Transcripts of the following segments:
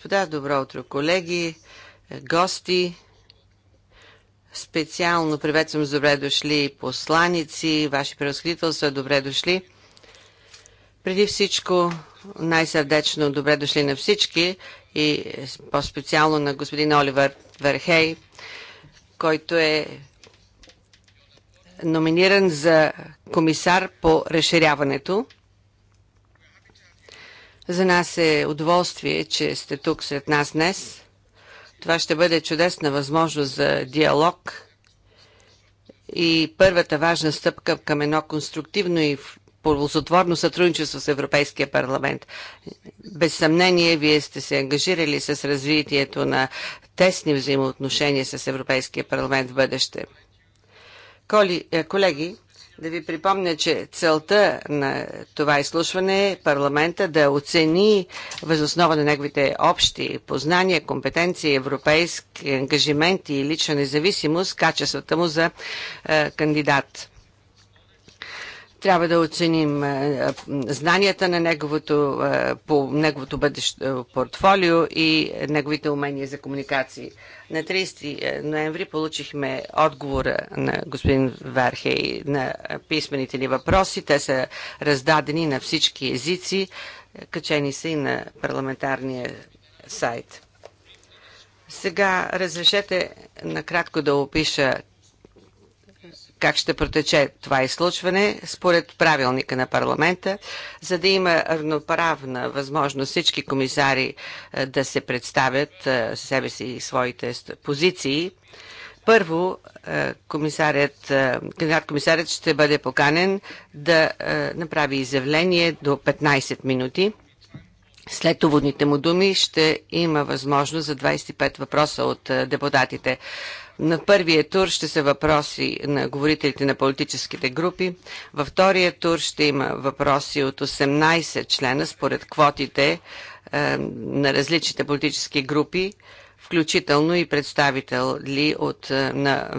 Господа, добро утро, колеги, е, гости. Специално приветствам с добре дошли посланици, ваши превъзходителства, добре дошли. Преди всичко, най-сърдечно добре дошли на всички и е, по-специално на господин Оливър Верхей, който е номиниран за комисар по разширяването. За нас е удоволствие, че сте тук сред нас днес. Това ще бъде чудесна възможност за диалог и първата важна стъпка към едно конструктивно и ползотворно сътрудничество с Европейския парламент. Без съмнение, вие сте се ангажирали с развитието на тесни взаимоотношения с Европейския парламент в бъдеще. Коли, е, колеги, да ви припомня, че целта на това изслушване е парламента да оцени възоснова на неговите общи познания, компетенции, европейски ангажименти и лична независимост качествата му за е, кандидат. Трябва да оценим е, е, знанията на неговото, е, по неговото бъдещо портфолио и неговите умения за комуникации. На 30 ноември получихме отговора на господин Вархей на писмените ни въпроси. Те са раздадени на всички езици, качени са и на парламентарния сайт. Сега разрешете накратко да опиша как ще протече това изслушване според правилника на парламента, за да има равноправна възможност всички комисари е, да се представят е, себе си и своите позиции. Първо, е, комисарят, кандидат комисарят ще бъде поканен да направи изявление до 15 минути след уводните му думи ще има възможност за 25 въпроса от е, депутатите. На първия тур ще са въпроси на говорителите на политическите групи. Във втория тур ще има въпроси от 18 члена според квотите е, на различните политически групи, включително и представители от, е, на,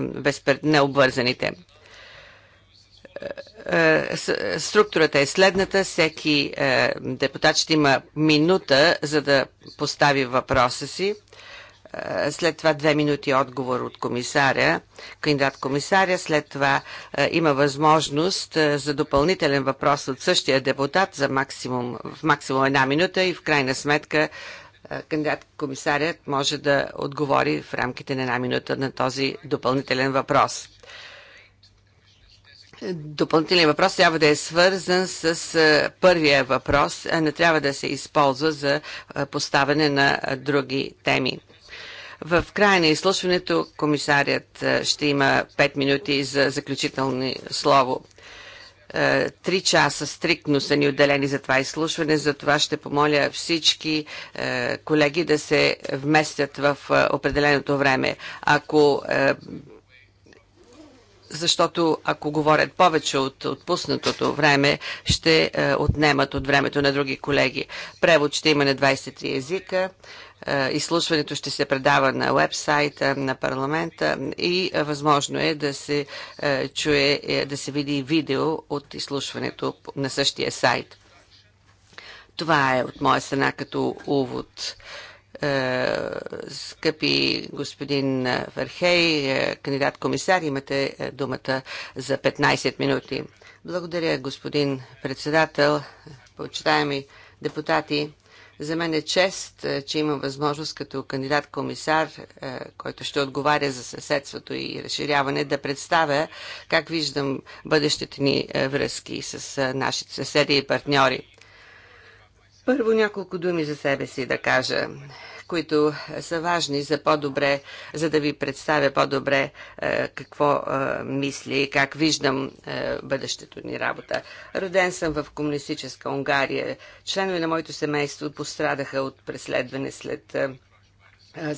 необвързаните структурата е следната. Всеки е, депутат ще има минута, за да постави въпроса си. Е, след това две минути отговор от комисаря, кандидат комисаря. След това е, има възможност за допълнителен въпрос от същия депутат за максимум, в максимум една минута и в крайна сметка кандидат комисарят може да отговори в рамките на една минута на този допълнителен въпрос. Допълнителният въпрос трябва да е свързан с първия въпрос, а не трябва да се използва за поставяне на други теми. В края на изслушването комисарият ще има 5 минути за заключително слово. Три часа стриктно са ни отделени за това изслушване, за това ще помоля всички колеги да се вместят в определеното време. Ако защото ако говорят повече от отпуснатото време, ще е, отнемат от времето на други колеги. Превод ще има на 23 езика. Е, изслушването ще се предава на вебсайта на парламента и е, възможно е да се чуе, да се види видео от изслушването на същия сайт. Това е от моя страна като увод. Е, скъпи господин Върхей, е, кандидат комисар, имате е, думата за 15 минути. Благодаря, господин председател, почитаеми депутати. За мен е чест, че имам възможност като кандидат-комисар, който ще отговаря за съседството и разширяване, да представя как виждам бъдещите ни връзки с нашите съседи и партньори. Първо няколко думи за себе си да кажа които са важни за по-добре, за да ви представя по-добре е, какво е, мисля и как виждам е, бъдещето ни работа. Роден съм в комунистическа Унгария. Членове на моето семейство пострадаха от преследване след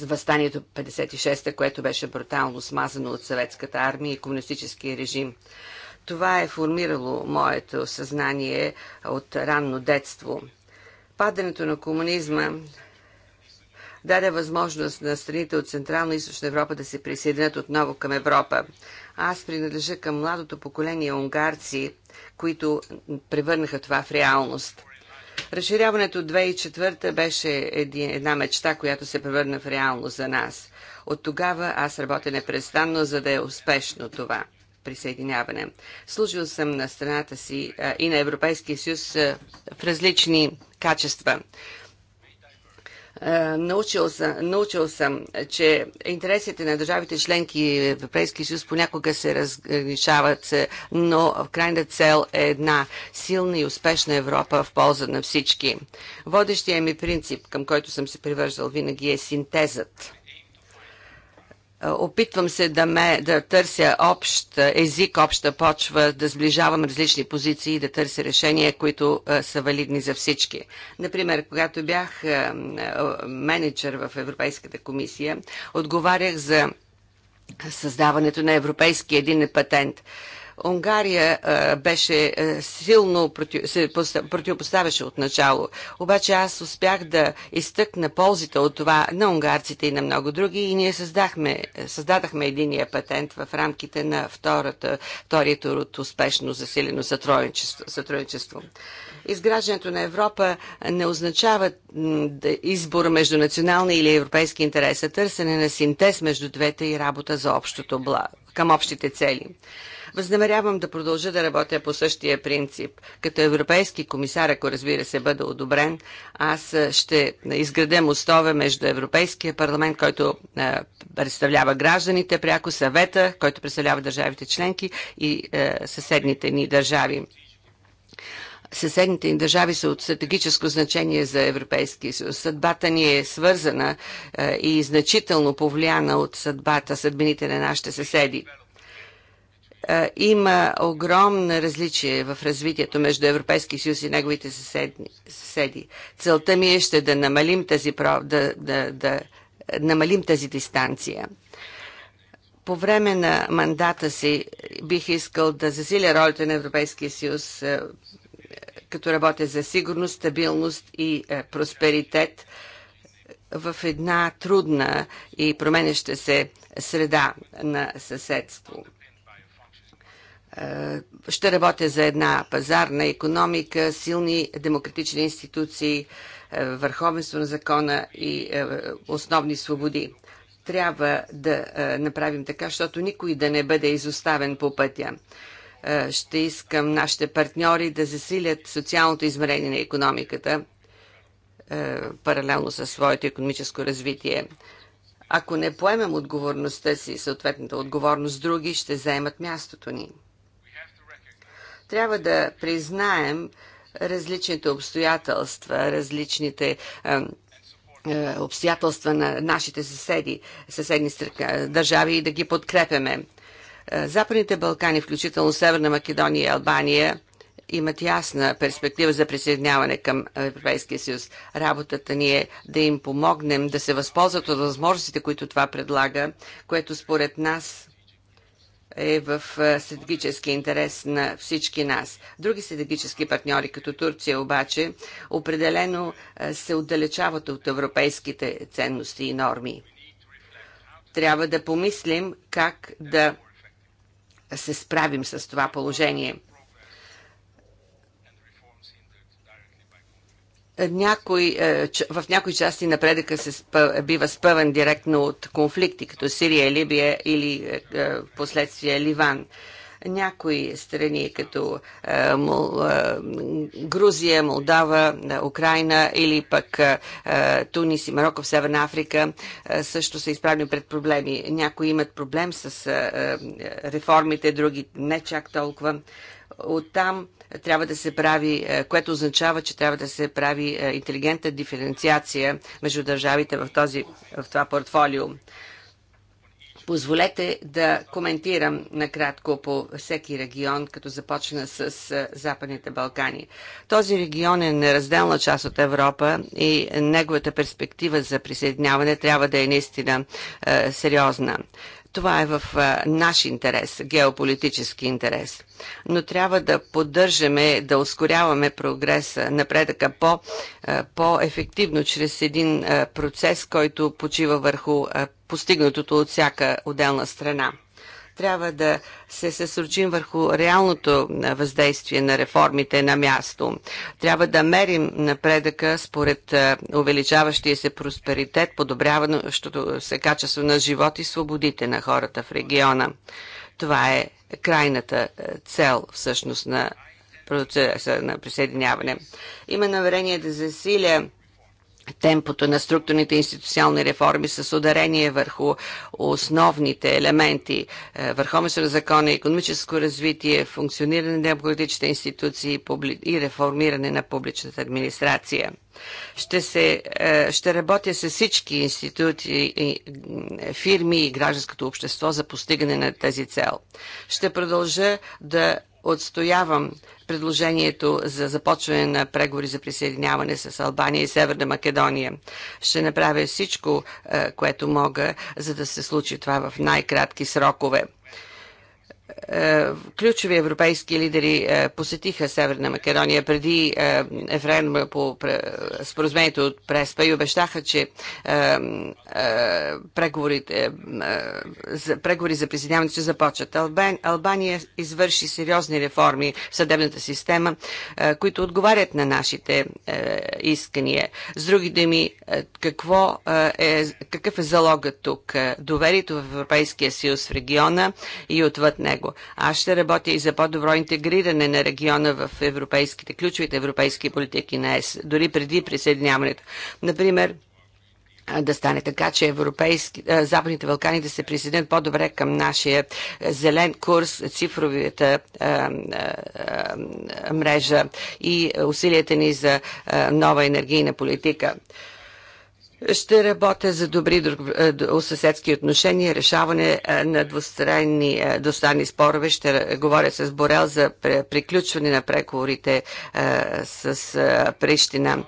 възстанието 56-та, което беше брутално смазано от съветската армия и комунистическия режим. Това е формирало моето съзнание от ранно детство. Падането на комунизма даде възможност на страните от Централна и Източна Европа да се присъединят отново към Европа. Аз принадлежа към младото поколение унгарци, които превърнаха това в реалност. Разширяването 2004 беше една мечта, която се превърна в реалност за нас. От тогава аз работя непрестанно, за да е успешно това присъединяване. Служил съм на страната си и на Европейския съюз в различни качества. Е, научил съм, научил съм, че интересите на държавите членки и Европейския съюз понякога се разграничават, е, но в крайна цел е една силна и успешна Европа в полза на всички. Водещия ми принцип, към който съм се привържал винаги, е синтезът е, опитвам се да, ме, да търся общ е, език, обща почва, да сближавам различни позиции и да търся решения, които е, са валидни за всички. Например, когато бях менеджер в Европейската комисия, отговарях за създаването на европейски един патент. Унгария беше силно се противопоставяше от начало. Обаче аз успях да изтъкна ползите от това на унгарците и на много други и ние създахме, създадахме единия патент в рамките на втората, втория тур от успешно засилено сътрудничество. сътрудничество. Изграждането на Европа не означава избор между национални или европейски интереса, търсене на синтез между двете и работа за общото бла, към общите цели. Възнамерявам да продължа да работя по същия принцип. Като европейски комисар, ако разбира се бъда одобрен, аз ще изградя мостове между Европейския парламент, който представлява гражданите, пряко съвета, който представлява държавите членки и съседните ни държави съседните ни държави са от стратегическо значение за Европейския съюз. Съдбата ни е свързана и значително повлияна от съдбата, съдбините на нашите съседи. Е, има огромно различие в развитието между Европейския съюз и неговите съседни, съседи. Целта ми е ще да намалим тази, да, да, да намалим тази дистанция. По време на мандата си бих искал да засиля ролята на Европейския съюз, е, като работя за сигурност, стабилност и е, просперитет в една трудна и променеща се среда на съседство е, ще работя за една пазарна економика, силни демократични институции, е, върховенство на закона и е, основни свободи. Трябва да направим така, защото никой да не бъде изоставен по пътя. Ще искам нашите партньори да засилят социалното измерение на економиката, паралелно със своето економическо развитие. Ако не поемем отговорността си, съответната отговорност, други ще заемат мястото ни. Трябва да признаем различните обстоятелства, различните е, обстоятелства на нашите съседи, съседни държави и да ги подкрепяме. Е, Западните Балкани, включително Северна Македония и Албания, имат ясна перспектива за присъединяване към Европейския съюз. Работата ни е да им помогнем да се възползват от възможностите, които това предлага, което според нас е в е, стратегически интерес на всички нас. Други стратегически партньори, като Турция обаче, определено е, се отдалечават от европейските ценности и норми. Трябва да помислим как да се справим с това положение – някой, е, в някои части напредъка се спъ, бива спъван директно от конфликти, като Сирия, Либия или е, е, в последствие Ливан някои страни, като е, е, Грузия, Молдава, е, Украина или пък Тунис и Марокко в Северна Африка също са изправени пред проблеми. Някои имат проблем с реформите, други не чак толкова. Оттам трябва да се прави, което означава, че трябва да се прави интелигентна диференциация между държавите в, този, в това портфолио. Позволете да коментирам накратко по всеки регион, като започна с Западните Балкани. Този регион е неразделна част от Европа и неговата перспектива за присъединяване трябва да е наистина е, сериозна. Това е в наш интерес, геополитически интерес. Но трябва да поддържаме, да ускоряваме прогреса, напредъка по, по-ефективно, чрез един процес, който почива върху постигнатото от всяка отделна страна. Трябва да се съсредоточим върху реалното въздействие на реформите на място. Трябва да мерим напредъка според е, увеличаващия се просперитет, подобряващото се качество на живот и свободите на хората в региона. Това е крайната е, цел всъщност на процеса на присъединяване. Има намерение да засиля темпото на структурните институционални реформи с ударение върху основните елементи е, върховенство на закона, економическо развитие, функциониране на демократичните институции и реформиране на публичната администрация. Ще, се, е, ще работя с всички институти, фирми и гражданското общество за постигане на тази цел. Ще продължа да отстоявам предложението за започване на преговори за присъединяване с Албания и Северна Македония. Ще направя всичко, е, което мога, за да се случи това в най-кратки срокове. Е, ключови европейски лидери е, посетиха Северна Македония преди е, референдума по споразумението от Преспа и обещаха, че преговори за присъединяване ще започват. Албания извърши сериозни реформи в съдебната система, които отговарят на нашите искания. С други думи, какво е, какъв е залогът тук? Доверието в Европейския съюз в региона и отвъд него. Аз ще работя и за по-добро интегриране на региона в европейските, ключовите европейски политики на ЕС, дори преди присъединяването. Например, да стане така, че европейски, Западните Балкани да се присъединят по-добре към нашия зелен курс, цифровията а, а, а, мрежа и усилията ни за нова енергийна политика. Ще работя за добри е, съседски отношения, решаване е, на двустранни, е, двустранни спорове. Ще говоря с Борел за приключване на преговорите с Прищина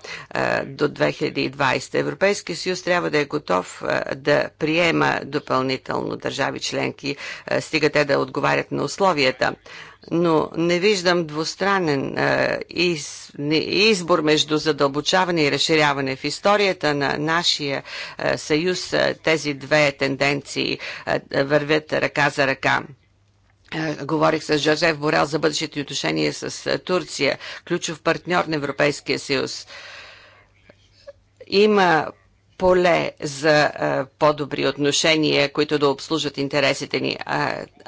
до 2020. Европейския съюз трябва да е готов да приема допълнително държави членки, стига те да отговарят на условията но не виждам двустранен а, е, из, не, избор между задълбочаване и разширяване. В историята на нашия а, е, съюз а, е, тези две тенденции вървят ръка за ръка. Говорих с Жозеф Борел за бъдещите отношения с Турция, ключов партньор на Европейския съюз. Има поле за по-добри отношения, които да обслужат интересите ни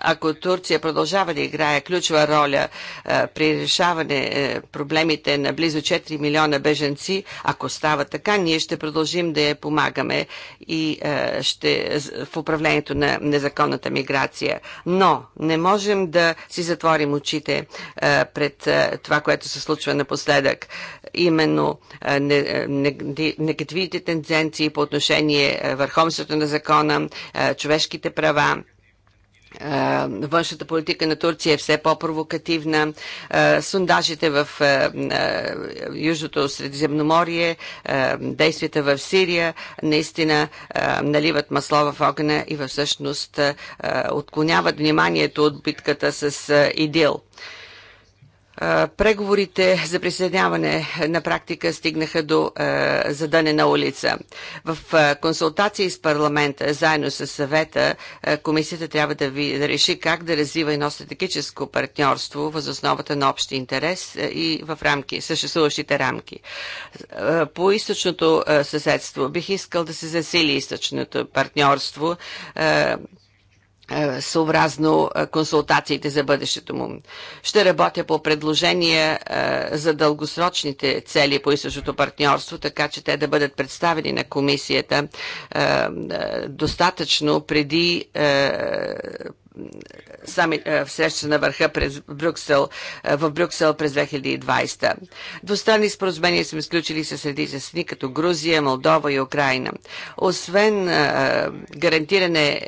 ако Турция продължава да играе ключова роля а, е, при решаване а, е, проблемите на близо 4 милиона беженци, ако става така, ние ще продължим да я помагаме и а, е, ще в управлението на незаконната миграция. Но не можем да си затворим очите а, пред а, това, което се случва напоследък. Именно а, не, не, негативните тенденции по отношение върховенството на закона, а, човешките права, външната политика на Турция е все по-провокативна. Сундажите в Южното Средиземноморие, действията в Сирия наистина наливат масло в огъня и всъщност отклоняват вниманието от битката с ИДИЛ преговорите за присъединяване на практика стигнаха до е, задънена улица. В е, консултации с парламента, заедно с съвета, е, комисията трябва да, ви, да реши как да развива едно стратегическо партньорство въз основата на общи интерес и в рамки, съществуващите рамки. по източното съседство бих искал да се засили източното партньорство е, съобразно е, консултациите за бъдещето му. Ще работя по предложения е, за дългосрочните цели по източното партньорство, така че те да бъдат представени на комисията достатъчно преди сами, среща на върха през Брюксел, в Брюксел през 2020. Двустранни споразумения сме сключили с редица страни като Грузия, Молдова и Украина. Освен гарантиране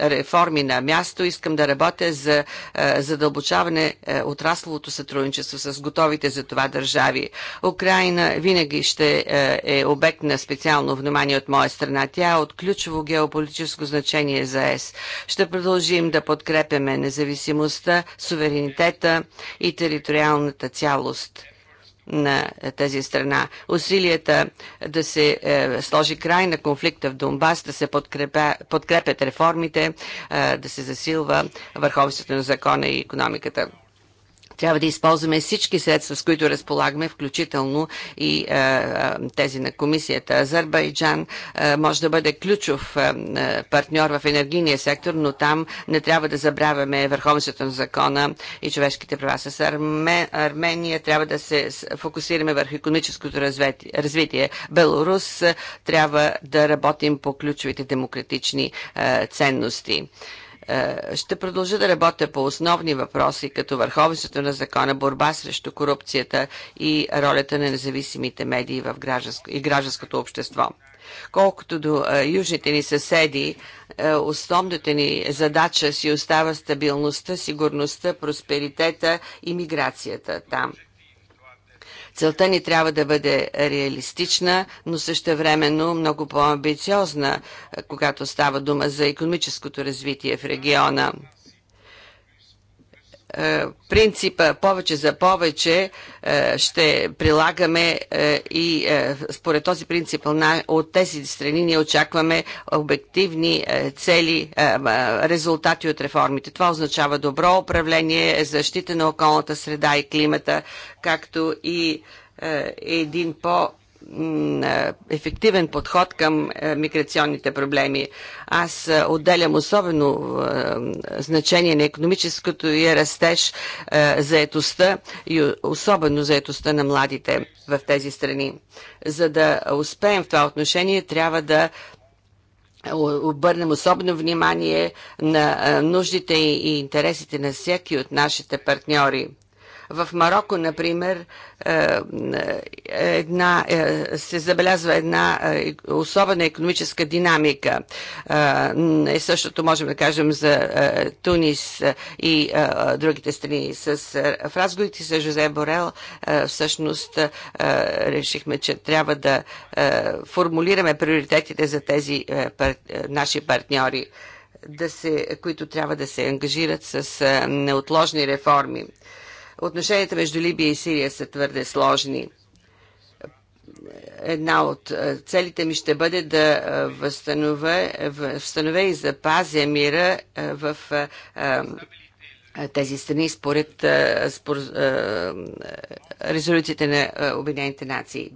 реформи на място, искам да работя за задълбочаване отрасловото сътрудничество с готовите за това държави. Украина винаги ще е обект на специално внимание от моя страна. Тя е от ключово геополитическо значение за ЕС. Ще продължим продължим да подкрепяме независимостта, суверенитета и териториалната цялост на тази страна. Усилията да се е, сложи край на конфликта в Донбас, да се подкрепя, подкрепят реформите, е, да се засилва върховството на закона и економиката. Трябва да използваме всички средства, с които разполагаме, включително и е, е тези на комисията. Азербайджан е, може да бъде ключов е, е, партньор в енергийния сектор, но там не трябва да забравяме върховенството на закона и човешките права. С Арме, Армения трябва да се фокусираме върху економическото развитие. Беларус е, трябва да работим по ключовите демократични ценности. Е, ще продължа да работя по основни въпроси, като върховенството на закона, борба срещу корупцията и ролята на независимите медии в гражданско, и гражданското общество. Колкото до е, южните ни съседи, е, основната ни задача си остава стабилността, сигурността, просперитета и миграцията там. Целта ни трябва да бъде реалистична, но същевременно много по-амбициозна, когато става дума за економическото развитие в региона. Е, принципа повече за повече е, ще прилагаме е, и според този принцип от тези страни ние очакваме обективни цели, резултати от реформите. Това означава добро управление, защита на околната среда и климата, както и един по- е, ефективен подход към е, миграционните проблеми. Аз е, отделям особено значение на економическото и растеж заетостта и особено заетостта на младите в тези страни. За да успеем в това отношение, трябва да обърнем особено внимание на нуждите и интересите на всеки от нашите партньори в Марокко, например, е, е, една, е, се забелязва една особена економическа динамика. И Същото можем да кажем за Тунис и другите страни. С, разговорите с Жозе Борел всъщност решихме, че трябва да формулираме приоритетите за тези наши партньори да се, които трябва да се ангажират с неотложни реформи. Отношенията между Либия и Сирия са твърде сложни. Една от е, целите ми ще бъде да е, възстановя, и запазя мира е, в тези страни според резолюциите на Обединените нации.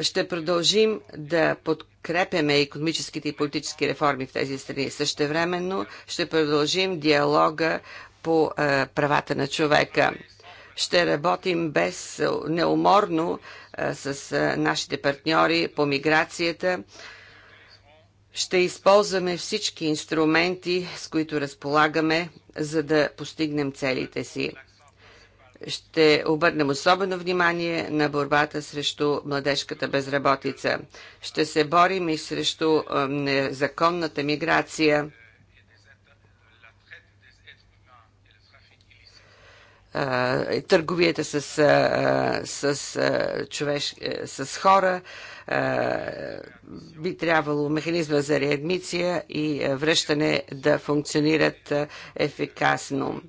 Ще продължим да подкрепяме економическите и политически реформи в тези страни. Същевременно ще продължим диалога по е, правата на човека. Ще работим без е, неуморно е, с нашите партньори по миграцията. Ще използваме всички инструменти, с които разполагаме, за да постигнем целите си. Ще обърнем особено внимание на борбата срещу младежката безработица. Ще се борим и срещу незаконната миграция търговията с, с, а, човеш, е, с хора, би трябвало механизма за реадмиция и връщане да функционират ефикасно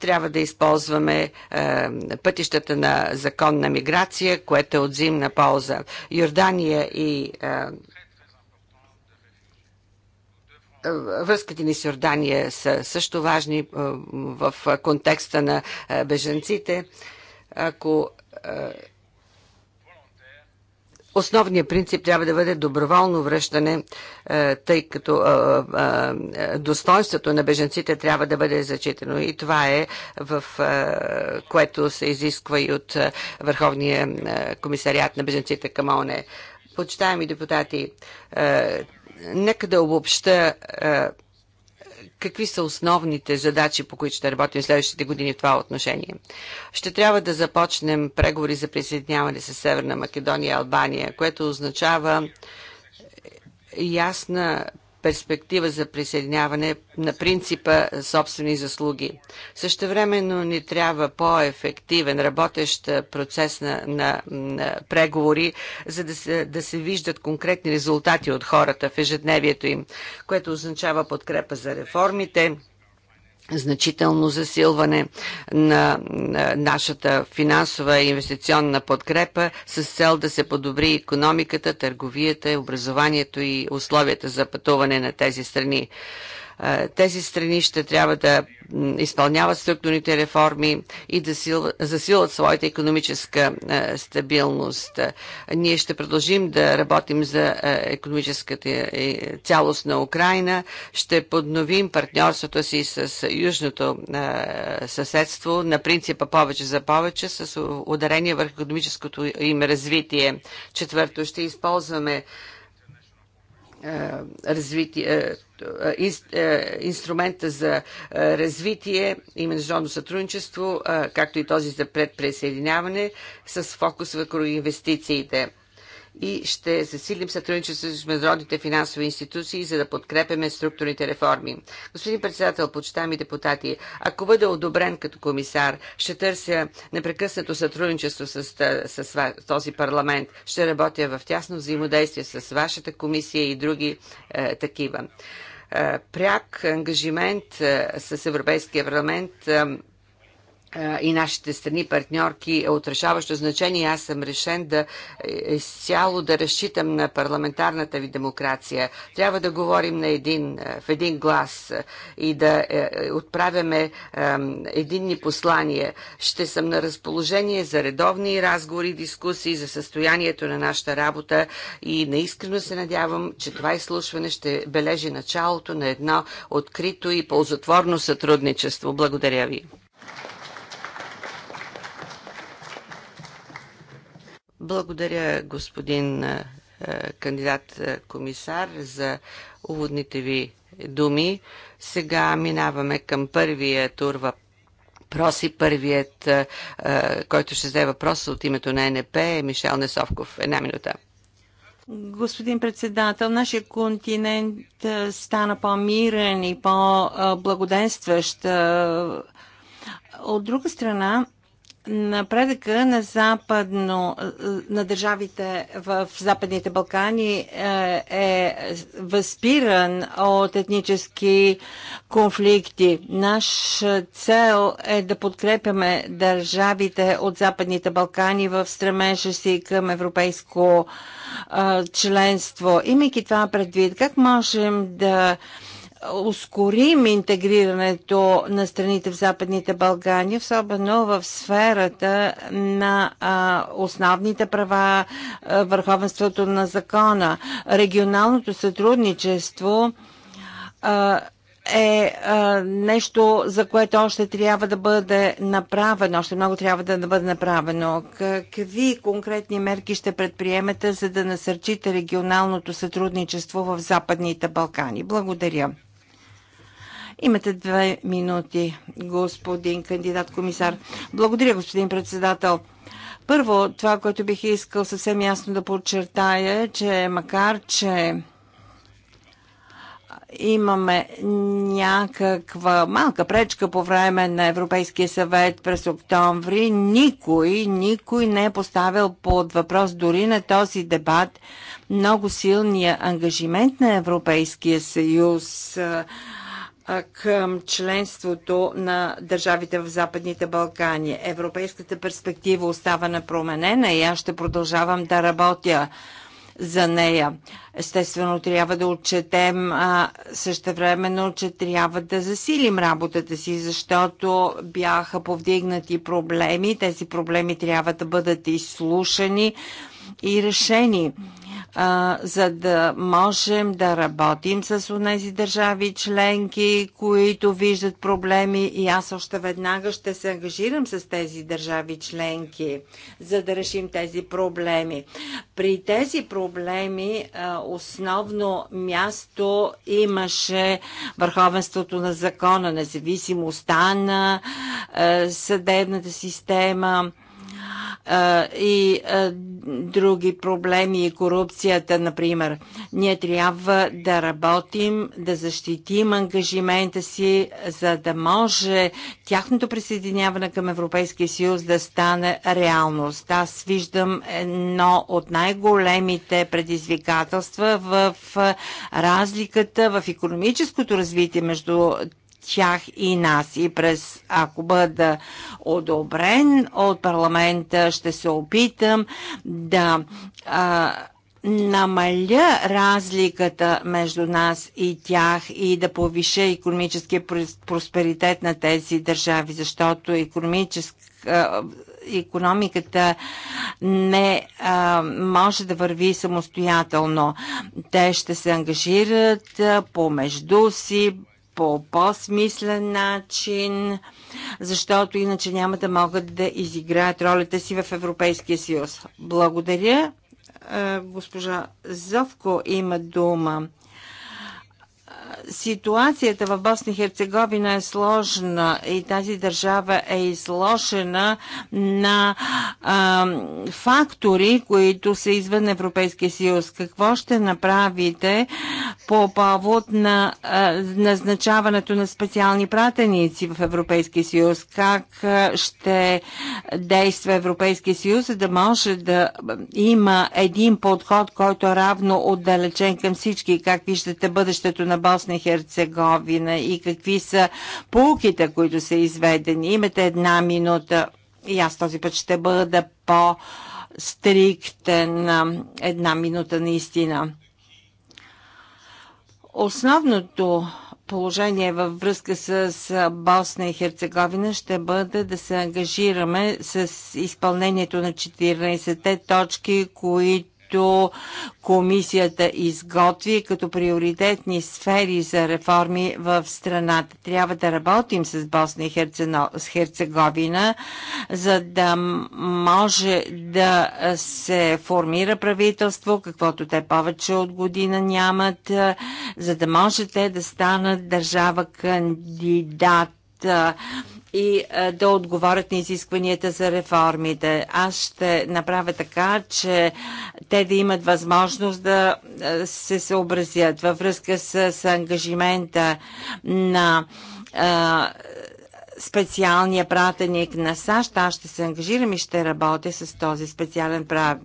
трябва да използваме е, пътищата на законна миграция, което е от зимна полза. Йордания и е, Връзките ни с Йордания са също важни е, в контекста на е, беженците. Ако е, Основният принцип трябва да бъде доброволно връщане, тъй като достоинството на беженците трябва да бъде зачитано. И това е в което се изисква и от Върховния комисариат на беженците към ОНЕ. Почитаеми депутати, нека да обобща какви са основните задачи, по които ще работим следващите години в това отношение. Ще трябва да започнем преговори за присъединяване с Северна Македония и Албания, което означава ясна перспектива за присъединяване на принципа собствени заслуги. Същевременно ни трябва по-ефективен работещ процес на, на, на преговори, за да се, да се виждат конкретни резултати от хората в ежедневието им, което означава подкрепа за реформите, значително засилване на нашата финансова и инвестиционна подкрепа с цел да се подобри економиката, търговията, образованието и условията за пътуване на тези страни. Тези страни ще трябва да изпълняват структурните реформи и да засилват своята економическа стабилност. Ние ще продължим да работим за економическата е, цялост на Украина, ще подновим партньорството си с южното съседство на принципа повече за повече с ударение върху економическото им развитие. Четвърто, ще използваме е, развитие, е, е, инструмента за развитие и международно сътрудничество, както и този за предприсъединяване, с фокус върху инвестициите и ще засилим сътрудничеството с международните финансови институции, за да подкрепяме структурните реформи. Господин председател, почитаеми депутати, ако бъда одобрен като комисар, ще търся непрекъснато сътрудничество с, с, с този парламент. Ще работя в тясно взаимодействие с вашата комисия и други е, такива е, пряк ангажимент е, с Европейския парламент е, и нашите страни партньорки е от решаващо значение. Аз съм решен да е, изцяло да разчитам на парламентарната ви демокрация. Трябва да говорим на един, е, в един глас е, и да отправяме единни послания. Ще съм на разположение за редовни разговори, дискусии за състоянието на нашата работа и наискрено се надявам, че това изслушване ще бележи началото на едно открито и ползотворно сътрудничество. Благодаря ви. Благодаря, господин кандидат комисар, за уводните ви думи. Сега минаваме към първия тур въпрос и Първият, който ще взе въпрос от името на НП е Мишел Несовков. Една минута. Господин председател, нашия континент стана по-мирен и по-благоденстващ. От друга страна, Напредъка на западно, на държавите в Западните Балкани е, е възпиран от етнически конфликти. Наша цел е да подкрепяме държавите от Западните Балкани в стремежа си към европейско членство. Имайки това предвид, как можем да ускорим интегрирането на страните в Западните Балкани, особено в сферата на а, основните права, а, върховенството на закона, регионалното сътрудничество. А, е а, нещо, за което още трябва да бъде направено, още много трябва да, да бъде направено. Какви конкретни мерки ще предприемете, за да насърчите регионалното сътрудничество в Западните Балкани? Благодаря. Имате две минути, господин кандидат комисар. Благодаря, господин председател. Първо, това, което бих искал съвсем ясно да подчертая, е, че макар, че имаме някаква малка пречка по време на Европейския съвет през октомври. Никой, никой не е поставил под въпрос дори на този дебат много силния ангажимент на Европейския съюз към членството на държавите в Западните Балкани. Европейската перспектива остава непроменена и аз ще продължавам да работя за нея. Естествено, трябва да отчетем същевременно, че трябва да засилим работата си, защото бяха повдигнати проблеми. Тези проблеми трябва да бъдат изслушани и решени а, за да можем да работим с тези държави членки, които виждат проблеми и аз още веднага ще се ангажирам с тези държави членки, за да решим тези проблеми. При тези проблеми а, основно място имаше върховенството на закона, независимостта на а, съдебната система, и други проблеми и корупцията, например. Ние трябва да работим, да защитим ангажимента си, за да може тяхното присъединяване към Европейския съюз да стане реалност. Аз виждам едно от най-големите предизвикателства в разликата в економическото развитие между тях и нас. И през, ако бъда одобрен от парламента, ще се опитам да а, намаля разликата между нас и тях и да повиша економическия просперитет на тези държави, защото економическа економиката не а, може да върви самостоятелно. Те ще се ангажират помежду си, по по-смислен начин, защото иначе няма да могат да изиграят ролята си в Европейския съюз. Благодаря. Е, госпожа Зовко има дума. Ситуацията в Босна и Херцеговина е сложна и тази държава е изложена на а, фактори, които са извън Европейския съюз. Какво ще направите по повод на а, назначаването на специални пратеници в Европейския съюз? Как ще действа Европейския съюз, за да може да има един подход, който е равно отдалечен към всички? Как виждате бъдещето на Босна и и Херцеговина и какви са полуките, които са изведени. Имате една минута и аз този път ще бъда по- стриктен една минута наистина. Основното положение във връзка с Босна и Херцеговина ще бъде да се ангажираме с изпълнението на 14-те точки, които които комисията изготви като приоритетни сфери за реформи в страната. Трябва да работим с Босна и Херцеговина, за да може да се формира правителство, каквото те повече от година нямат, за да може те да станат държава кандидат и е, да отговорят на изискванията за реформите. Аз ще направя така, че те да имат възможност да е, се съобразят във връзка с, с ангажимента на а, е, специалния пратеник на САЩ. Аз ще се ангажирам и ще работя с този специален прав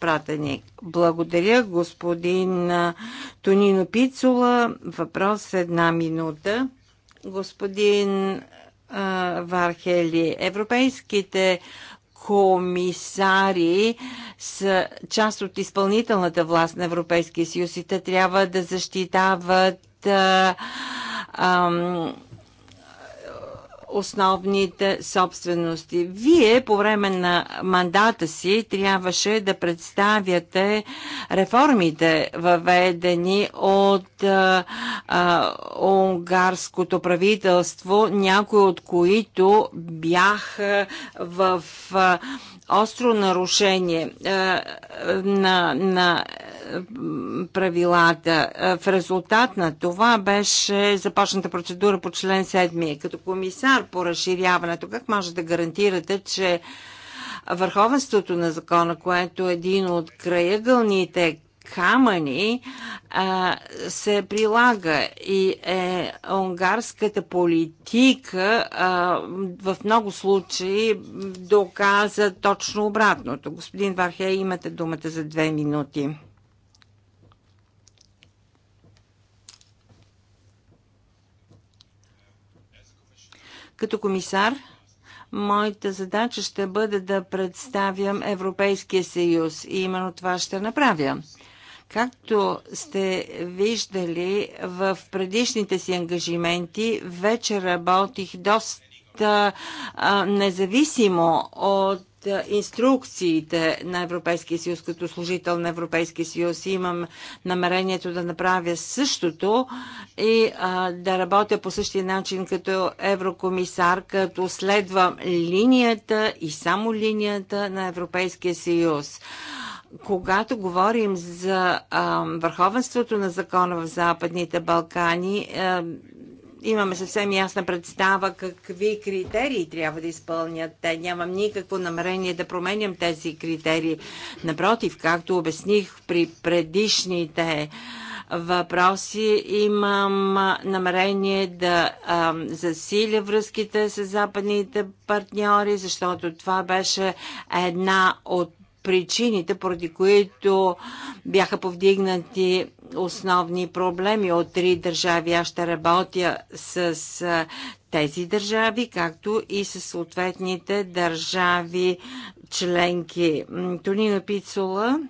пратеник. Благодаря, господин Тонино Пицула. Въпрос една минута. Господин Вархели. Европейските комисари са част от изпълнителната власт на Европейския съюз и те трябва да защитават а, ам, основните собствености. Вие по време на мандата си трябваше да представяте реформите, въведени от а, а, унгарското правителство, някои от които бяха в а, остро нарушение е, е, на, на е, правилата. В резултат на това беше започната процедура по член 7. Като комисар по разширяването, как може да гарантирате, че върховенството на закона, което е един от краягълните камъни а, се прилага и е, унгарската политика а, в много случаи доказа точно обратното. Господин Вархе, имате думата за две минути. Като комисар, моята задача ще бъде да представям Европейския съюз и именно това ще направя. Както сте виждали в предишните си ангажименти, вече работих доста а, независимо от инструкциите на Европейския съюз, като служител на Европейския съюз. Имам намерението да направя същото и а, да работя по същия начин като еврокомисар, като следвам линията и само линията на Европейския съюз когато говорим за а, върховенството на закона в Западните Балкани, а, имаме съвсем ясна представа какви критерии трябва да изпълнят те. Нямам никакво намерение да променям тези критерии. Напротив, както обясних при предишните въпроси, имам намерение да а, засиля връзките с западните партньори, защото това беше една от причините, поради които бяха повдигнати основни проблеми от три държави. Аз ще работя с тези държави, както и с съответните държави членки. Тонина Пицула,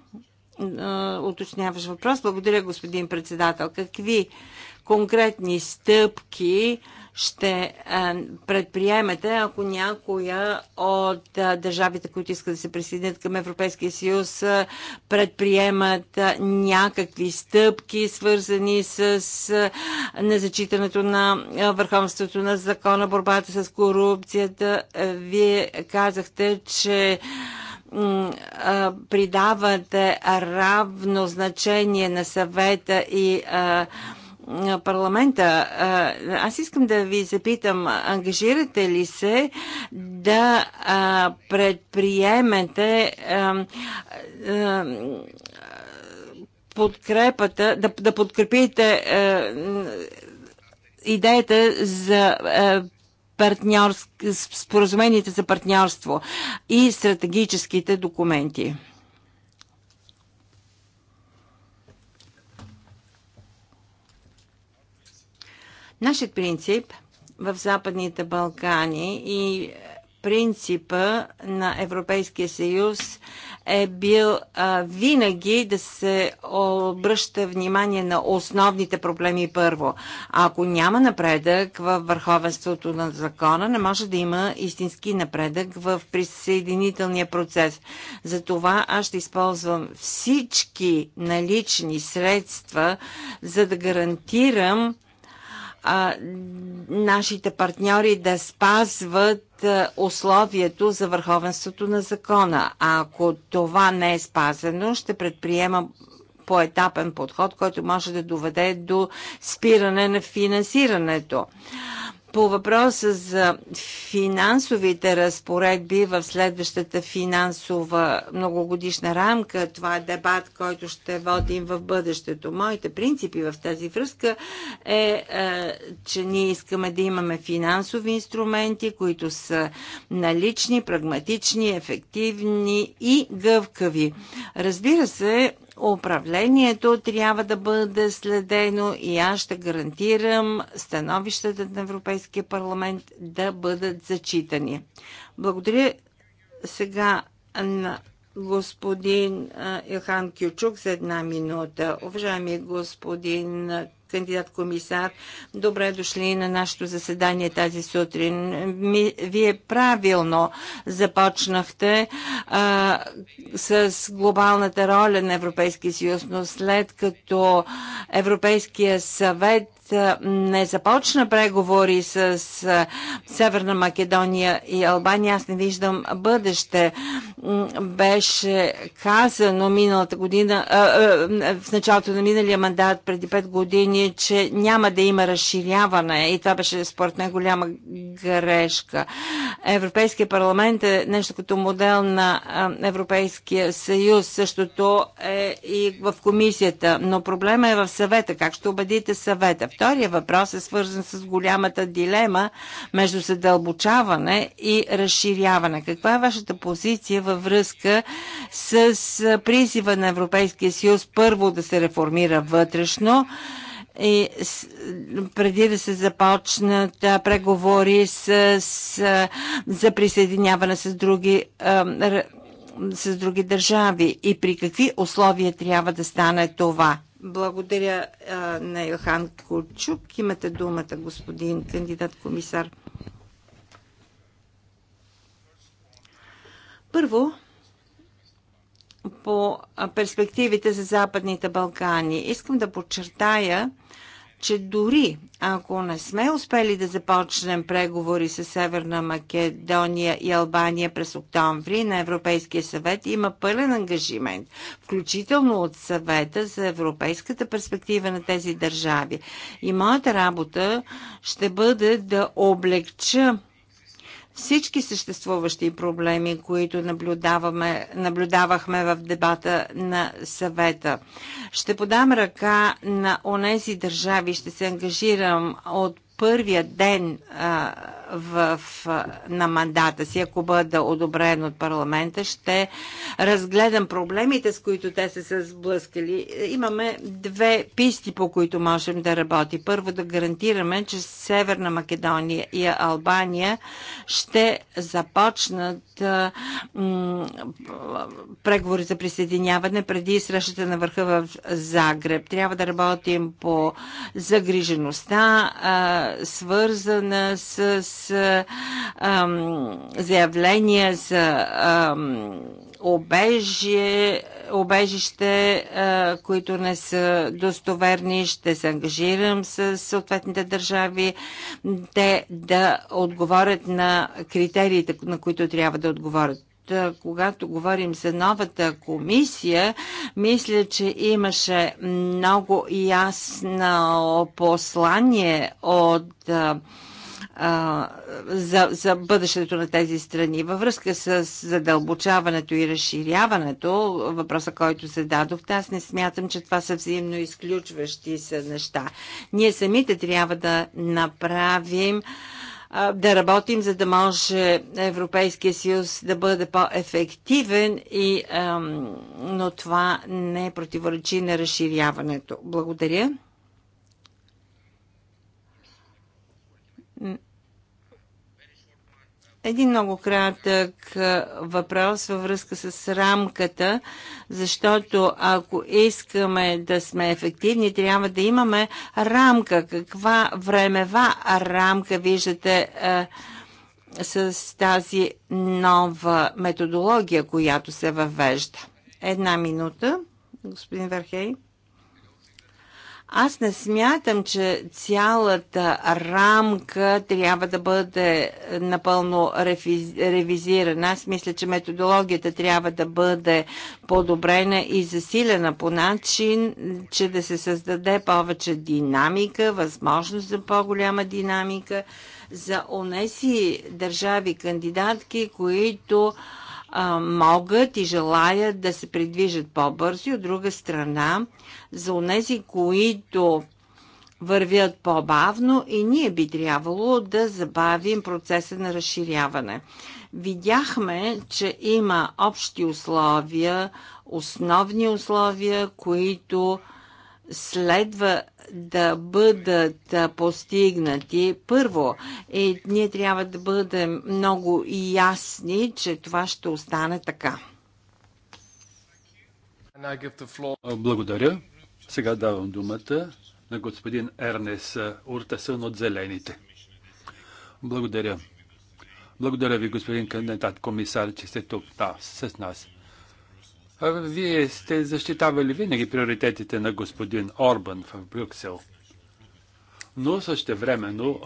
уточняваш въпрос. Благодаря, господин председател. Какви конкретни стъпки ще предприемете, ако някоя от държавите, които искат да се присъединят към Европейския съюз, предприемат някакви стъпки, свързани с незачитането на върховенството на закона, борбата с корупцията. Вие казахте, че придавате равно значение на съвета и а, парламента. Аз искам да ви запитам, ангажирате ли се да предприемете подкрепата, да, да подкрепите идеята за партньорск, споразумените за партньорство и стратегическите документи. Нашият принцип в Западните Балкани и принципа на Европейския съюз е бил а, винаги да се обръща внимание на основните проблеми първо. ако няма напредък в върховенството на закона, не може да има истински напредък в присъединителния процес. Затова аз ще използвам всички налични средства, за да гарантирам а, нашите партньори да спазват а, условието за върховенството на закона. А ако това не е спазено, ще предприема поетапен подход, който може да доведе до спиране на финансирането по въпроса за финансовите разпоредби в следващата финансова многогодишна рамка, това е дебат, който ще водим в бъдещето. Моите принципи в тази връзка е, е че ние искаме да имаме финансови инструменти, които са налични, прагматични, ефективни и гъвкави. Разбира се, управлението трябва да бъде следено и аз ще гарантирам становищата на Европейския парламент да бъдат зачитани. Благодаря сега на господин Илхан Кючук за една минута. Уважаеми господин кандидат комисар. Добре дошли на нашето заседание тази сутрин. Ми, вие правилно започнахте а, с глобалната роля на Европейския съюз, но след като Европейския съвет не започна преговори с Северна Македония и Албания, аз не виждам бъдеще. Беше казано миналата година, в началото на миналия мандат, преди 5 години, че няма да има разширяване и това беше според мен голяма грешка. Европейския парламент е нещо като модел на Европейския съюз. Същото е и в комисията, но проблема е в съвета. Как ще убедите съвета? Втория въпрос е свързан с голямата дилема между задълбочаване и разширяване. Каква е вашата позиция във връзка с призива на Европейския съюз първо да се реформира вътрешно? и преди да се започнат преговори с, с, за присъединяване с други, с други държави и при какви условия трябва да стане това. Благодаря на Йохан Курчук. Имате думата, господин кандидат комисар. Първо, по перспективите за Западните Балкани. Искам да подчертая, че дори ако не сме успели да започнем преговори с Северна Македония и Албания през октомври на Европейския съвет, има пълен ангажимент, включително от съвета за европейската перспектива на тези държави. И моята работа ще бъде да облегча всички съществуващи проблеми, които наблюдаваме, наблюдавахме в дебата на съвета. Ще подам ръка на онези държави, ще се ангажирам от първия ден а, в, на мандата си, ако бъда одобрен от парламента, ще разгледам проблемите, с които те са се сблъскали. Имаме две писти, по които можем да работи. Първо да гарантираме, че Северна Македония и Албания ще започнат м, преговори за присъединяване преди срещата на върха в Загреб. Трябва да работим по загрижеността, а, свързана с ам, заявления за ам, обежие, обежище, а, които не са достоверни. Ще се ангажирам с съответните държави те да отговорят на критериите, на които трябва да отговорят когато говорим за новата комисия, мисля, че имаше много ясно послание от за, за бъдещето на тези страни. Във връзка с задълбочаването и разширяването, въпроса, който се дадох, аз не смятам, че това са взаимно изключващи се неща. Ние самите трябва да направим да работим, за да може Европейския съюз да бъде по-ефективен, и, ам, но това не противоречи на разширяването. Благодаря. Един много кратък въпрос във връзка с рамката, защото ако искаме да сме ефективни, трябва да имаме рамка. Каква времева рамка виждате е, с тази нова методология, която се въвежда? Една минута, господин Верхей. Аз не смятам, че цялата рамка трябва да бъде напълно ревизирана. Аз мисля, че методологията трябва да бъде подобрена и засилена по начин, че да се създаде повече динамика, възможност за по-голяма динамика за онеси държави кандидатки, които а, могат и желаят да се придвижат по-бързо. От друга страна, за онези, които вървят по-бавно и ние би трябвало да забавим процеса на разширяване. Видяхме, че има общи условия, основни условия, които следва да бъдат постигнати, първо, е, ние трябва да бъдем много ясни, че това ще остане така. Благодаря. Сега давам думата на господин Ернес Уртасън от Зелените. Благодаря. Благодаря ви, господин кандидат комисар, че сте тук да, с нас. Вие сте защитавали винаги приоритетите на господин Орбан в Брюксел. Но също времено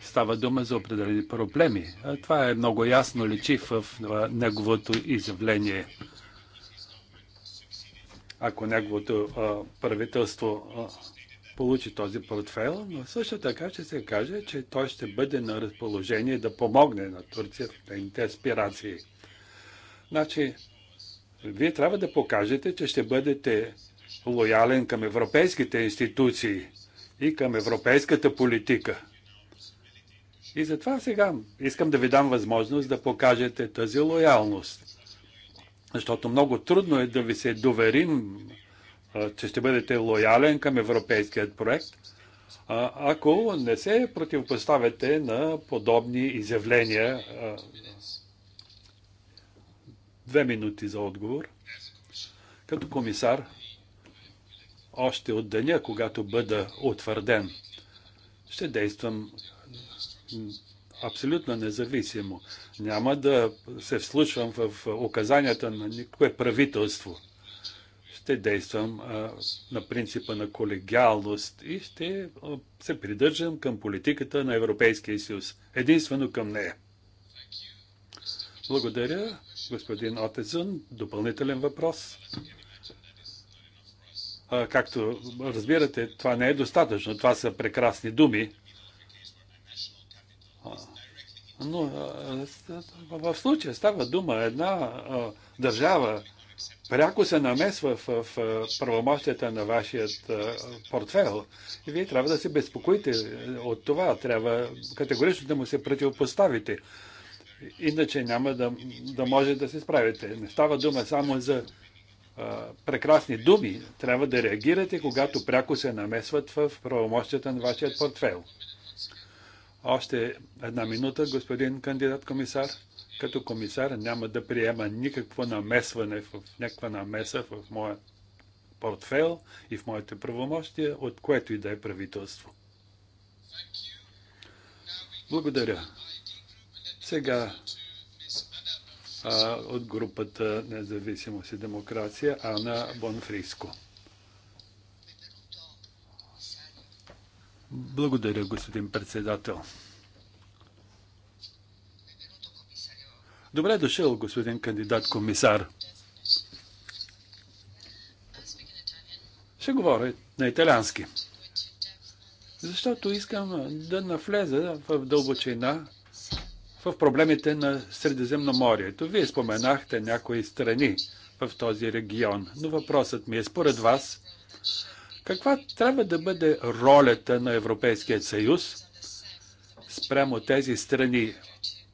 става дума за определени проблеми. А това е много ясно личи в неговото изявление. Ако неговото а, правителство а, получи този портфел, но също така ще се каже, че той ще бъде на разположение да помогне на Турция в нейните аспирации. Значи, вие трябва да покажете, че ще бъдете лоялен към европейските институции и към европейската политика. И затова сега искам да ви дам възможност да покажете тази лоялност. Защото много трудно е да ви се доверим, че ще бъдете лоялен към европейският проект, ако не се противопоставяте на подобни изявления Две минути за отговор. Като комисар, още от деня, когато бъда утвърден, ще действам абсолютно независимо. Няма да се вслушвам в указанията на никое правителство. Ще действам а, на принципа на колегиалност и ще се придържам към политиката на Европейския съюз. Единствено към нея. Благодаря, господин Отезън. Допълнителен въпрос. както разбирате, това не е достатъчно. Това са прекрасни думи. но в случая става дума една държава пряко се намесва в, в правомощията на вашият портфел. И вие трябва да се безпокоите от това. Трябва категорично да му се противопоставите. Иначе няма да, да може да се справите. Не става дума само за а, прекрасни думи. Трябва да реагирате, когато пряко се намесват в правомощията на вашия портфел. Още една минута, господин кандидат комисар. Като комисар няма да приема никакво намесване в някаква намеса в моя портфел и в моите правомощия, от което и да е правителство. Благодаря. Сега а, от групата Независимост и демокрация Ана Бонфриско. Благодаря, господин председател. Добре дошъл, господин кандидат комисар. Ще говоря на италиански. Защото искам да навлеза в дълбочина в проблемите на Средиземноморието. Вие споменахте някои страни в този регион, но въпросът ми е според вас, каква трябва да бъде ролята на Европейския съюз спрямо тези страни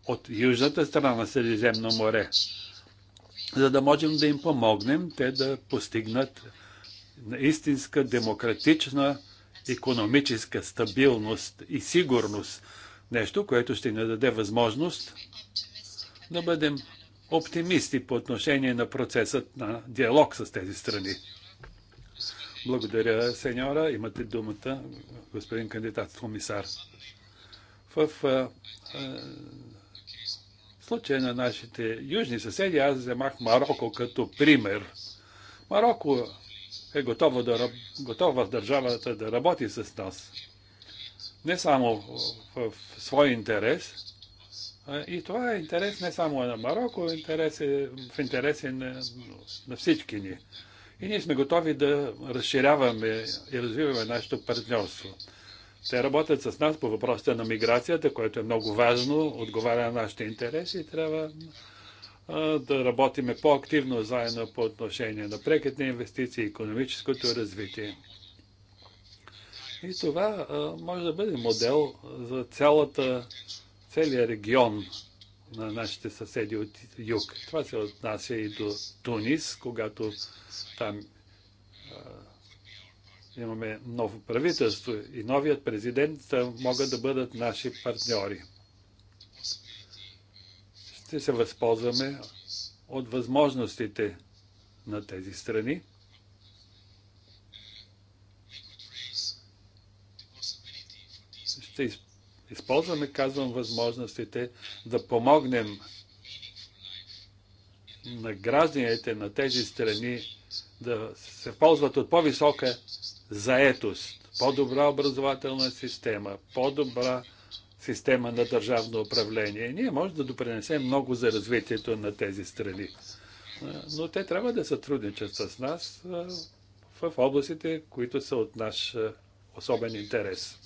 от южната страна на Средиземно море, за да можем да им помогнем те да постигнат истинска демократична економическа стабилност и сигурност, Нещо, което ще ни даде възможност да бъдем оптимисти по отношение на процесът на диалог с тези страни. Благодаря, сеньора. Имате думата, господин кандидат комисар. В а, а, случая на нашите южни съседи аз вземах Марокко като пример. Марокко е готова, да, готова държавата да работи с нас не само в, в свой интерес, и това е интерес не само на Марокко, интерес е, в интерес е на, на всички ни. И ние сме готови да разширяваме и развиваме нашето партньорство. Те работят с нас по въпросите на миграцията, което е много важно, отговаря на нашите интереси и трябва а, да работиме по-активно заедно по отношение на преките инвестиции и економическото развитие. И това може да бъде модел за цялата, целият регион на нашите съседи от юг. Това се отнася и до Тунис, когато там имаме ново правителство и новият президент могат да бъдат наши партньори. Ще се възползваме от възможностите на тези страни. ще използваме, казвам, възможностите да помогнем на гражданите на тези страни да се ползват от по-висока заетост, по-добра образователна система, по-добра система на държавно управление. Ние може да допринесем много за развитието на тези страни. Но те трябва да сътрудничат с нас в областите, които са от наш особен интерес.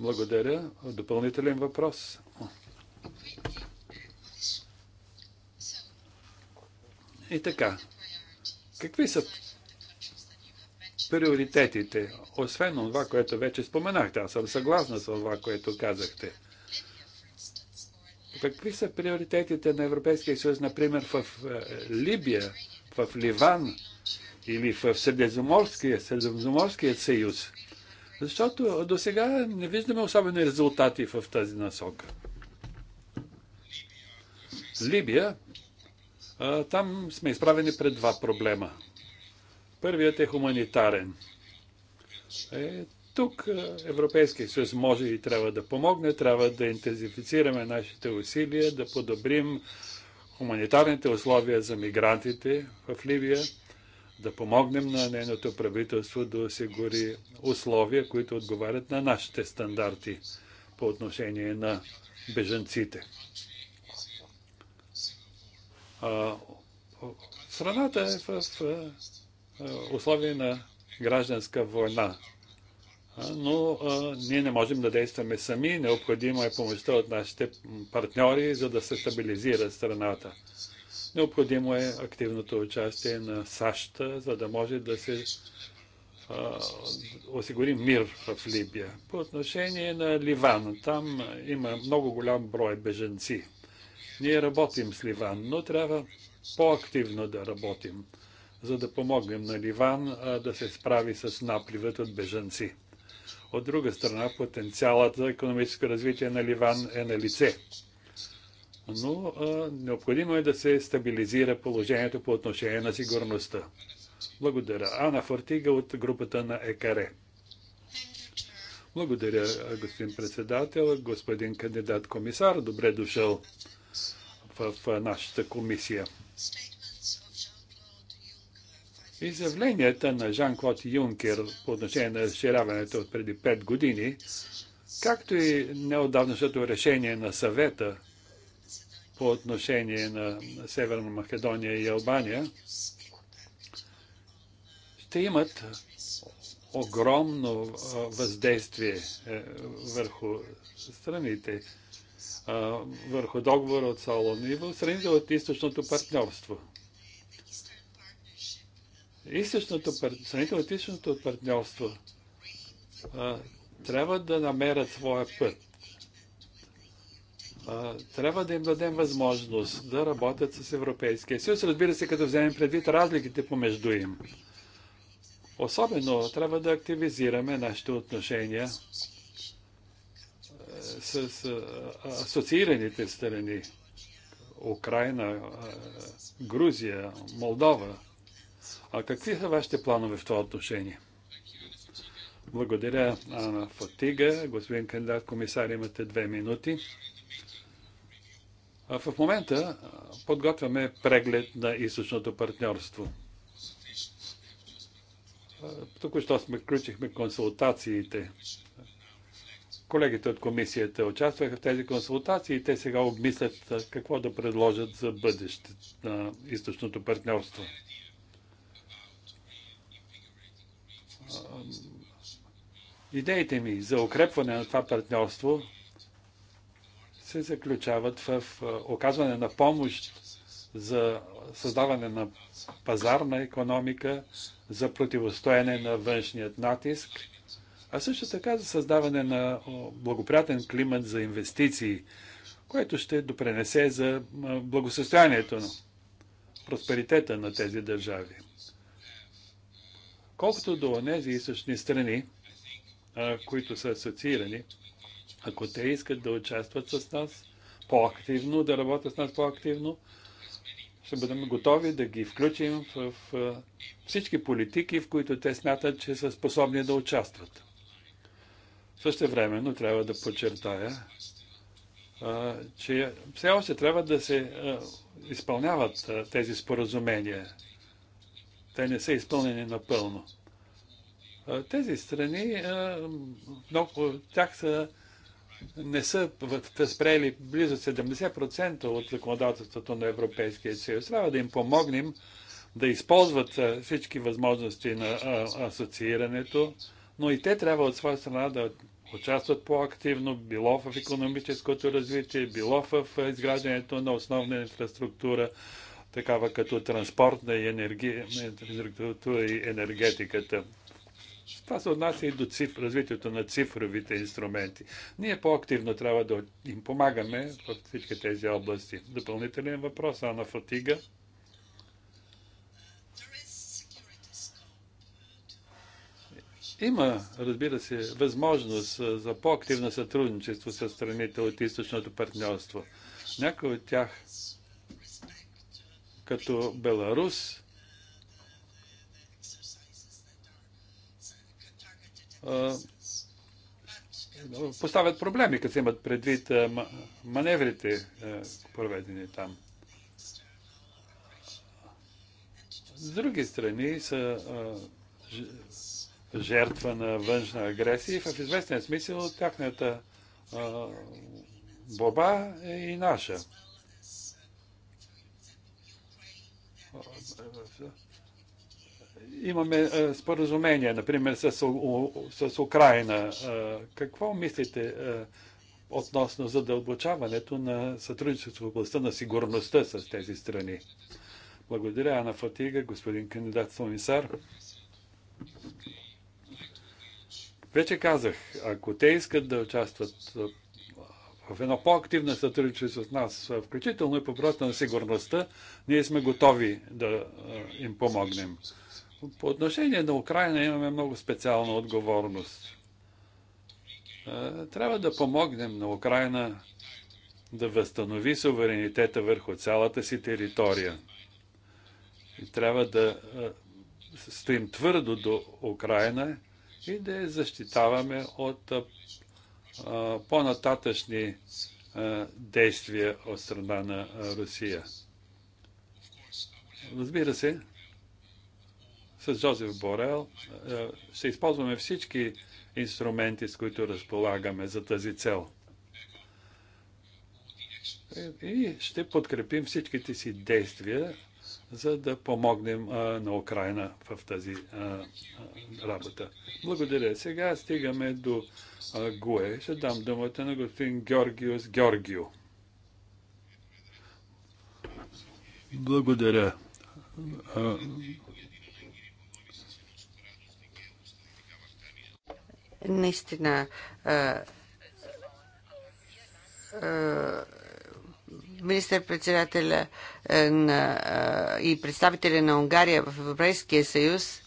Благодаря. Допълнителен въпрос? И така, какви са приоритетите, освен това, което вече споменахте? Аз съм съгласна с това, което казахте. Какви са приоритетите на Европейския съюз, например, в е, Либия, в Ливан или в Средиземноморския, съюз? Защото до сега не виждаме особени резултати в тази насока. Либия, там сме изправени пред два проблема. Първият е хуманитарен. Е, тук Европейския съюз може и трябва да помогне, трябва да интензифицираме нашите усилия, да подобрим хуманитарните условия за мигрантите в Ливия да помогнем на нейното правителство да осигури условия, които отговарят на нашите стандарти по отношение на бежанците. А, страната е в, в, условия на гражданска война, но а, ние не можем да действаме сами. Необходима е помощта от нашите партньори, за да се стабилизира страната. Необходимо е активното участие на САЩ, за да може да се осигури мир в Либия. По отношение на Ливан, там има много голям брой беженци. Ние работим с Ливан, но трябва по-активно да работим, за да помогнем на Ливан да се справи с напливът от беженци. От друга страна, потенциалът за економическо развитие на Ливан е на лице но а, необходимо е да се стабилизира положението по отношение на сигурността. Благодаря. Ана Фортига от групата на ЕКАРЕ. Благодаря, господин председател, господин кандидат комисар. Добре дошъл в, в нашата комисия. Изявленията на Жан-Клод Юнкер по отношение на разширяването от преди 5 години, както и неодавнашното решение на съвета по отношение на Северна Македония и Албания, ще имат огромно въздействие е, върху страните, върху договора от Солон и в страните от източното партньорство. Източното, страните от източното партньорство трябва да намерят своя път трябва да им дадем възможност да работят с Европейския съюз, разбира се, като вземем предвид разликите помежду им. Особено трябва да активизираме нашите отношения е, с асоциираните страни Украина, Грузия, Молдова. А какви са вашите планове в това отношение? Благодаря, Анна Фатига. Господин кандидат комисар, имате две минути. В момента подготвяме преглед на източното партньорство. Току-що сме включихме консултациите. Колегите от комисията участваха в тези консултации и те сега обмислят какво да предложат за бъдеще на източното партньорство. Идеите ми за укрепване на това партньорство се заключават в оказване на помощ за създаване на пазарна економика, за противостояне на външният натиск, а също така за създаване на благоприятен климат за инвестиции, което ще допренесе за благосъстоянието, просперитета на тези държави. Колкото до тези източни страни, които са асоциирани, ако те искат да участват с нас по-активно, да работят с нас по-активно, ще бъдем готови да ги включим в, всички политики, в които те смятат, че са способни да участват. Също времено трябва да подчертая, че все още трябва да се изпълняват тези споразумения. Те не са изпълнени напълно. Тези страни, много от тях са не са възприели близо 70% от законодателството на Европейския съюз. Трябва да им помогнем да използват всички възможности на асоциирането, но и те трябва от своя страна да участват по-активно, било в економическото развитие, било в изграждането на основна инфраструктура, такава като транспортна и, енерги... инфраструктура и енергетиката. Това се отнася и до циф, развитието на цифровите инструменти. Ние по-активно трябва да им помагаме в всички тези области. Допълнителен въпрос, Ана Фатига. Има, разбира се, възможност за по-активно сътрудничество с страните от източното партньорство. Някои от тях, като Беларус, поставят проблеми, като имат предвид маневрите, проведени там. С други страни са жертва на външна агресия и в известен смисъл тяхната борба е и наша имаме е, споразумение, например, с, с Украина. Е, какво мислите е, относно задълбочаването на сътрудничество в областта на сигурността с тези страни? Благодаря, Ана Фатига, господин кандидат Сомисар. Вече казах, ако те искат да участват в едно по-активно сътрудничество с нас, включително и по на сигурността, ние сме готови да им помогнем. По отношение на Украина имаме много специална отговорност. Е, трябва да помогнем на Украина да възстанови суверенитета върху цялата си територия. И трябва да е, стоим твърдо до Украина и да я защитаваме от е, по-нататъчни действия от страна на Русия. Разбира се, с Джозеф Борел е, ще използваме всички инструменти, с които разполагаме за тази цел. И ще подкрепим всичките си действия, за да помогнем на Украина в тази работа. Благодаря. Сега стигаме до ГУЕ. Ще дам думата на господин Георгиус Георгио. Благодаря Наистина, министър-председателя и представителя на Унгария в Европейския съюз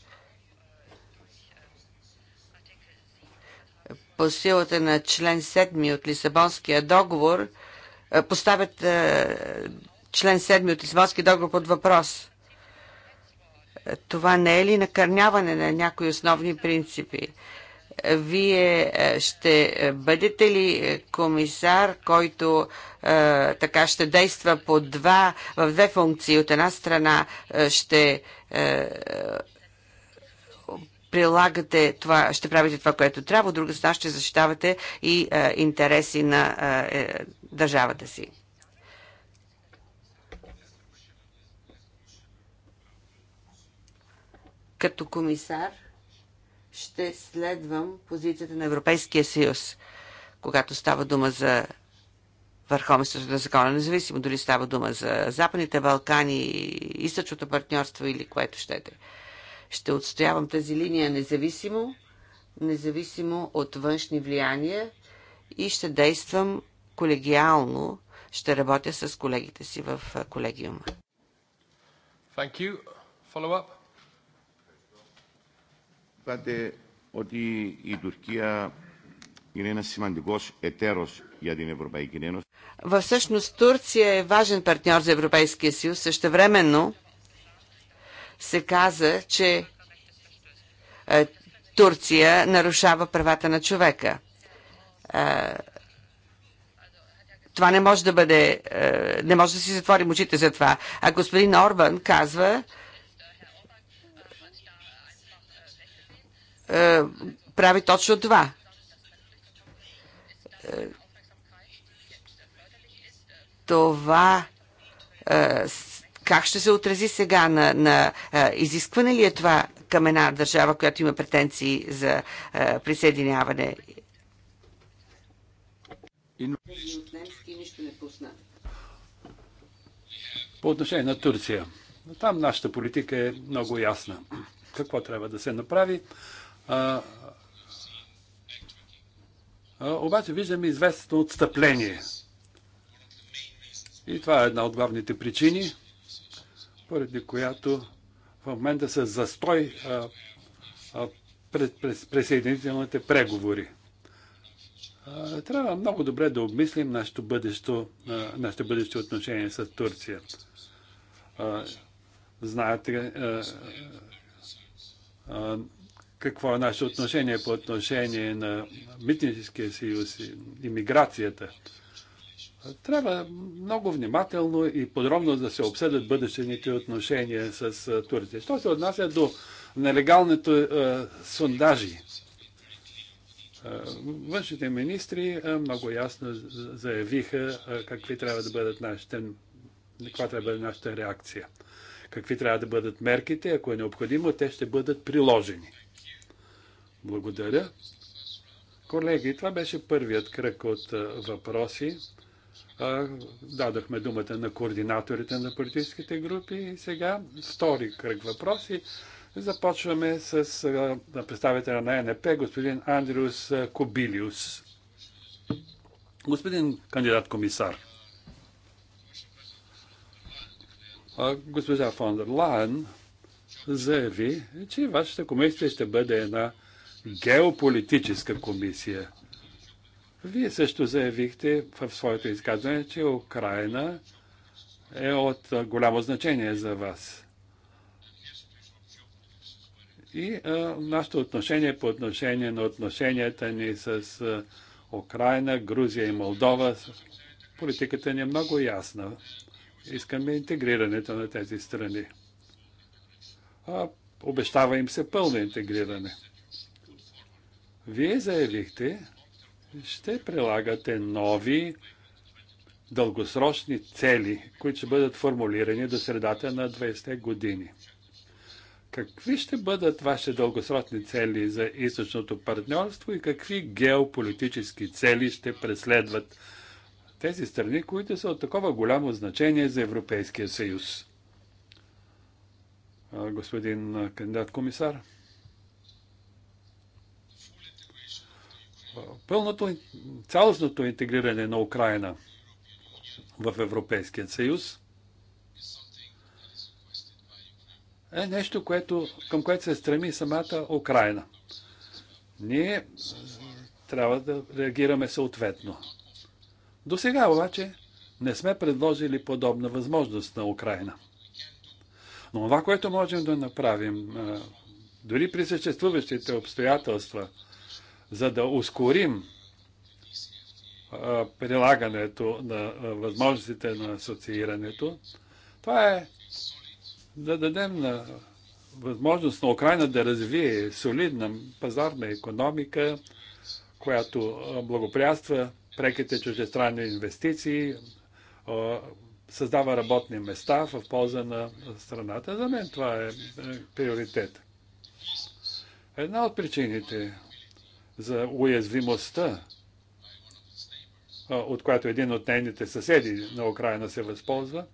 по силата на член 7 от Лисабонския договор поставят член 7 от Лисабонския договор под въпрос. Това не е ли накърняване на някои основни принципи? Вие е, ще бъдете ли комисар, който е, така ще действа по два, в две функции? От една страна е, ще прилагате това, ще правите това, което трябва, от друга страна ще защитавате и интереси на държавата си. Като комисар ще следвам позицията на Европейския съюз, когато става дума за върховенството на закона, независимо дали става дума за Западните Балкани, източното партньорство или което щете. Ще отстоявам тази линия независимо, независимо от външни влияния и ще действам колегиално, ще работя с колегите си в колегиума. Thank you. Follow up? είπατε ότι η Τουρκία είναι ένα σημαντικό εταίρο για την Ευρωπαϊκή Ένωση. Всъщност Турция е важен партньор за Европейския съюз. Същевременно се каза, че е, Турция нарушава правата на човека. Е, това не може да бъде, е, не може да си затворим очите за това. А господин Орбан казва, Е, прави точно това. Е, това е, как ще се отрази сега на, на изискване ли е това към една държава, която има претенции за присъединяване? По отношение на Турция. Там нашата политика е много ясна. Какво трябва да се направи? обаче виждаме известно отстъпление. И това е една от главните причини, поради която в момента са застой а, а, пред, през присъединителните преговори. А, трябва много добре да обмислим нашето бъдещо, а, нашите бъдещи с Турция. А, знаете, а, а, какво е наше отношение по отношение на митническия съюз и иммиграцията. Трябва много внимателно и подробно да се обсъдят бъдещените отношения с Турция. Що се отнася до нелегалните е, сондажи? Външните министри много ясно заявиха какви трябва да бъдат нашите, каква трябва да бъде нашата реакция. Какви трябва да бъдат мерките, ако е необходимо, те ще бъдат приложени. Благодаря. Колеги, това беше първият кръг от въпроси. Дадахме думата на координаторите на политическите групи и сега втори кръг въпроси. Започваме с представителя на НП, господин Андриус Кобилиус. Господин кандидат комисар, госпожа фон дер Лайен заяви, че вашата комисия ще бъде една геополитическа комисия. Вие също заявихте в своето изказване, че Украина е от голямо значение за вас. И а, нашето отношение по отношение на отношенията ни с а, Украина, Грузия и Молдова, политиката ни е много ясна. Искаме интегрирането на тези страни. А, обещава им се пълно интегриране. Вие заявихте, ще прилагате нови дългосрочни цели, които ще бъдат формулирани до средата на 20-те години. Какви ще бъдат вашите дългосрочни цели за източното партньорство и какви геополитически цели ще преследват тези страни, които са от такова голямо значение за Европейския съюз? Господин кандидат комисар. пълното, цялостното интегриране на Украина в Европейския съюз е нещо, което, към което се стреми самата Украина. Ние трябва да реагираме съответно. До сега обаче не сме предложили подобна възможност на Украина. Но това, което можем да направим, дори при съществуващите обстоятелства – за да ускорим прилагането на възможностите на асоциирането. Това е да дадем на възможност на Украина да развие солидна пазарна економика, която благоприятства преките чуждестранни инвестиции, създава работни места в полза на страната. За мен това е, е приоритет. Една от причините, за уязвимостта, от която един от нейните съседи на Украина се възползва,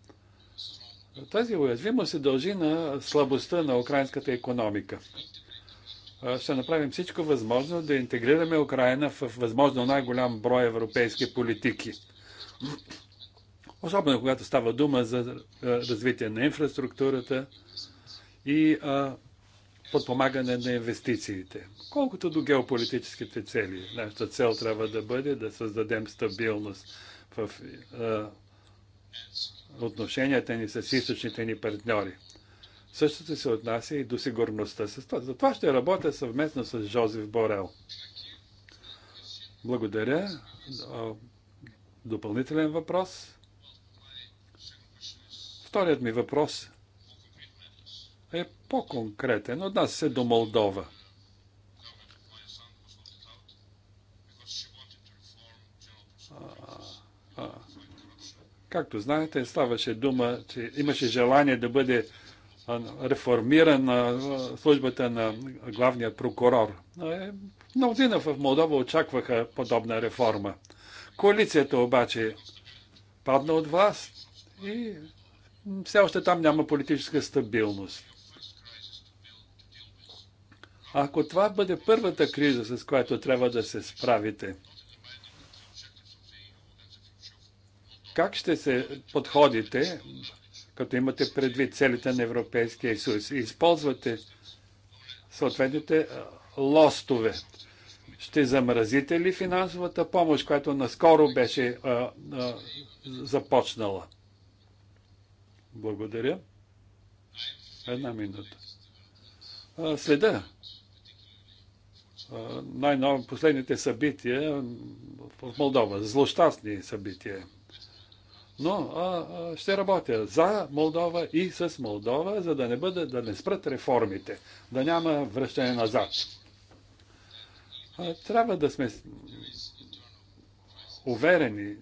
тази уязвимост се дължи на слабостта на украинската економика. Ще направим всичко възможно да интегрираме Украина в възможно най-голям брой европейски политики. Особено когато става дума за развитие на инфраструктурата и а, подпомагане на инвестициите. Колкото до геополитическите цели, нашата цел трябва да бъде да създадем стабилност в отношенията ни с източните ни партньори. Същото се отнася и до сигурността. За това ще работя съвместно с Жозеф Борел. Благодаря. Допълнителен въпрос? Вторият ми въпрос е по-конкретен. Отнася се до Молдова. както знаете, ставаше дума, че имаше желание да бъде реформирана службата на главния прокурор. Е, мнозина в Молдова очакваха подобна реформа. Коалицията обаче падна от власт и все още там няма политическа стабилност. Ако това бъде първата криза, с която трябва да се справите, как ще се подходите, като имате предвид целите на Европейския съюз и използвате съответните лостове? Ще замразите ли финансовата помощ, която наскоро беше а, а, започнала? Благодаря. Една минута. Следа най последните събития в Молдова. Злощастни събития. Но а, а, ще работя за Молдова и с Молдова, за да не, бъде, да не спрат реформите, да няма връщане назад. А, трябва да сме уверени,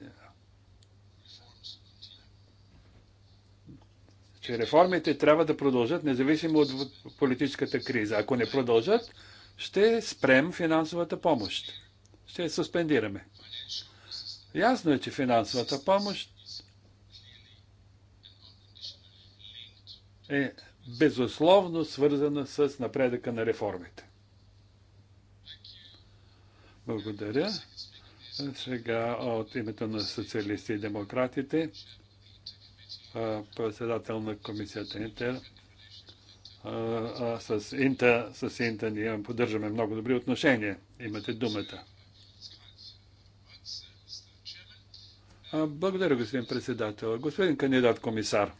че реформите трябва да продължат независимо от политическата криза. Ако не продължат, ще спрем финансовата помощ. Ще я суспендираме. Ясно е, че финансовата помощ е безусловно свързана с напредъка на реформите. Благодаря. Сега от името на социалисти и демократите, председател на комисията Интер, а, с Инта, с Инта ние поддържаме много добри отношения. Имате думата. А, благодаря, господин председател. Господин кандидат комисар,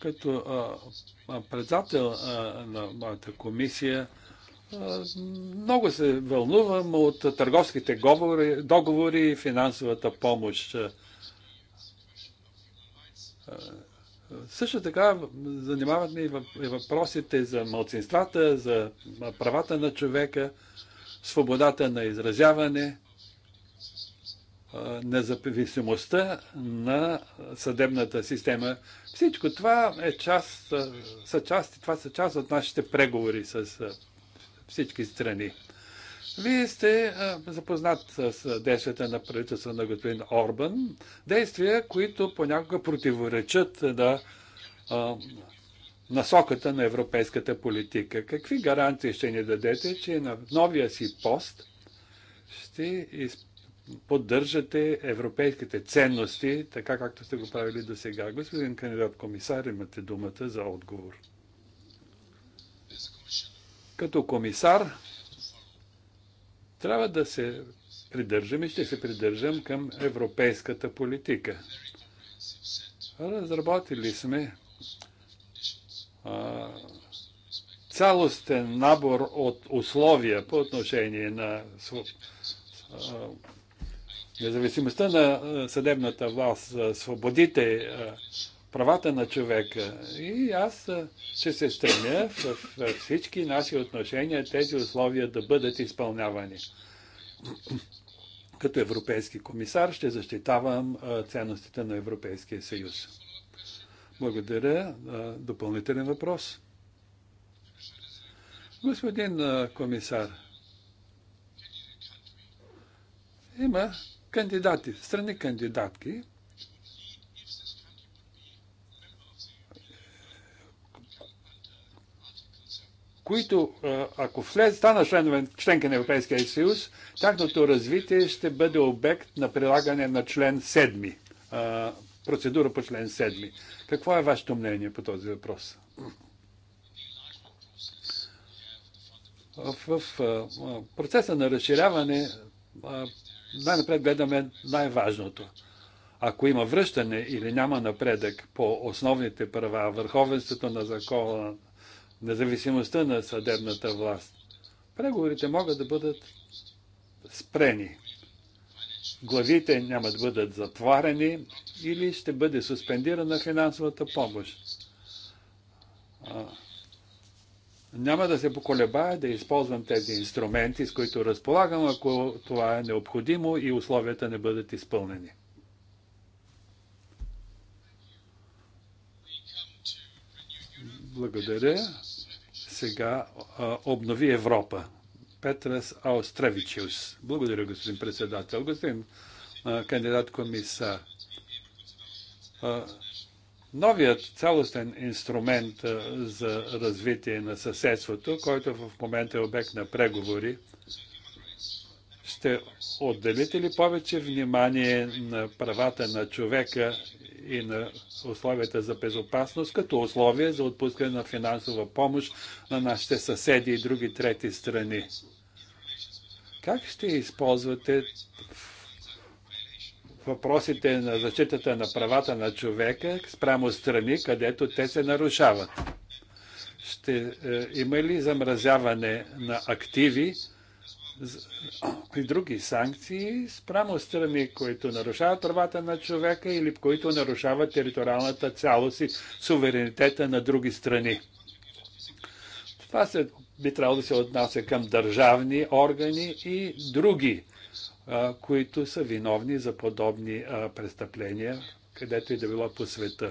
като а, председател а, на моята комисия, а, много се вълнувам от търговските говори, договори и финансовата помощ също така занимават ни и въпросите за мълцинствата, за правата на човека, свободата на изразяване, независимостта на съдебната система. Всичко това е част, са части, това са част от нашите преговори с всички страни. Вие сте запознат с действията на правителството на господин Орбан, действия, които понякога противоречат на насоката на европейската политика. Какви гаранции ще ни дадете, че на новия си пост ще поддържате европейските ценности, така както сте го правили до сега? Господин кандидат комисар, имате думата за отговор. Като комисар, трябва да се придържам и ще се придържам към европейската политика. Разработили сме а, цялостен набор от условия по отношение на а, независимостта на съдебната власт, свободите, а, правата на човека. И аз ще се стремя в, в всички наши отношения тези условия да бъдат изпълнявани. Като европейски комисар ще защитавам ценностите на Европейския съюз. Благодаря. Допълнителен въпрос. Господин комисар, има кандидати, страни кандидатки, които, ако влез, стана членове, членка на Европейския съюз, тяхното развитие ще бъде обект на прилагане на член 7. Процедура по член 7. Какво е вашето мнение по този въпрос? В, процеса на разширяване най-напред гледаме най-важното. Ако има връщане или няма напредък по основните права, върховенството на закона, независимостта на съдебната власт. Преговорите могат да бъдат спрени. Главите няма да бъдат затварени или ще бъде суспендирана финансовата помощ. няма да се поколебая да използвам тези инструменти, с които разполагам, ако това е необходимо и условията не бъдат изпълнени. Благодаря сега обнови Европа. Петрас Аустревичиус. Благодаря, господин председател. Господин кандидат комисар. Новият цялостен инструмент за развитие на съседството, който в момента е обект на преговори, ще отделите ли повече внимание на правата на човека и на условията за безопасност като условие за отпускане на финансова помощ на нашите съседи и други трети страни. Как ще използвате въпросите на защитата на правата на човека спрямо страни, където те се нарушават? Ще е, има ли замразяване на активи, при други санкции спрямо страни, които нарушават правата на човека или които нарушават териториалната цялост и суверенитета на други страни. Това се, би трябвало да се отнася към държавни органи и други, а, които са виновни за подобни а, престъпления, където и да било по света.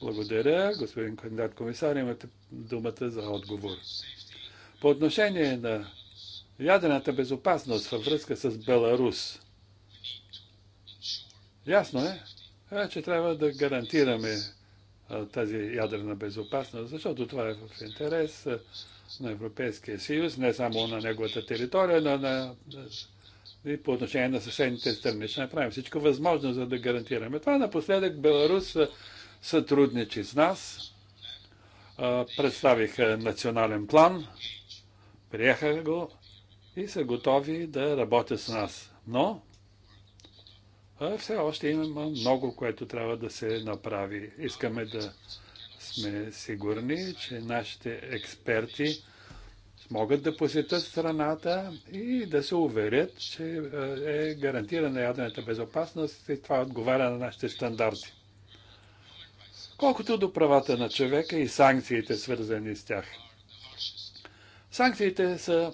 Благодаря, господин кандидат комисар, имате думата за отговор. По отношение на ядрената безопасност във връзка с Беларус. Ясно е, е че трябва да гарантираме тази ядрена безопасност, защото това е в интерес на Европейския съюз, не само на неговата територия, но на, и по отношение на съседните страни. Ще направим всичко възможно, за да гарантираме това. Напоследък Беларус сътрудничи с нас, представиха национален план, приеха го и са готови да работят с нас. Но все още има много, което трябва да се направи. Искаме да сме сигурни, че нашите експерти могат да посетят страната и да се уверят, че е гарантирана ядрената безопасност и това отговаря на нашите стандарти. Колкото до правата на човека и санкциите, свързани с тях. Санкциите са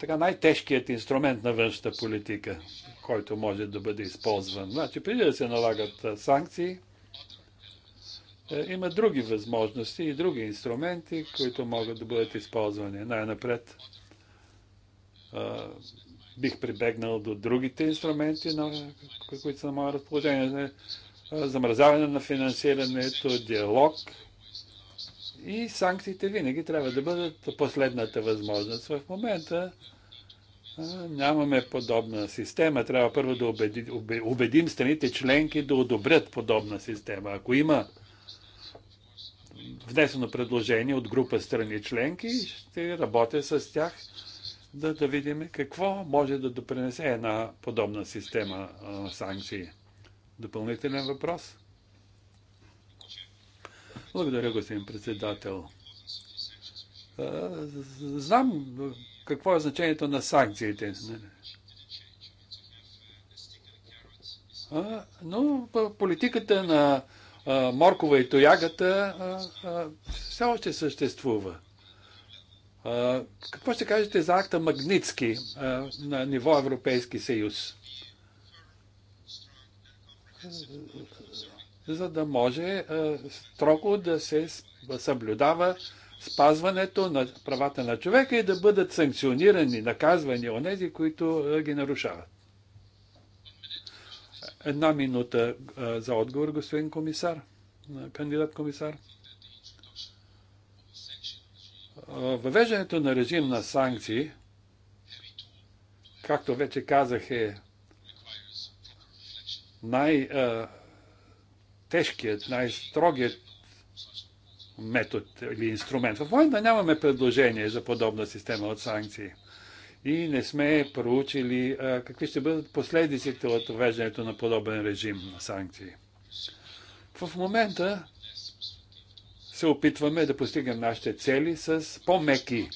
така най-тежкият инструмент на външната политика, който може да бъде използван. Значи, преди да се налагат санкции, е, има други възможности и други инструменти, които могат да бъдат използвани. Най-напред бих прибегнал до другите инструменти, на, които са на мое разположение. Е, замразяване на финансирането, диалог и санкциите винаги трябва да бъдат последната възможност. В момента нямаме подобна система. Трябва първо да убедим страните членки да одобрят подобна система. Ако има внесено предложение от група страни членки, ще работя с тях да, да видим какво може да допринесе една подобна система а, санкции. Допълнителен въпрос? Благодаря, господин председател. Знам какво е значението на санкциите. Но политиката на моркова и тоягата все още съществува. Какво ще кажете за акта Магницки на ниво Европейски съюз? за да може строго да се съблюдава спазването на правата на човека и да бъдат санкционирани, наказвани онези, които ги нарушават. Една минута за отговор, господин комисар, кандидат комисар. Въвеждането на режим на санкции, както вече казах, е най- най-тежкият, най-строгият метод или инструмент. В момента нямаме предложение за подобна система от санкции. И не сме проучили а, какви ще бъдат последиците от въвеждането на подобен режим на санкции. В момента се опитваме да постигнем нашите цели с по-меки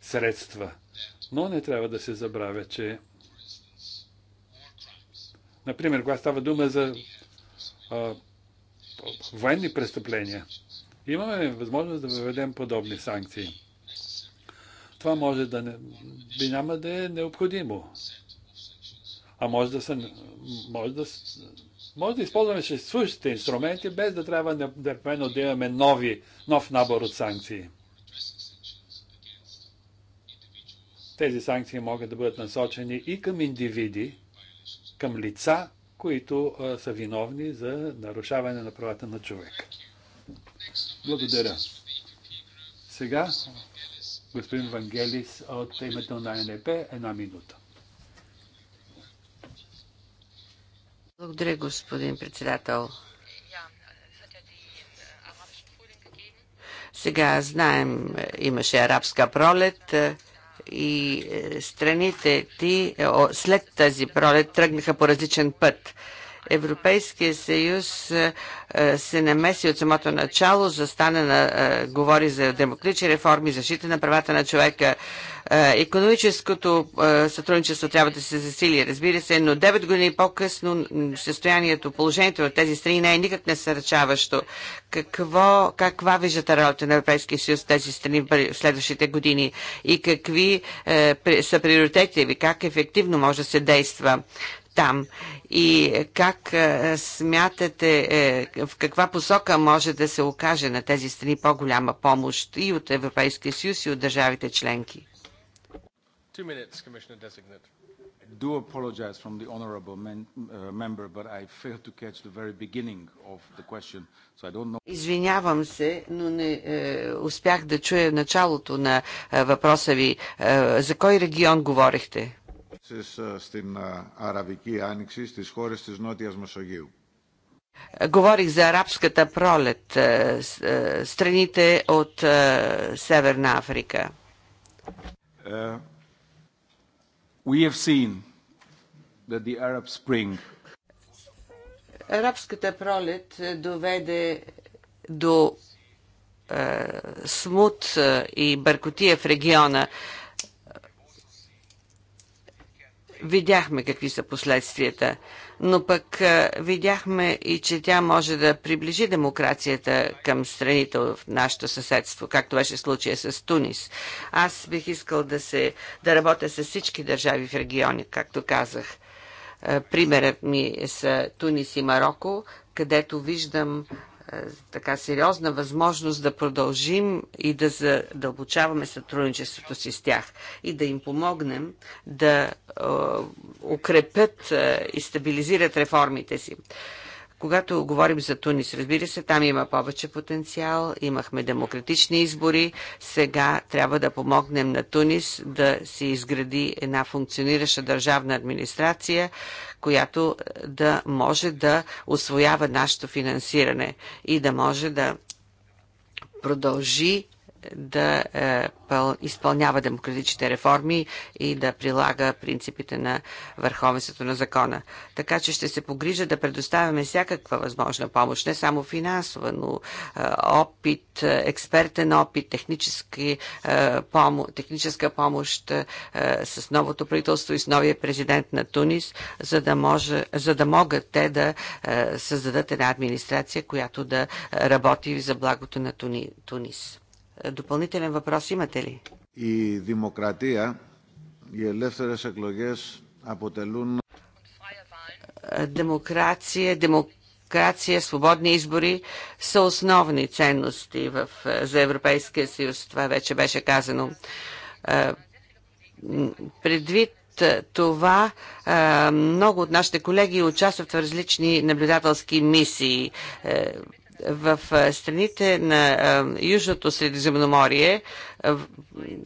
средства. Но не трябва да се забравя, че Например, когато става дума за а, военни престъпления, имаме възможност да въведем подобни санкции. Това може да не, би няма да е необходимо. А може да, са, може да, може да използваме съществуващите инструменти, без да трябва непременно да имаме нови, нов набор от санкции. Тези санкции могат да бъдат насочени и към индивиди, към лица, които са виновни за нарушаване на правата на човек. Благодаря. Сега господин Вангелис от името на НЕП, една минута. Благодаря, господин председател. Сега знаем, имаше арабска пролет и е, страните ти е, след тази пролет тръгнаха по различен път. Европейския съюз е, е, се намеси от самото начало, застана на, е, говори за демократични реформи, защита на правата на човека. Економическото сътрудничество трябва да се засили, разбира се, но 9 години по-късно състоянието, положението в тези страни не е никак не съръчаващо. Какво, каква виждате работа на Европейския съюз в тези страни в следващите години и какви е, са приоритетите ви, как ефективно може да се действа? там и е, как е, смятате, е, в каква посока може да се окаже на тези страни по-голяма помощ и от Европейския съюз и от държавите членки? do apologize from the honorable men, uh, member, but I failed to catch the very beginning of the question, so I don't know. Извинявам се, но не е, успях да чуя началото на е, въпроса ви. Е, за кой регион говорихте? στην Αραβική Άνοιξη στις χώρες της Νότιας Μεσογείου. Е, говорих за арабската пролет, е, е, страните от Северна Африка. we have seen that the Arab Spring Арабската пролет доведе до е, смут и бъркотия в региона. Видяхме какви са последствията, но пък видяхме и, че тя може да приближи демокрацията към страните в нашето съседство, както беше случая с Тунис. Аз бих искал да, се, да работя с всички държави в региони, както казах. Примерът ми е с Тунис и Марокко, където виждам е, така сериозна възможност да продължим и да задълбочаваме сътрудничеството си с тях и да им помогнем да е, укрепят е, и стабилизират реформите си. Когато говорим за Тунис, разбира се, там има повече потенциал, имахме демократични избори, сега трябва да помогнем на Тунис да се изгради една функционираща държавна администрация, която е, да може да освоява нашето финансиране и да може да продължи да е, изпълнява демократичните реформи и да прилага принципите на върховенството на закона. Така че ще се погрижа да предоставяме всякаква възможна помощ, не само финансова, но е, опит, експертен опит, технически, е, техническа помощ с новото правителство и с новия президент на Тунис, за да, може, за да могат те да създадат една администрация, която да работи за благото на Тунис. Допълнителен въпрос имате ли? И демократия, и елефтере εκλογές αποτελούν... Демокрация, демокрация, свободни избори са основни ценности в, е, за Европейския съюз. Това вече беше казано. Е, предвид е, това много от нашите колеги участват в различни наблюдателски мисии в страните на Южното Средиземноморие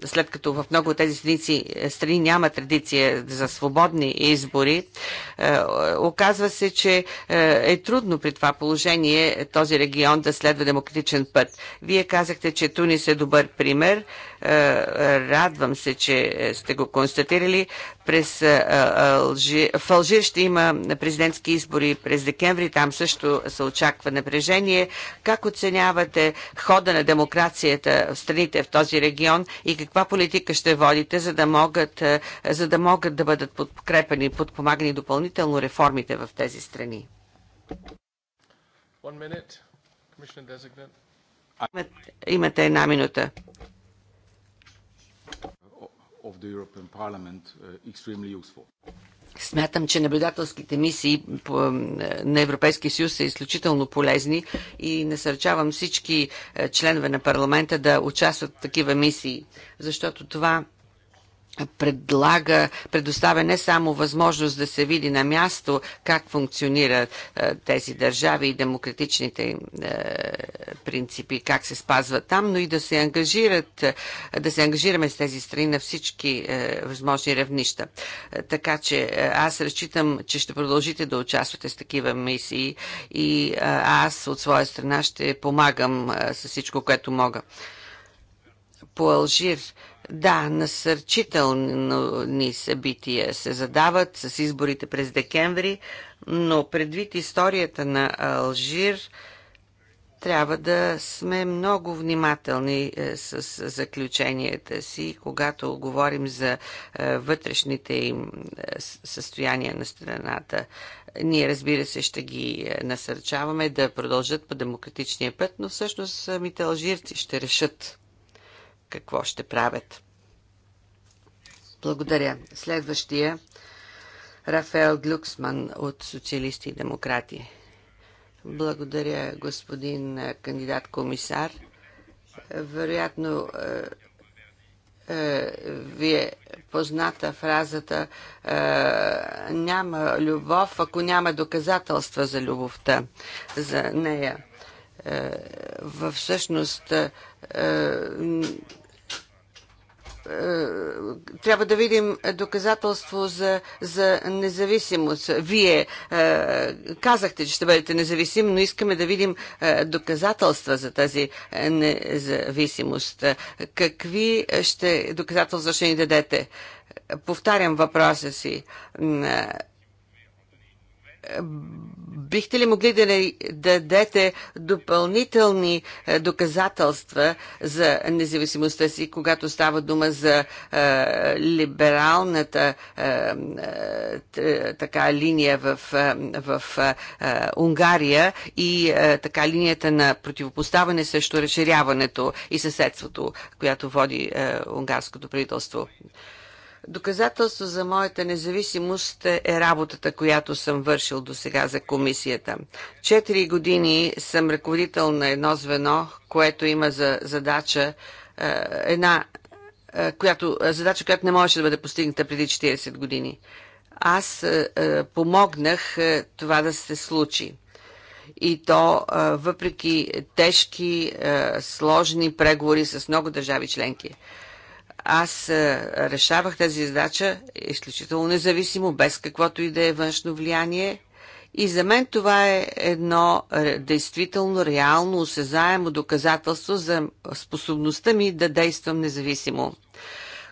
след като в много от тези страници, страни няма традиция за свободни избори, е, оказва се, че е, е трудно при това положение този регион да следва демократичен път. Вие казахте, че Тунис е добър пример. Е, радвам се, че сте го констатирали. През Алжир, в Алжир ще има президентски избори през декември. Там също се очаква напрежение. Как оценявате хода на демокрацията в страните в този регион? регион и каква политика ще водите, за да могат, е, за да, могат да бъдат подкрепени и подпомагани допълнително реформите в тези страни? Имате една минута. Of the European Parliament, uh, extremely useful. Смятам, че наблюдателските мисии на Европейския съюз са изключително полезни и насърчавам всички е, членове на парламента да участват в такива мисии, защото това предлага, предоставя не само възможност да се види на място как функционират е, тези държави и демократичните е, принципи, как се спазват там, но и да се ангажират, е, да се ангажираме с тези страни на всички възможни равнища. Така че аз разчитам, че ще продължите да участвате с такива мисии и аз от своя страна ще помагам с всичко, което мога по Алжир. Да, насърчителни събития се задават с изборите през декември, но предвид историята на Алжир, трябва да сме много внимателни е, с заключенията си, когато говорим за е, вътрешните им е, състояния на страната. Ние, разбира се, ще ги насърчаваме да продължат по демократичния път, но всъщност самите алжирци ще решат какво ще правят. Благодаря. Следващия Рафаел Глюксман от Социалисти и Демократи. Благодаря, господин е, кандидат комисар. Вероятно, ви е, е позната фразата е, няма любов, ако няма доказателства за любовта, за нея. Във всъщност е, е, трябва да видим доказателство за, за независимост. Вие е, казахте, че ще бъдете независим, но искаме да видим е, доказателства за тази независимост. Какви ще доказателства ще ни дадете? Повтарям въпроса си. Е, Бихте ли могли да дадете допълнителни е, доказателства за независимостта си, когато става дума за е, либералната е, е, е така линия в, е, в Унгария и така линията на противопоставане срещу разширяването и съседството, която води унгарското правителство? Доказателство за моята независимост е работата, която съм вършил до сега за комисията. Четири години съм ръководител на едно звено, което има за задача е, една е, която, задача, която не можеше да бъде постигната преди 40 години. Аз е, помогнах това да се случи и то въпреки тежки, сложни преговори с много държави членки аз е, решавах тази задача изключително независимо, без каквото и да е външно влияние. И за мен това е едно е, действително, реално, осезаемо доказателство за способността ми да действам независимо.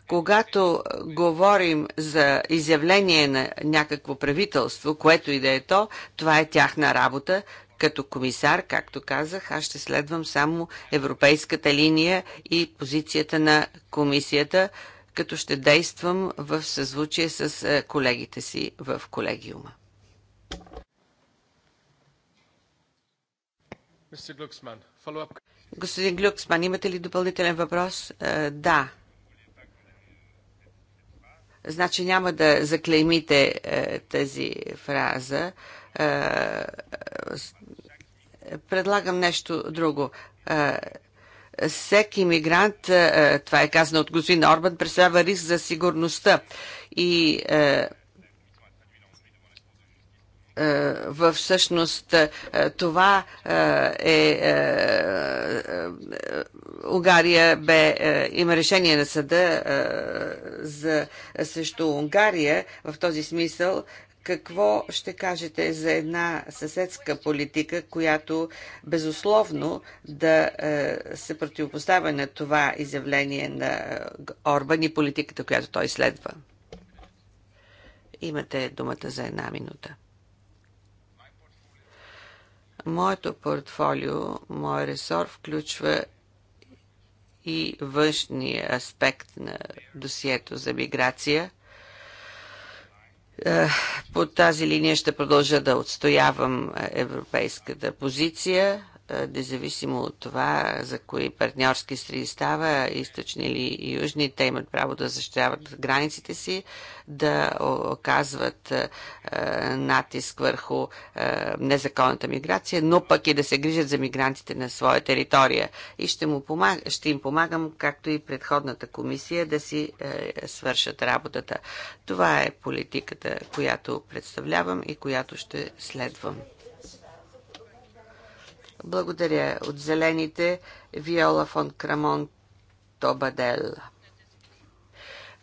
Когато говорим за изявление на някакво правителство, което и да е то, това е тяхна работа, като комисар, както казах, аз ще следвам само европейската линия и позицията на комисията, като ще действам в съзвучие с е, колегите си в колегиума. Господин Глюксман, имате ли допълнителен въпрос? Е, да. Значи няма да заклеймите е, тази фраза. Е, предлагам нещо друго. Е, всеки мигрант, е, това е казано от господин Орбан, представлява риск за сигурността. И всъщност това е Унгария бе има решение на съда за срещу Унгария в този смисъл какво ще кажете за една съседска политика, която безусловно да е, се противопоставя на това изявление на е, Орбан и политиката, която той следва? Имате думата за една минута. Моето портфолио, мой ресор включва и външния аспект на досието за миграция – е, по тази линия ще продължа да отстоявам е, европейската позиция независимо от това за кои партньорски среди става, източни или южни, те имат право да защитават границите си, да оказват натиск върху незаконната миграция, но пък и да се грижат за мигрантите на своя територия. И ще, му помаг... ще им помагам, както и предходната комисия, да си свършат работата. Това е политиката, която представлявам и която ще следвам. Благодаря. От зелените Виола фон Крамон Тобадел.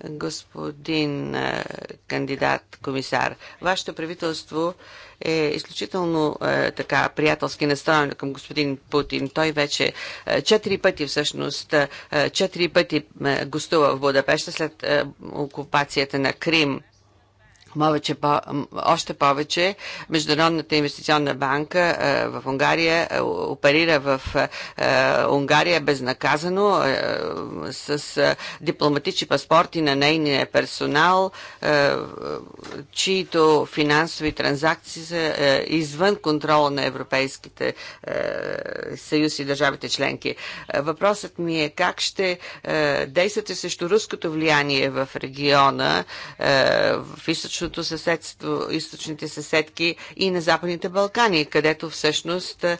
Господин е, кандидат комисар, вашето правителство е изключително е, така приятелски настроено към господин Путин. Той вече е, четири пъти всъщност, е, четири пъти е, гостува в Будапеща след е, окупацията на Крим повече, по, още повече Международната инвестиционна банка е, в Унгария е, оперира в е, Унгария безнаказано с дипломатични паспорти на нейния персонал, чието финансови транзакции са извън контрола на Европейските съюз и държавите членки. Въпросът ми е как ще действате срещу руското влияние в региона в източно източното съседство, източните съседки и на Западните Балкани, където всъщност е,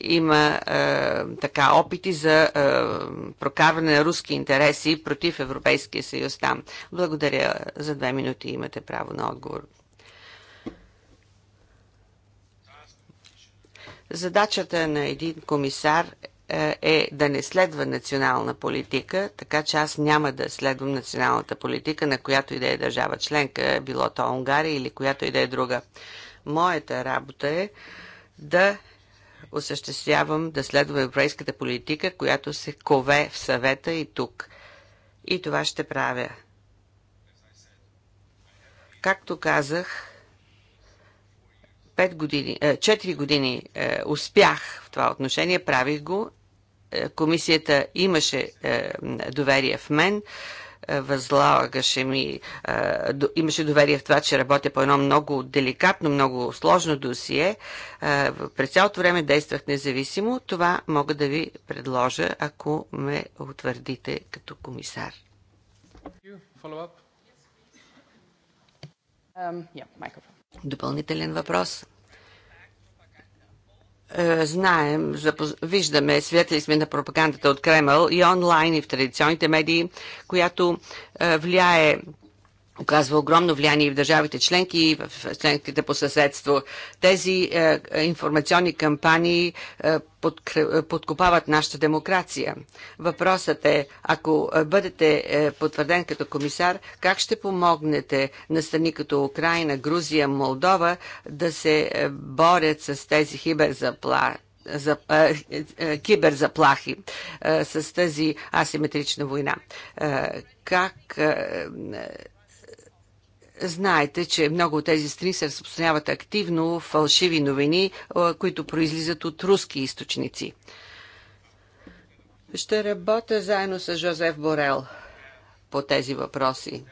има е, така опити за е, прокарване на руски интереси против Европейския съюз там. Благодаря за две минути. Имате право на отговор. Задачата на един комисар е да не следва национална политика, така че аз няма да следвам националната политика, на която и да е държава членка, било то Унгария или която и да е друга. Моята работа е да осъществявам, да следвам европейската политика, която се кове в съвета и тук. И това ще правя. Както казах, 5 години, 4 е, години е, успях в това отношение, правих го комисията имаше е, доверие в мен, е, възлагаше ми, е, имаше доверие в това, че работя по едно много деликатно, много сложно досие. През цялото време действах независимо. Това мога да ви предложа, ако ме утвърдите като комисар. Um, Допълнителен въпрос. Е, знаем, виждаме, свидетели сме на пропагандата от Кремъл и онлайн, и в традиционните медии, която е, влияе оказва огромно влияние в държавите членки и в членките по съседство. Тези е, информационни кампании е, е подкопават нашата демокрация. Въпросът е, ако е, бъдете е, потвърден като комисар, как ще помогнете на страни като Украина, Грузия, Молдова да се е, борят с тези хиберзаплати? за, е, е, киберзаплахи е, с тази асиметрична война. Е, как е, Знаете, че много от тези страни се разпространяват активно фалшиви новини, които произлизат от руски източници. Ще работя заедно с Жозеф Борел по тези въпроси.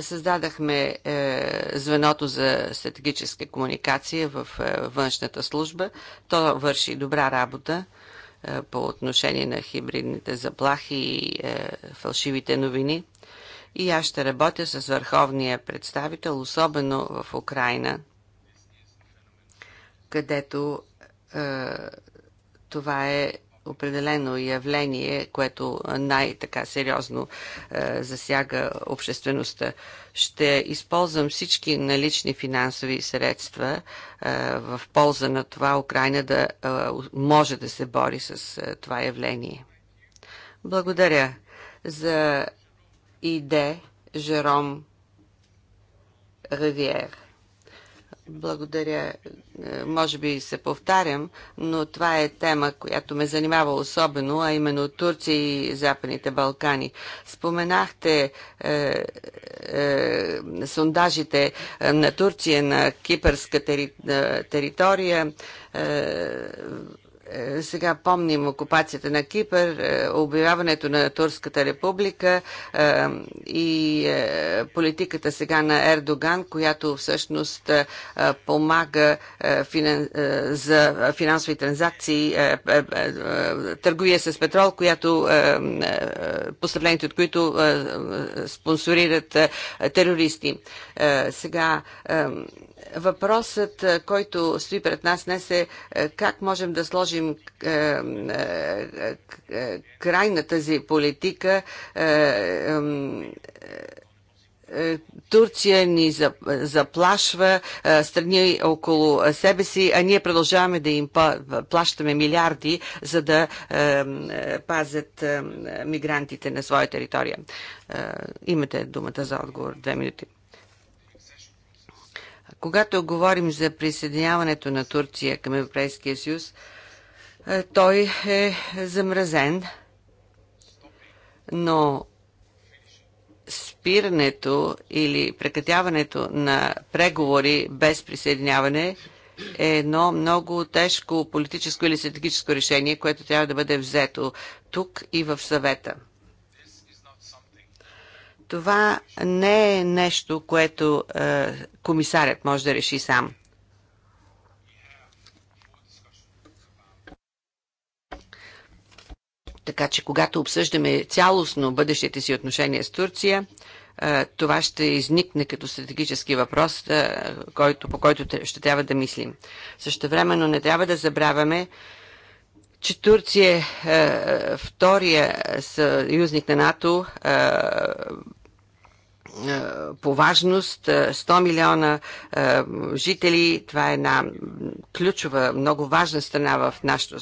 Създадахме е, звеното за стратегическа комуникация в е, външната служба. То върши добра работа е, по отношение на хибридните заплахи и е, фалшивите новини и аз ще работя с върховния представител, особено в Украина, където е, това е определено явление, което най-така сериозно е, засяга обществеността. Ще използвам всички налични финансови средства е, в полза на това Украина да е, може да се бори с е, това явление. Благодаря за Иде Жером Ривиер. Благодаря. Може би се повтарям, но това е тема, която ме занимава особено, а именно Турция и Западните Балкани. Споменахте е, е, сондажите на Турция на кипърска тери, е, територия. Е, е, сега помним окупацията на Кипър, е, обявяването на Турската република е, и политиката сега на Ердоган, която всъщност помага за финансови транзакции, търгуя с петрол, която поставлените от които спонсорират терористи. Сега Въпросът, е, който стои пред нас днес е, е как можем да сложим е, край на тази политика. Турция ни заплашва страни около себе си, а ние продължаваме да им плащаме милиарди, за да пазят мигрантите на своя територия. Имате думата за отговор. Две минути. Когато говорим за присъединяването на Турция към Европейския съюз, е, той е замразен, но спирането или прекратяването на преговори без присъединяване е едно много тежко политическо или стратегическо решение, което трябва да бъде взето тук и в съвета. Това не е нещо, което е, комисарят може да реши сам. Така че, когато обсъждаме цялостно бъдещите си отношения с Турция, е, това ще изникне като стратегически въпрос, е, по който ще трябва да мислим. Също времено не трябва да забравяме, че Турция е, е втория съюзник на НАТО, е, по важност. 100 е, милиона е, жители, това е една ключова, много важна страна в нашето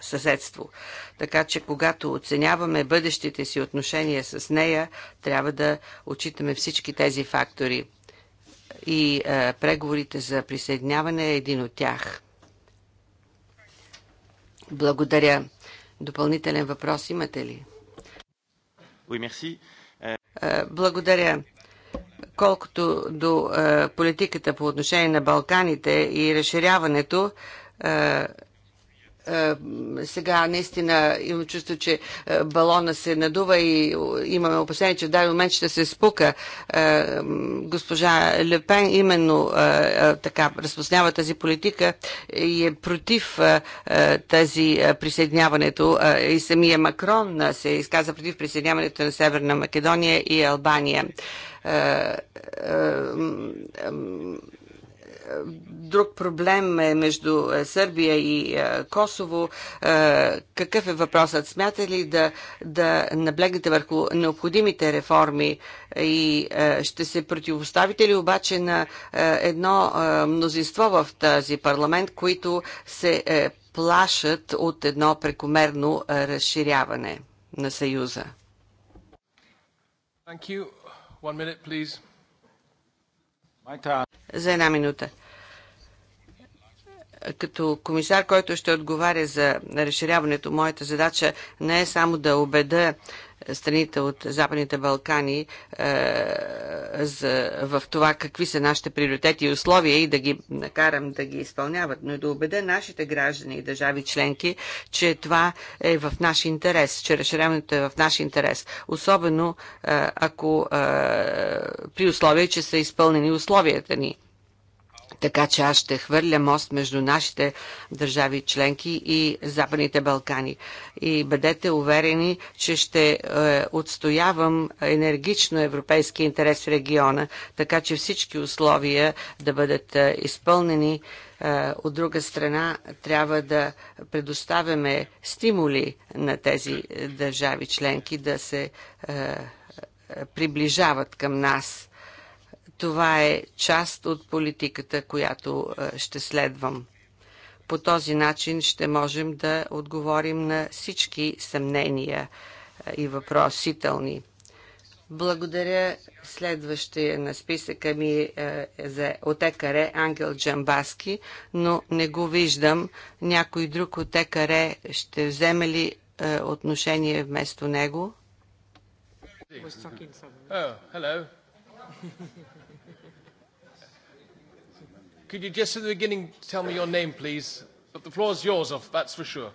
съседство. Така че, когато оценяваме бъдещите си отношения с нея, трябва да отчитаме всички тези фактори. И преговорите за присъединяване е един от тях. Благодаря. Допълнителен въпрос имате ли? Oui, merci. Е, благодаря. Колкото до е, политиката по отношение на Балканите и разширяването, е, е, сега наистина имам чувство, че е, балона се надува и е, имаме опасение, че в даден момент ще се спука. Госпожа Лепен именно така разпоснява тази политика и е против тази присъединяването и самия Макрон се изказа против присъединяването на Северна Македония и Албания Друг проблем е между е, Сърбия и е, Косово. Е, какъв е въпросът? Смята ли да, да наблегнете върху необходимите реформи и ще се противоставите ли обаче на едно мнозинство в тази парламент, които се плашат от едно прекомерно разширяване на Съюза? Thank you. One minute, please. За една минута. Като комисар, който ще отговаря за разширяването, моята задача не е само да убеда страните от Западните Балкани е, за, в това какви са нашите приоритети и условия и да ги накарам да ги изпълняват, но и да убеда нашите граждани и държави членки, че това е в наш интерес, че разширяването е в наш интерес. Особено е, ако е, при условие, че са изпълнени условията ни така че аз ще хвърля мост между нашите държави членки и Западните Балкани. И бъдете уверени, че ще е, отстоявам енергично европейски интерес в региона, така че всички условия да бъдат е, изпълнени. Е, от друга страна, трябва да предоставяме стимули на тези е, държави членки да се е, е, приближават към нас това е част от политиката, която е, ще следвам. По този начин ще можем да отговорим на всички съмнения е, и въпросителни. Благодаря следващия е на списъка ми е, за отекаре Ангел Джамбаски, но не го виждам. Някой друг отекаре ще вземе ли отношение вместо него? Oh, hello. Could you just in the beginning tell me your name, please? But the floor is yours, off, that's for sure.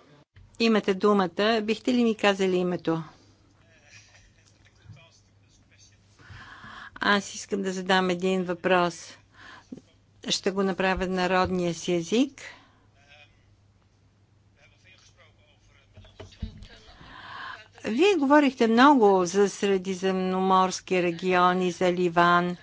Имате думата. Бихте ли ми казали името? Аз искам да задам един въпрос. Ще го направя на народния си език. Вие говорихте много за Средиземноморски регион и за Ливан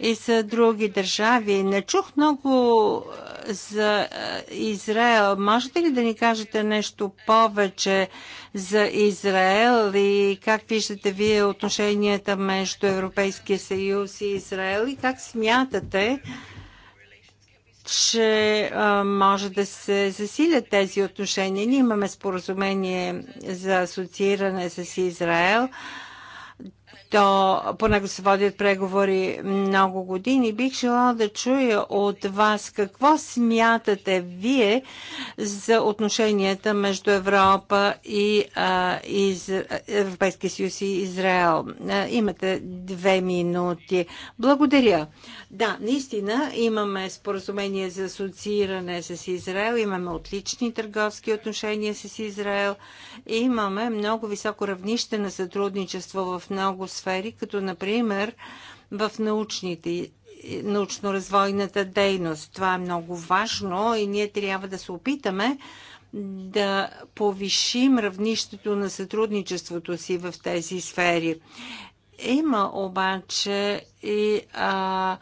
и за други държави. Не чух много за Израел. Можете ли да ни кажете нещо повече за Израел и как виждате вие отношенията между Европейския съюз и Израел и как смятате, че а, може да се засилят тези отношения. Ние имаме споразумение за асоцииране с Израел. А, то понякога се водят преговори много години. Бих желала да чуя от вас какво смятате вие за отношенията между Европа и, Европейския съюз и Израел. имате две минути. Благодаря. Да, наистина имаме споразумение за асоцииране с Израел, имаме отлични търговски отношения с Израел, имаме много високо равнище на сътрудничество в много сфери, като например в научните научно-развойната дейност. Това е много важно и ние трябва да се опитаме да повишим равнището на сътрудничеството си в тези сфери. Има обаче и а,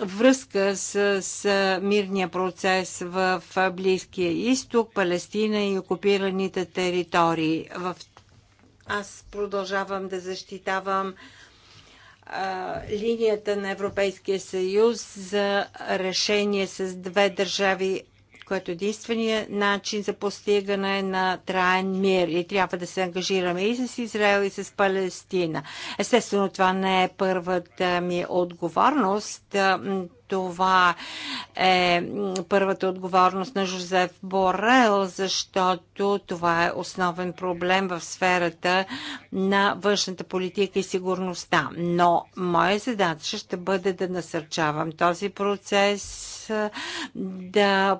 връзка с, с мирния процес в Близкия изток, Палестина и окупираните територии. В аз продължавам да защитавам а, линията на Европейския съюз за решение с две държави, което е единствения начин за постигане на траен мир и трябва да се ангажираме и с Израел, и с Палестина. Естествено, това не е първата ми отговорност това е първата отговорност на Жозеф Борел, защото това е основен проблем в сферата на външната политика и сигурността. Но моя задача ще бъде да насърчавам този процес е, да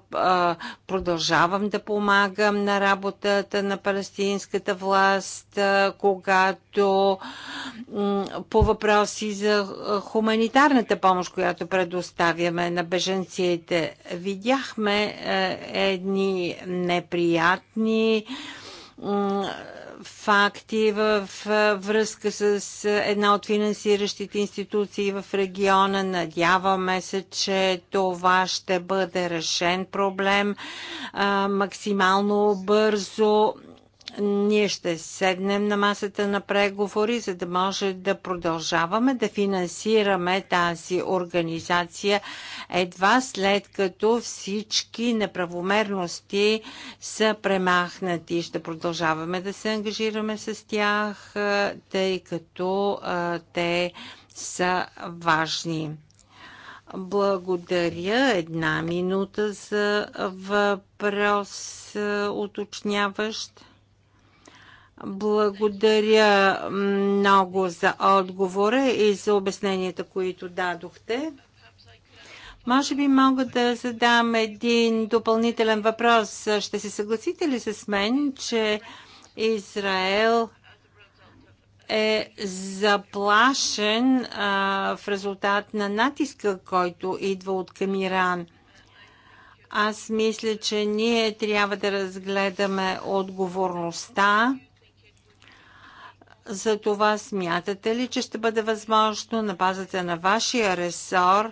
продължавам да помагам на работата на палестинската власт, когато по въпроси за хуманитарната помощ, която предоставяме на беженците. Видяхме е, едни неприятни факти в връзка с една от финансиращите институции в региона. Надяваме се, че това ще бъде решен проблем максимално бързо. Ние ще седнем на масата на преговори, за да може да продължаваме да финансираме тази организация едва след като всички неправомерности са премахнати. Ще продължаваме да се ангажираме с тях, тъй като те са важни. Благодаря. Една минута за въпрос уточняващ. Благодаря много за отговора и за обясненията, които дадохте. Може би мога да задам един допълнителен въпрос. Ще се съгласите ли с мен, че Израел е заплашен а, в резултат на натиска, който идва от Камиран? Аз мисля, че ние трябва да разгледаме отговорността за това смятате ли, че ще бъде възможно на базата на вашия ресор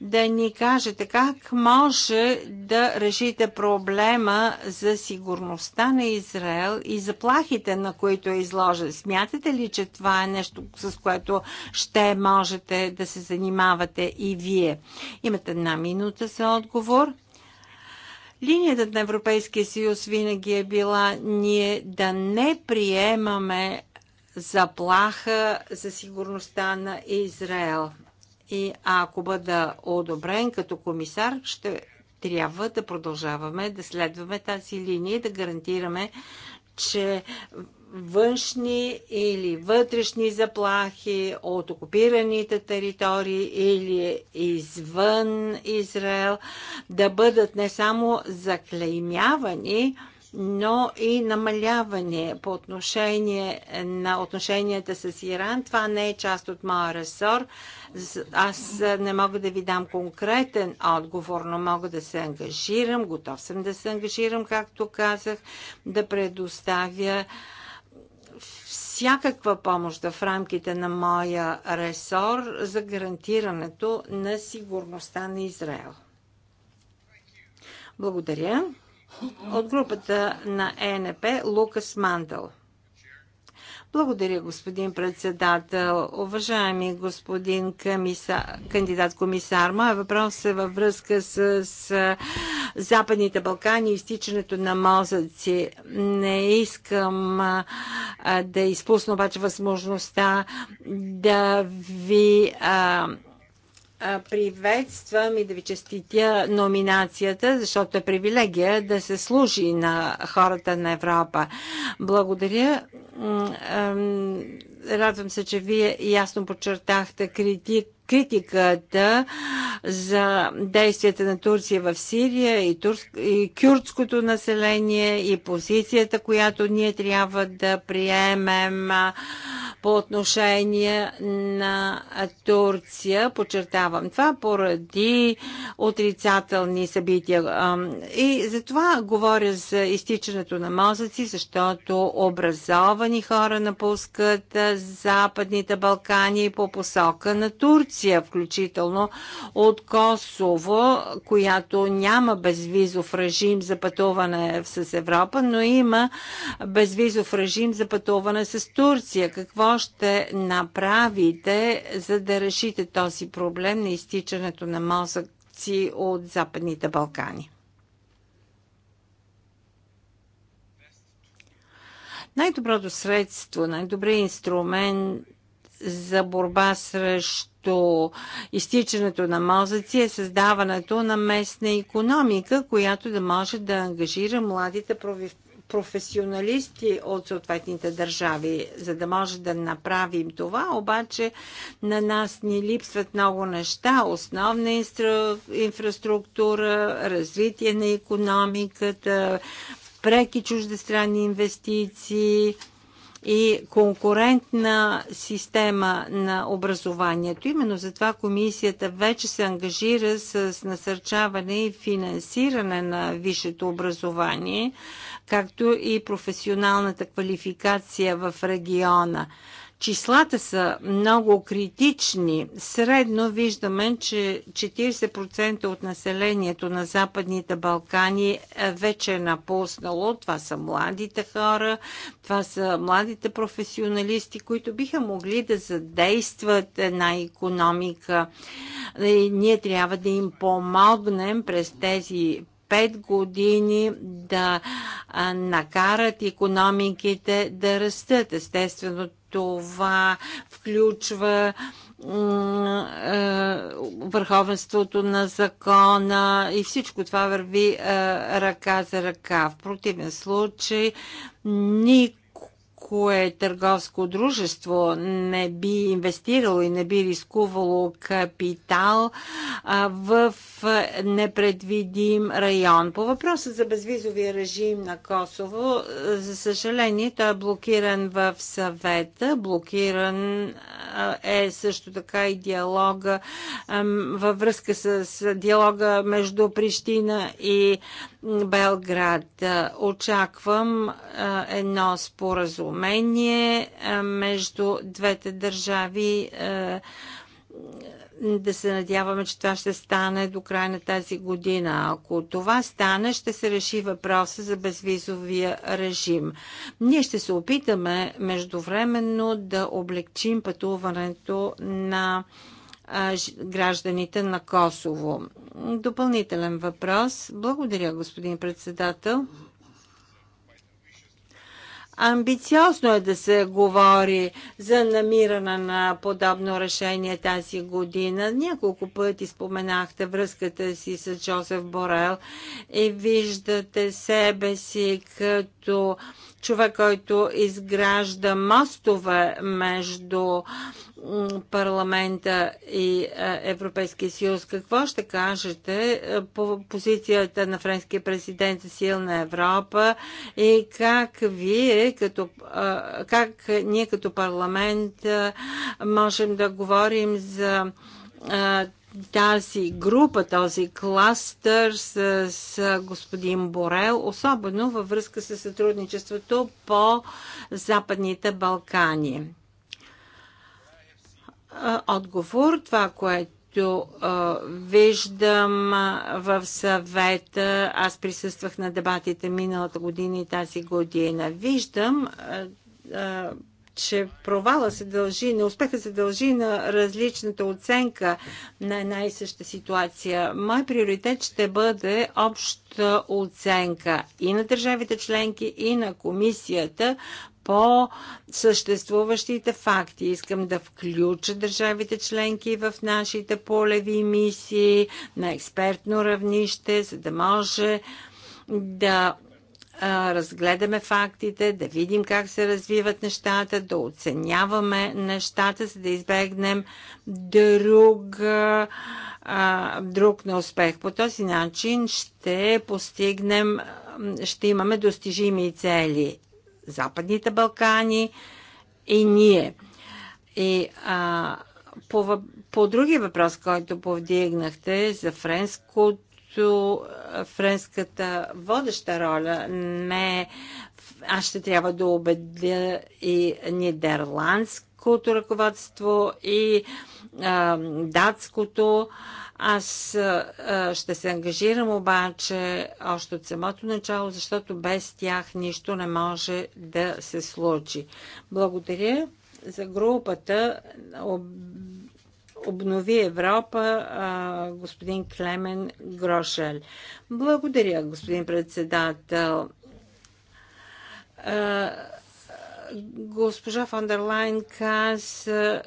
да ни кажете как може да решите проблема за сигурността на Израел и заплахите, на които е изложен. Смятате ли, че това е нещо, с което ще можете да се занимавате и вие? Имате една минута за отговор. Линията на Европейския съюз винаги е била ние да не приемаме заплаха за сигурността на Израел. И ако бъда одобрен като комисар, ще трябва да продължаваме да следваме тази линия и да гарантираме, че външни или вътрешни заплахи от окупираните територии или извън Израел да бъдат не само заклеймявани, но и намаляване по отношение на отношенията с Иран. Това не е част от моя ресор. Аз не мога да ви дам конкретен отговор, но мога да се ангажирам. Готов съм да се ангажирам, както казах, да предоставя всякаква помощ в рамките на моя ресор за гарантирането на сигурността на Израел. Благодаря. От групата на ЕНП Лукас Мандъл. Благодаря, господин председател. Уважаеми господин комисар, кандидат комисар, моят въпрос е във връзка с, с Западните Балкани и изтичането на мозъци. Не искам а, да изпусна обаче възможността да ви а, приветствам и да ви честитя номинацията, защото е привилегия да се служи на хората на Европа. Благодаря. Радвам се, че вие ясно подчертахте критик критиката за действията на Турция в Сирия и, турск, и кюртското население и позицията, която ние трябва да приемем по отношение на Турция. Подчертавам това поради отрицателни събития. И затова говоря за изтичането на мозъци, защото образовани хора напускат Западните Балкани по посока на Турция, включително от Косово, която няма безвизов режим за пътуване с Европа, но има безвизов режим за пътуване с Турция. Какво какво ще направите, за да решите този проблем на изтичането на мозъци от Западните Балкани? Най-доброто средство, най-добрият инструмент за борба срещу изтичането на мозъци е създаването на местна економика, която да може да ангажира младите професионалисти от съответните държави, за да може да направим това. Обаче на нас ни липсват много неща. Основна инфраструктура, развитие на економиката, преки чуждестранни инвестиции и конкурентна система на образованието. Именно затова комисията вече се ангажира с насърчаване и финансиране на висшето образование както и професионалната квалификация в региона. Числата са много критични. Средно виждаме, че 40% от населението на Западните Балкани вече е напуснало. Това са младите хора, това са младите професионалисти, които биха могли да задействат една економика. И ние трябва да им помогнем през тези 5 години да накарат економиките да растат. Естествено, това включва върховенството на закона и всичко това върви ръка за ръка. В противен случай никой кое търговско дружество не би инвестирало и не би рискувало капитал в непредвидим район. По въпроса за безвизовия режим на Косово, за съжаление, той е блокиран в съвета, блокиран е също така и диалога във връзка с диалога между Прищина и Белград. Очаквам едно споразумение споразумение е, между двете държави. Е, да се надяваме, че това ще стане до края на тази година. Ако това стане, ще се реши въпроса за безвизовия режим. Ние ще се опитаме междувременно да облегчим пътуването на гражданите на Косово. Допълнителен въпрос. Благодаря, господин председател. Амбициозно е да се говори за намиране на подобно решение тази година. Няколко пъти споменахте връзката си с Джозеф Борел и виждате себе си като човек, който изгражда мостове между парламента и е, Европейския съюз. Какво ще кажете е, по позицията на френския президент за силна Европа и как вие, като, е, как ние като парламент можем да говорим за тази група, този кластър с, с господин Борел, особено във връзка с сътрудничеството по Западните Балкани отговор. Това, което а, виждам в съвета, аз присъствах на дебатите миналата година и тази година, виждам, а, а, че провала се дължи, неуспеха се дължи на различната оценка на една и съща ситуация. Мой приоритет ще бъде обща оценка и на държавите членки, и на комисията по съществуващите факти. Искам да включа държавите членки в нашите полеви мисии на експертно равнище, за да може да разгледаме фактите, да видим как се развиват нещата, да оценяваме нещата, за да избегнем друг, а, друг на успех. По този начин ще постигнем, ще имаме достижими цели. Западните Балкани и ние. И а, по, по другия въпрос, който повдигнахте за френското, френската водеща роля, не, аз ще трябва да убедя и нидерландското ръководство, и а, датското. А, аз ще се ангажирам обаче още от самото начало, защото без тях нищо не може да се случи. Благодаря за групата Обнови Европа, господин Клемен Грошел. Благодаря, господин председател. госпожа Фондерлайн каза,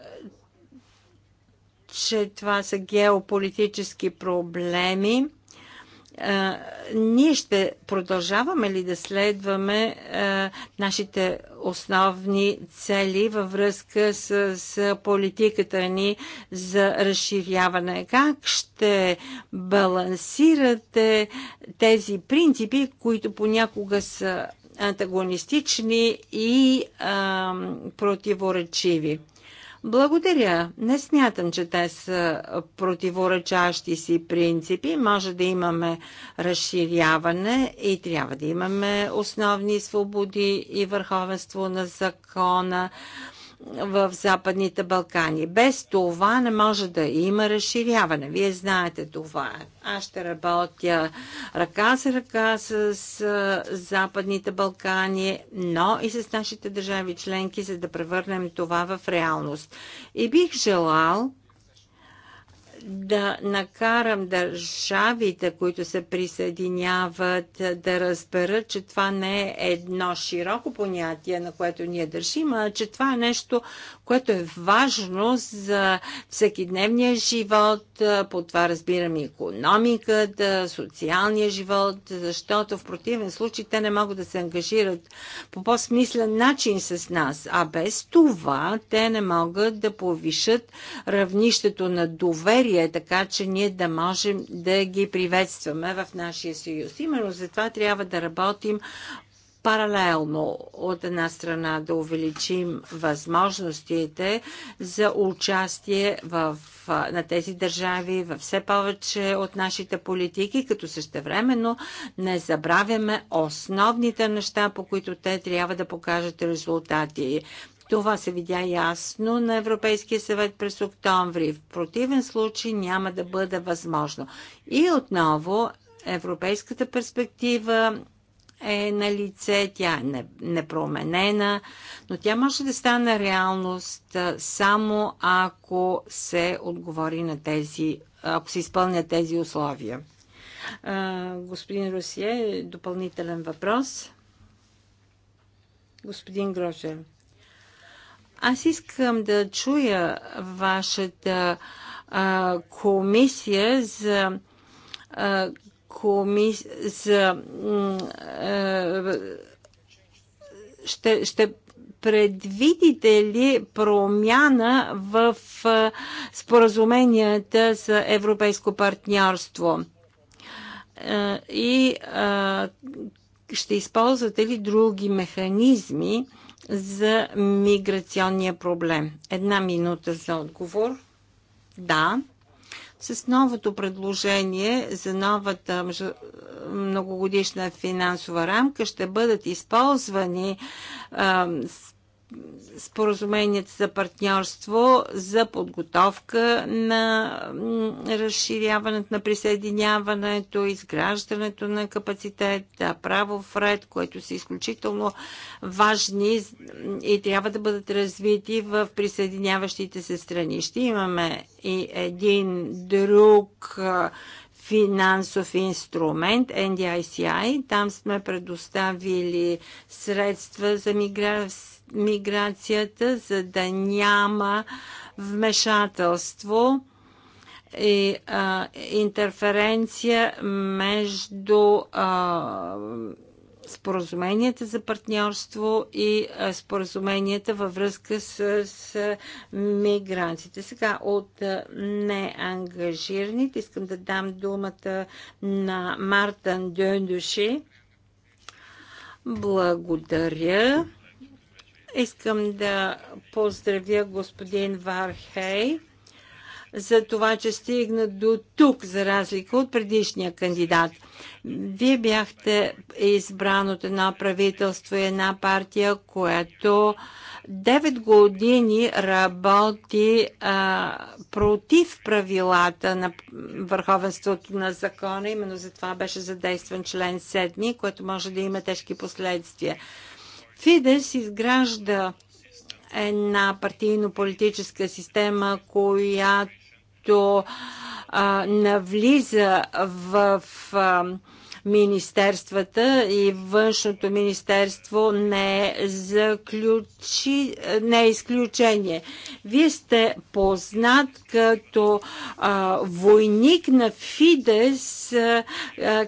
че това са геополитически проблеми. ние ще продължаваме ли да следваме нашите основни цели във връзка с, с политиката ни за разширяване? Как ще балансирате тези принципи, които понякога са антагонистични и а, противоречиви? Благодаря. Не смятам, че те са противоречащи си принципи. Може да имаме разширяване и трябва да имаме основни свободи и върховенство на закона в Западните Балкани. Без това не може да има разширяване. Вие знаете това. Аз ще работя ръка с ръка с Западните Балкани, но и с нашите държави членки, за да превърнем това в реалност. И бих желал да накарам държавите, които се присъединяват, да разберат, че това не е едно широко понятие, на което ние държим, а че това е нещо, което е важно за всекидневния живот, по това разбирам и економиката, социалния живот, защото в противен случай те не могат да се ангажират по по-смислен начин с нас, а без това те не могат да повишат равнището на доверие, така че ние да можем да ги приветстваме в нашия съюз. Именно за това трябва да работим паралелно от една страна да увеличим възможностите за участие в, на тези държави в все повече от нашите политики, като същевременно не забравяме основните неща, по които те трябва да покажат резултати. Това се видя ясно на Европейския съвет през октомври. В противен случай няма да бъде възможно. И отново европейската перспектива е на лице, тя е непроменена, но тя може да стане реалност само ако се отговори на тези, ако се изпълнят тези условия. Господин Русие, допълнителен въпрос. Господин Грошев. Аз искам да чуя вашата комисия за коми... за... Е, ще, ще предвидите ли промяна в е, споразуменията за европейско партньорство? Е, и ще използвате ли други механизми за миграционния проблем? Една минута за отговор. Да. С новото предложение за новата многогодишна финансова рамка ще бъдат използвани а, споразуменията за партньорство за подготовка на разширяването на присъединяването, изграждането на капацитет, в ред, което са изключително важни и трябва да бъдат развити в присъединяващите се страни. Ще имаме и един друг финансов инструмент NDICI. Там сме предоставили средства за миграция миграцията, за да няма вмешателство и а, интерференция между а, споразуменията за партньорство и а, споразуменията във връзка с, с мигрантите. Сега от неангажираните искам да дам думата на Мартан Дюндуши. Благодаря. Искам да поздравя господин Вархей за това, че стигна до тук, за разлика от предишния кандидат. Вие бяхте избран от едно правителство и една партия, което 9 години работи а, против правилата на върховенството на закона. Именно за това беше задействан член 7, което може да има тежки последствия. Фидес изгражда една партийно-политическа система, която а, навлиза в а, министерствата и външното министерство не е, заключи, не е изключение. Вие сте познат като а, войник на Фидес. А,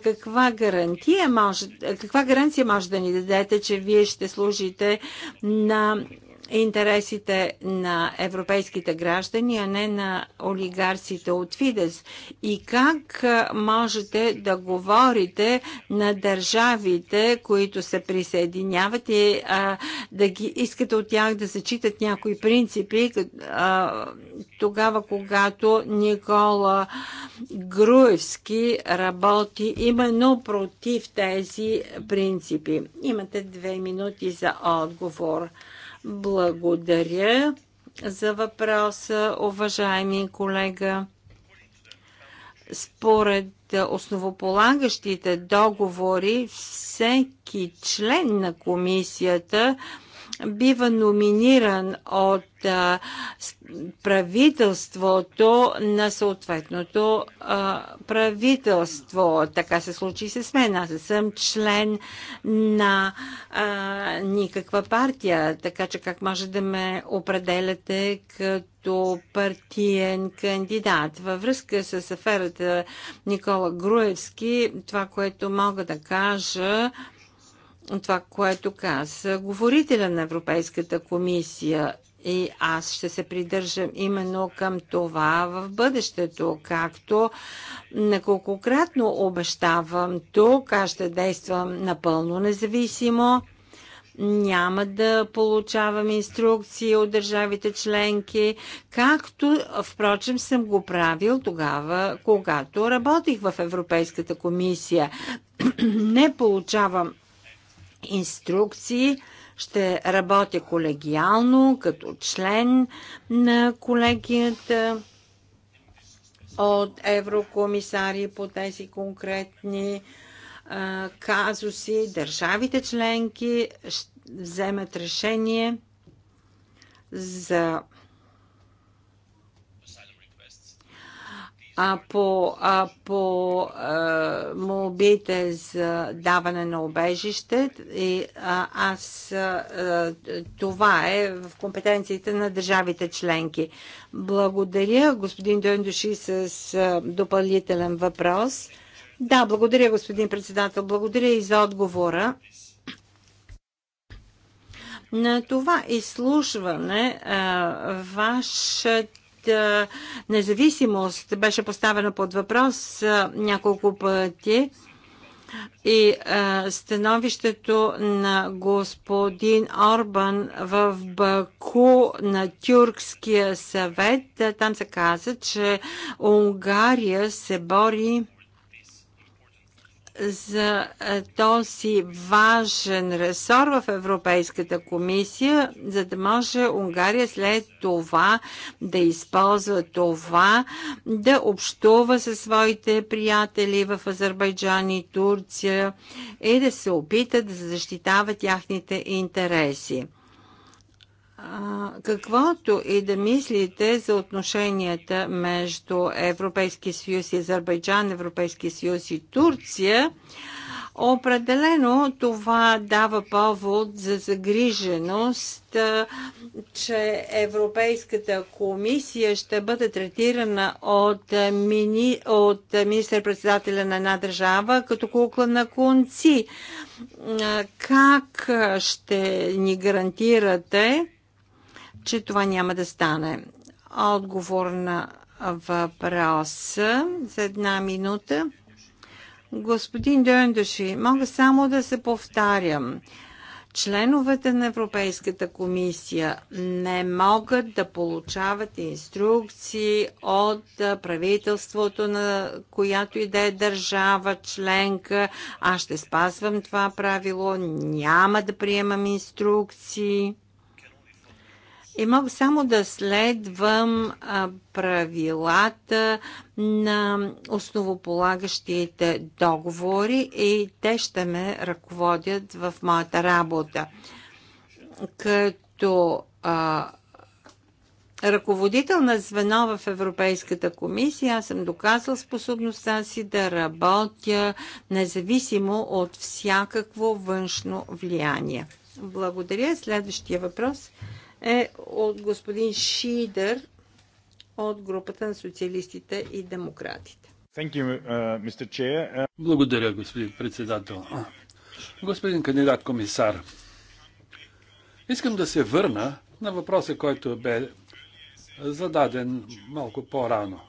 каква, гарантия може, каква гаранция може да ни дадете, че вие ще служите на интересите на европейските граждани, а не на олигарсите от Фидес? И как можете да говорите на държавите, които се присъединяват и а, да ги искате от тях да зачитат някои принципи, а, тогава когато Никола Груевски работи именно против тези принципи? Имате две минути за отговор. Благодаря за въпроса, уважаеми колега. Според основополагащите договори, всеки член на комисията бива номиниран от правителството на съответното правителство. Така се случи и с мен. Аз не съм член на никаква партия, така че как може да ме определяте като като партиен кандидат. Във връзка с аферата Никола Груевски, това, което мога да кажа това, което каза говорителя на Европейската комисия и аз ще се придържам именно към това в бъдещето, както неколкократно обещавам тук, аз ще действам напълно независимо, няма да получавам инструкции от държавите членки, както, впрочем, съм го правил тогава, когато работих в Европейската комисия. Не получавам инструкции. Ще работя колегиално, като член на колегията от еврокомисари по тези конкретни а, казуси. Държавите членки вземат решение за а по, а по а, молбите за даване на обежище и а, аз а, това е в компетенциите на държавите членки. Благодаря, господин Дойндуши, с а, допълнителен въпрос. Да, благодаря, господин председател. Благодаря и за отговора. На това изслушване а, вашата независимост беше поставена под въпрос няколко пъти и становището на господин Орбан в Баку на Тюркския съвет. Там се каза, че Унгария се бори за е, този важен ресор в Европейската комисия, за да може Унгария след това да използва това, да общува със своите приятели в Азербайджан и Турция и да се опита да защитава тяхните интереси каквото и да мислите за отношенията между Европейски съюз и Азербайджан, Европейски съюз и Турция, Определено това дава повод за загриженост, че Европейската комисия ще бъде третирана от, мини, от министър-председателя на една държава като кукла на конци. Как ще ни гарантирате, че това няма да стане. Отговор на въпроса за една минута. Господин Дендуши, мога само да се повтарям. Членовете на Европейската комисия не могат да получават инструкции от правителството на която и да е държава членка. Аз ще спазвам това правило, няма да приемам инструкции. И мога само да следвам правилата на основополагащите договори и те ще ме ръководят в моята работа. Като а, ръководител на звено в Европейската комисия, аз съм доказал способността си да работя независимо от всякакво външно влияние. Благодаря. Следващия въпрос е от господин Шидер от групата на социалистите и демократите. Uh, Благодаря, господин председател. Господин кандидат комисар, искам да се върна на въпроса, който бе зададен малко по-рано.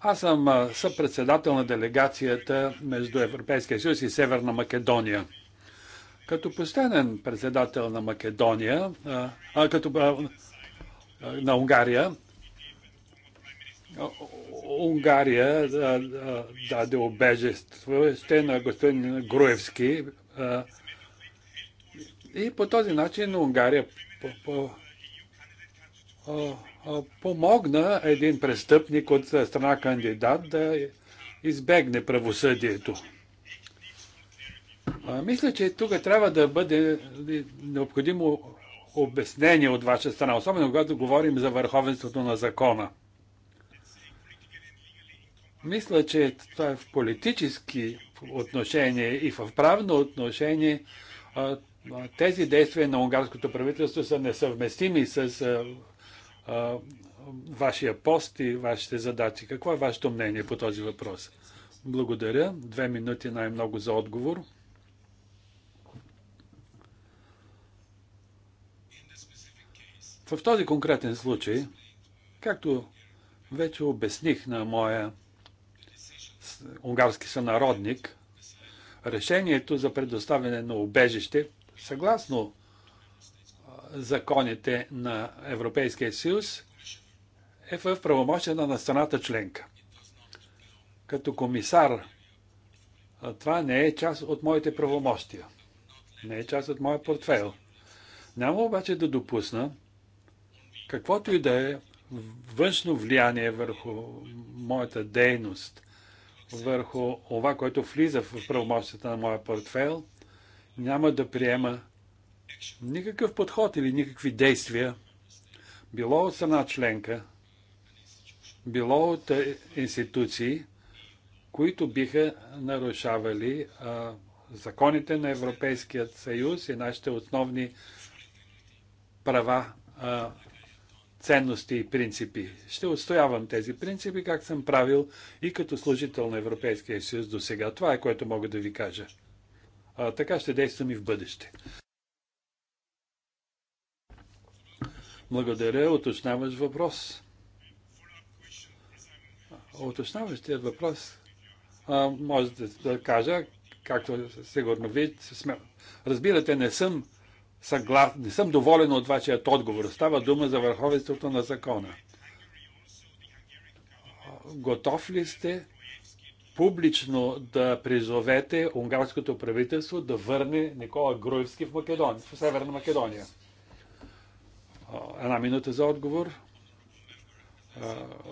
Аз съм съпредседател на делегацията между Европейския съюз и Северна Македония. Като постоянен председател на Македония, а, а като а, на Унгария, Унгария а, а, даде обежество ще на господин Груевски а, и по този начин Унгария по, по, а, а, помогна един престъпник от страна кандидат да избегне правосъдието мисля, че тук трябва да бъде е, необходимо обяснение от ваша страна, особено когато говорим за върховенството на закона. Мисля, че това е в политически отношение и в правно отношение тези действия на унгарското правителство са несъвместими с вашия пост и вашите задачи. Какво е вашето мнение по този въпрос? Благодаря. Две минути най-много за отговор. В този конкретен случай, както вече обясних на моя унгарски сънародник, решението за предоставяне на убежище, съгласно законите на Европейския съюз, е в правомощена на страната членка. Като комисар, това не е част от моите правомощия. Не е част от моя портфел. Няма обаче да допусна каквото и да е външно влияние върху моята дейност, върху това, което влиза в правомощията на моя портфел, няма да приема никакъв подход или никакви действия, било от страна членка, било от е, институции, които биха нарушавали а, законите на Европейският съюз и нашите основни права а, ценности и принципи. Ще отстоявам тези принципи, как съм правил и като служител на Европейския съюз до сега. Това е което мога да ви кажа. А, така ще действам и в бъдеще. Благодаря. Оточняваш въпрос. Оточняващият въпрос а, може да кажа, както сигурно ви сме. Разбирате, не съм съглас... не съм доволен от вашият е отговор. Става дума за върховенството на закона. Готов ли сте публично да призовете унгарското правителство да върне Никола Груевски в, Македония, в Северна Македония? Една минута за отговор.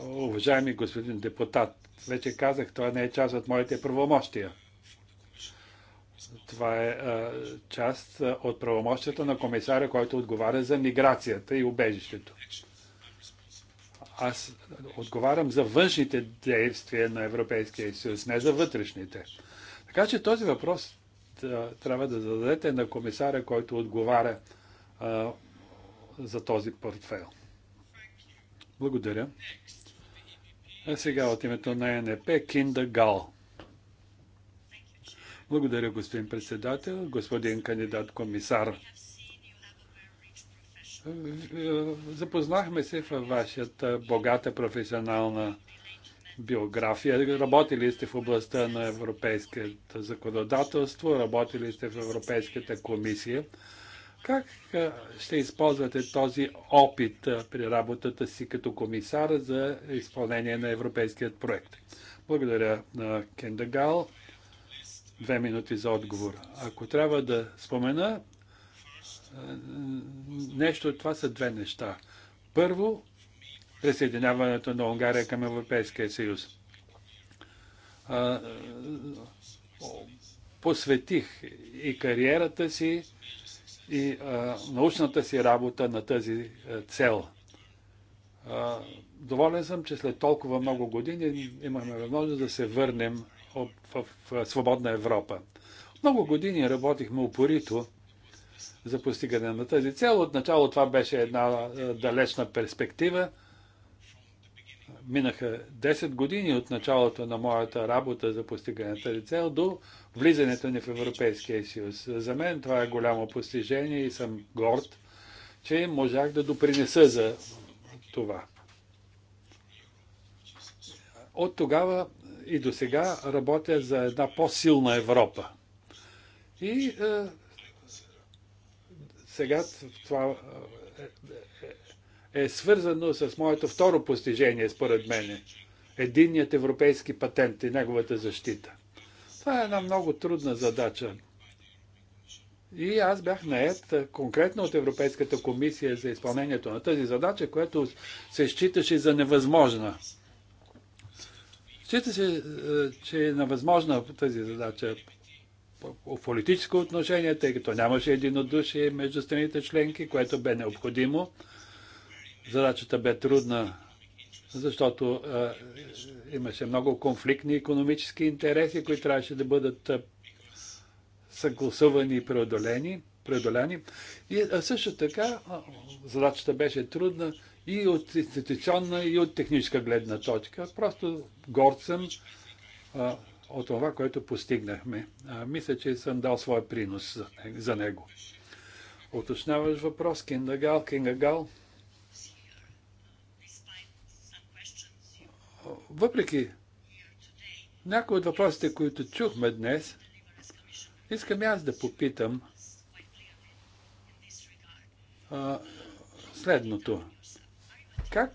Уважаеми господин депутат, вече казах, това не е част от моите правомощия. Това е част от правомощията на комисаря, който отговаря за миграцията и убежището. Аз отговарям за външните действия на Европейския съюз, не за вътрешните. Така че този въпрос трябва да зададете на комисаря, който отговаря а, за този портфел. Благодаря. А сега от името на ЕНП Кинда Гал. Благодаря, господин председател, господин кандидат комисар. Запознахме се в вашата богата професионална биография. Работили сте в областта на европейското законодателство, работили сте в Европейската комисия. Как ще използвате този опит при работата си като комисар за изпълнение на европейският проект? Благодаря на Кендагал две минути за отговор. Ако трябва да спомена е, нещо, това са две неща. Първо, присъединяването на Унгария към Европейския съюз. Посветих и кариерата си, и научната си работа на тази е, цел. Доволен съм, че след толкова много години имаме възможност да се върнем в свободна Европа. Много години работихме упорито за постигане на тази цел. Отначало това беше една далечна перспектива. Минаха 10 години от началото на моята работа за постигане на тази цел до влизането ни в Европейския съюз. За мен това е голямо постижение и съм горд, че можах да допринеса за това. От тогава и до сега работя за една по-силна Европа. И е, сега това е, е, е свързано с моето второ постижение, според мен. Единният европейски патент и неговата защита. Това е една много трудна задача. И аз бях наед е, конкретно от Европейската комисия за изпълнението на тази задача, която се считаше за невъзможна. Счита се, е, че е невъзможна тази задача в политическо отношение, тъй като нямаше единодушие между страните членки, което бе необходимо. Задачата бе трудна, защото а, е, е, имаше много конфликтни економически интереси, които трябваше да бъдат съгласувани и преодолени. преодолени. И а също така задачата беше трудна, и от институционна, и от техническа гледна точка. Просто горд съм а, от това, което постигнахме. А, мисля, че съм дал своя принос за, за него. Уточняваш въпрос, Киндагал, Киндагал. Въпреки някои от въпросите, които чухме днес, искам аз да попитам а, следното. Как,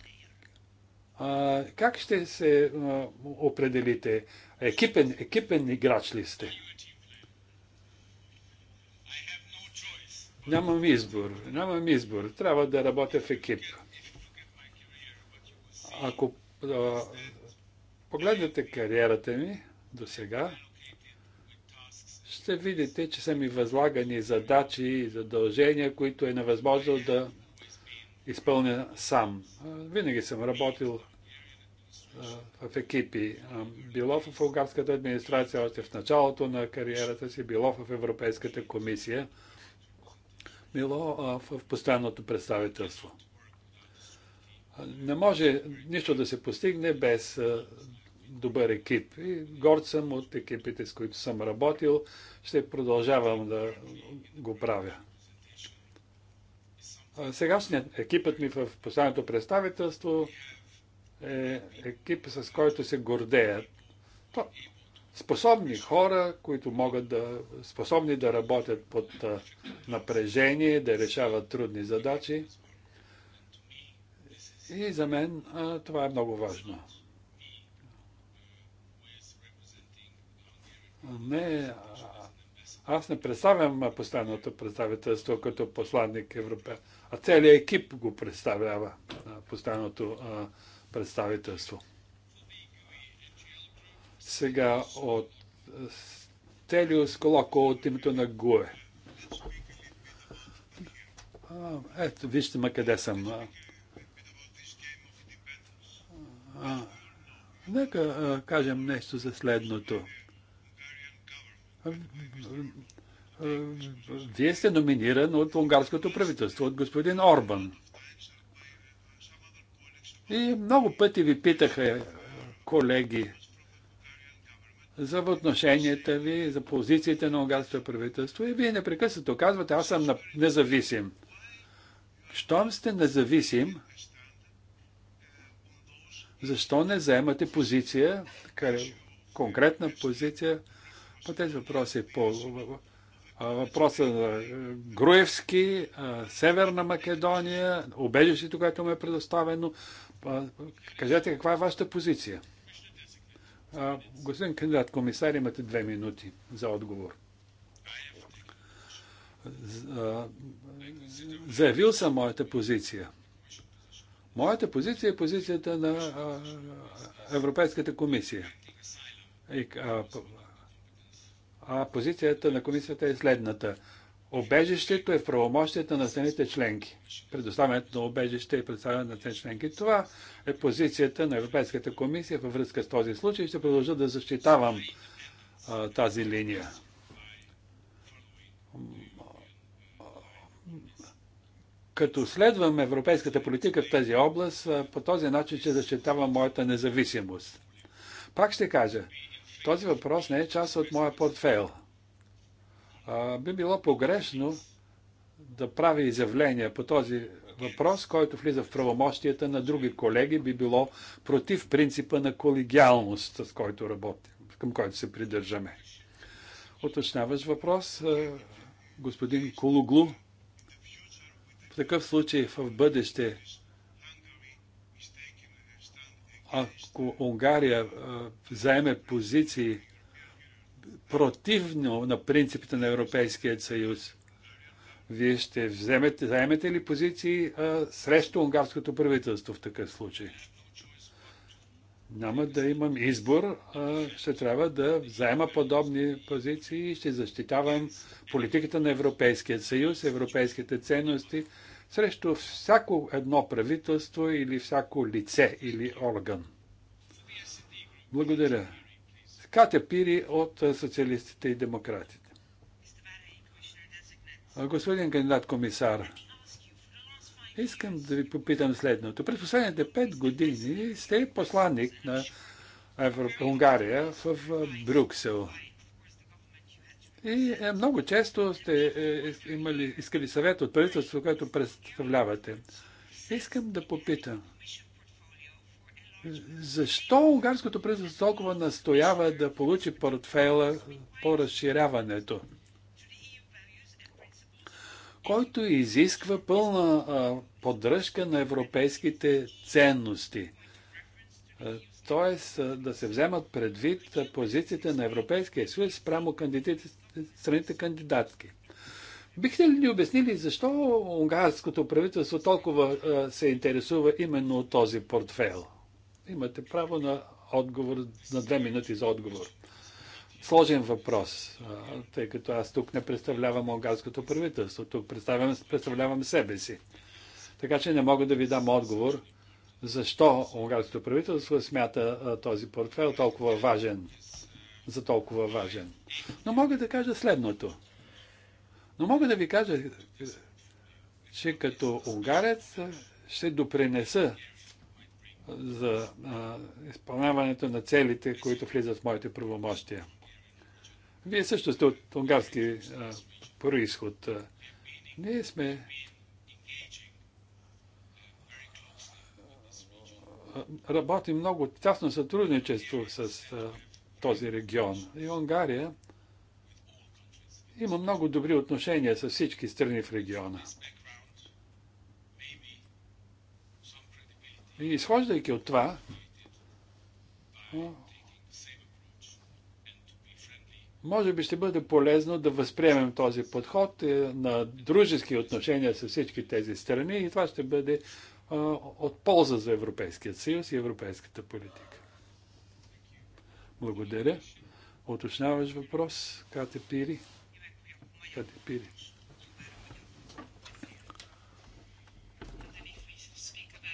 а, как ще се а, определите? Екипен, екипен играч ли сте? Нямам избор. Нямам избор. Трябва да работя в екип. Ако а, погледнете кариерата ми до сега, ще видите, че са ми възлагани задачи и задължения, които е невъзможно да изпълня сам. Винаги съм работил в екипи. Било в Българската администрация още в началото на кариерата си, било в Европейската комисия, било в постоянното представителство. Не може нищо да се постигне без добър екип. И горд съм от екипите, с които съм работил. Ще продължавам да го правя. Сегашният екипът ми в последното представителство е екип, с който се гордеят. Способни хора, които могат да, способни да работят под напрежение, да решават трудни задачи. И за мен а, това е много важно. Не, аз не представям постоянното представителство като посланник Европея а целият екип го представлява постоянното представителство. Сега от Телиус Колоко от името на Гуе. Ето, вижте ма къде съм. А, нека а, кажем нещо за следното вие сте номиниран от унгарското правителство, от господин Орбан. И много пъти ви питаха, колеги, за отношенията ви, за позициите на унгарското правителство. И вие непрекъснато казвате, аз съм независим. Щом сте независим, защо не заемате позиция, конкретна позиция по тези въпроси, по въпроса за е, е, Груевски, е, Северна Македония, убежището, което му е предоставено. Кажете каква е вашата позиция? Господин кандидат комисар, имате две минути за отговор. Заявил съм моята позиция. Моята позиция е позицията на Европейската комисия а позицията на комисията е следната. Обежището е в правомощията на страните членки. Предоставянето на обежище и представянето на страните членки. Това е позицията на Европейската комисия във връзка с този случай. Ще продължа да защитавам а, тази линия. Като следвам европейската политика в тази област, по този начин ще защитавам моята независимост. Пак ще кажа, този въпрос не е част от моя портфейл. А, би било погрешно да прави изявления по този въпрос, който влиза в правомощията на други колеги, би било против принципа на колегиалност, с който работим, към който се придържаме. Оточняваш въпрос, господин Кулуглу. В такъв случай в бъдеще ако Унгария заеме позиции противно на принципите на Европейския съюз, вие ще вземете, заемете ли позиции а, срещу унгарското правителство в такъв случай? Няма да имам избор, а, ще трябва да взема подобни позиции и ще защитавам политиката на Европейския съюз, европейските ценности срещу всяко едно правителство или всяко лице или орган. Благодаря. Катя Пири от социалистите и демократите. Господин кандидат комисар, искам да ви попитам следното. През последните пет години сте посланник на Унгария в Брюксел. И е, много често сте е, е, имали, искали съвет от правителството, което представлявате. Искам да попитам. Защо унгарското правителство толкова настоява да получи портфела по разширяването, който изисква пълна поддръжка на европейските ценности? т.е. да се вземат предвид позициите на Европейския съюз спрямо страните кандидатки. Бихте ли ни обяснили защо унгарското правителство толкова се интересува именно от този портфел? Имате право на отговор, на две минути за отговор. Сложен въпрос, тъй като аз тук не представлявам унгарското правителство, тук представлявам, представлявам себе си. Така че не мога да ви дам отговор защо унгарското правителство смята този портфел толкова важен, за толкова важен. Но мога да кажа следното. Но мога да ви кажа, че като унгарец ще допринеса за изпълняването на целите, които влизат в моите правомощия. Вие също сте от унгарски происход. Ние сме работи много тясно сътрудничество с този регион. И Унгария има много добри отношения с всички страни в региона. И изхождайки от това, може би ще бъде полезно да възприемем този подход е, на дружески отношения с всички тези страни и това ще бъде от полза за Европейския съюз и европейската политика. Благодаря. Уточняваш въпрос, Кате Пири? Кате Пири.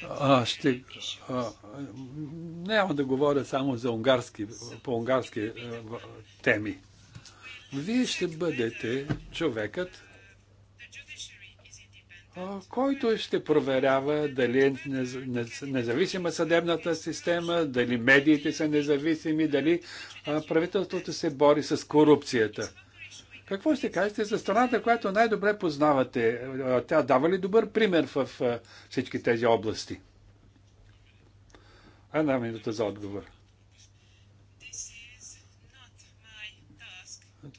А, ще, а, няма да говоря само за унгарски, по унгарски а, теми. Вие ще бъдете човекът, който ще проверява дали е независима съдебната система, дали медиите са независими, дали правителството се бори с корупцията. Какво ще кажете за страната, която най-добре познавате? Тя дава ли добър пример в всички тези области? Една минута за отговор.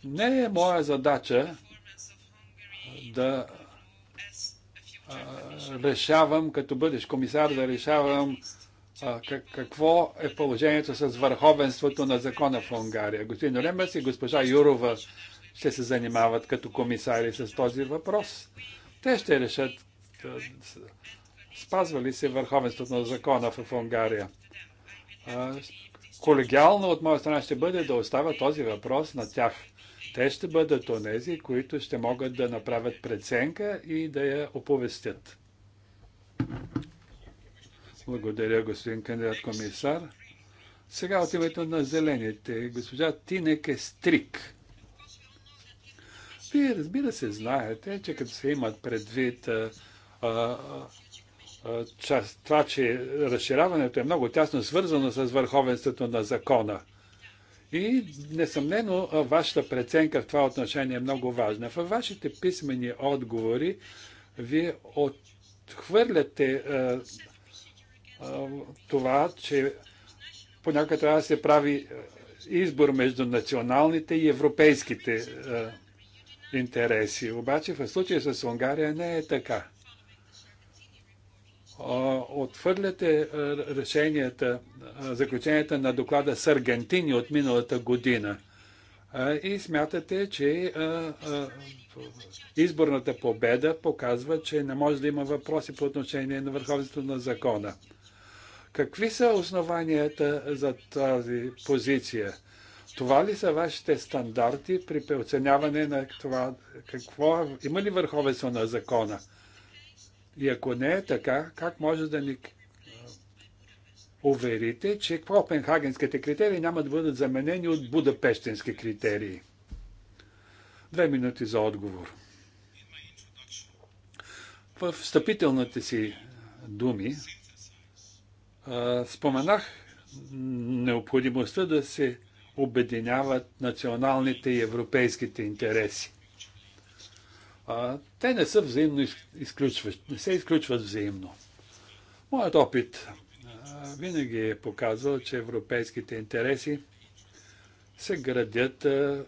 Не е моя задача да решавам, като бъдеш комисар, да решавам какво е положението с върховенството на закона в Унгария. Господин Ремес и госпожа Юрова ще се занимават като комисари с този въпрос. Те ще решат спазва ли се върховенството на закона в Унгария. Колегиално от моя страна ще бъде да оставя този въпрос на тях – те ще бъдат онези, които ще могат да направят преценка и да я оповестят. Благодаря, господин кандидат комисар. Сега от името на зелените, госпожа Тинек е стрик. Вие, разбира се, знаете, че като се имат предвид а, а, а, това, че разширяването е много тясно свързано с върховенството на закона – и несъмнено вашата преценка в това отношение е много важна. Във вашите писмени отговори вие отхвърляте е, е, това, че понякога трябва да се прави избор между националните и европейските е, интереси. Обаче в случая с Унгария не е така. Отвърляте решенията, заключенията на доклада Аргентини от миналата година и смятате, че изборната победа показва, че не може да има въпроси по отношение на върховенството на закона. Какви са основанията за тази позиция? Това ли са вашите стандарти при оценяване на това? Какво, има ли върховенство на закона? И ако не е така, как може да ни уверите, че копенхагенските критерии няма да бъдат заменени от будапештински критерии? Две минути за отговор. В встъпителните си думи споменах необходимостта да се обединяват националните и европейските интереси. А, те не са взаимно изключващи, не се изключват взаимно. Моят опит а, винаги е показал, че европейските интереси се градят а,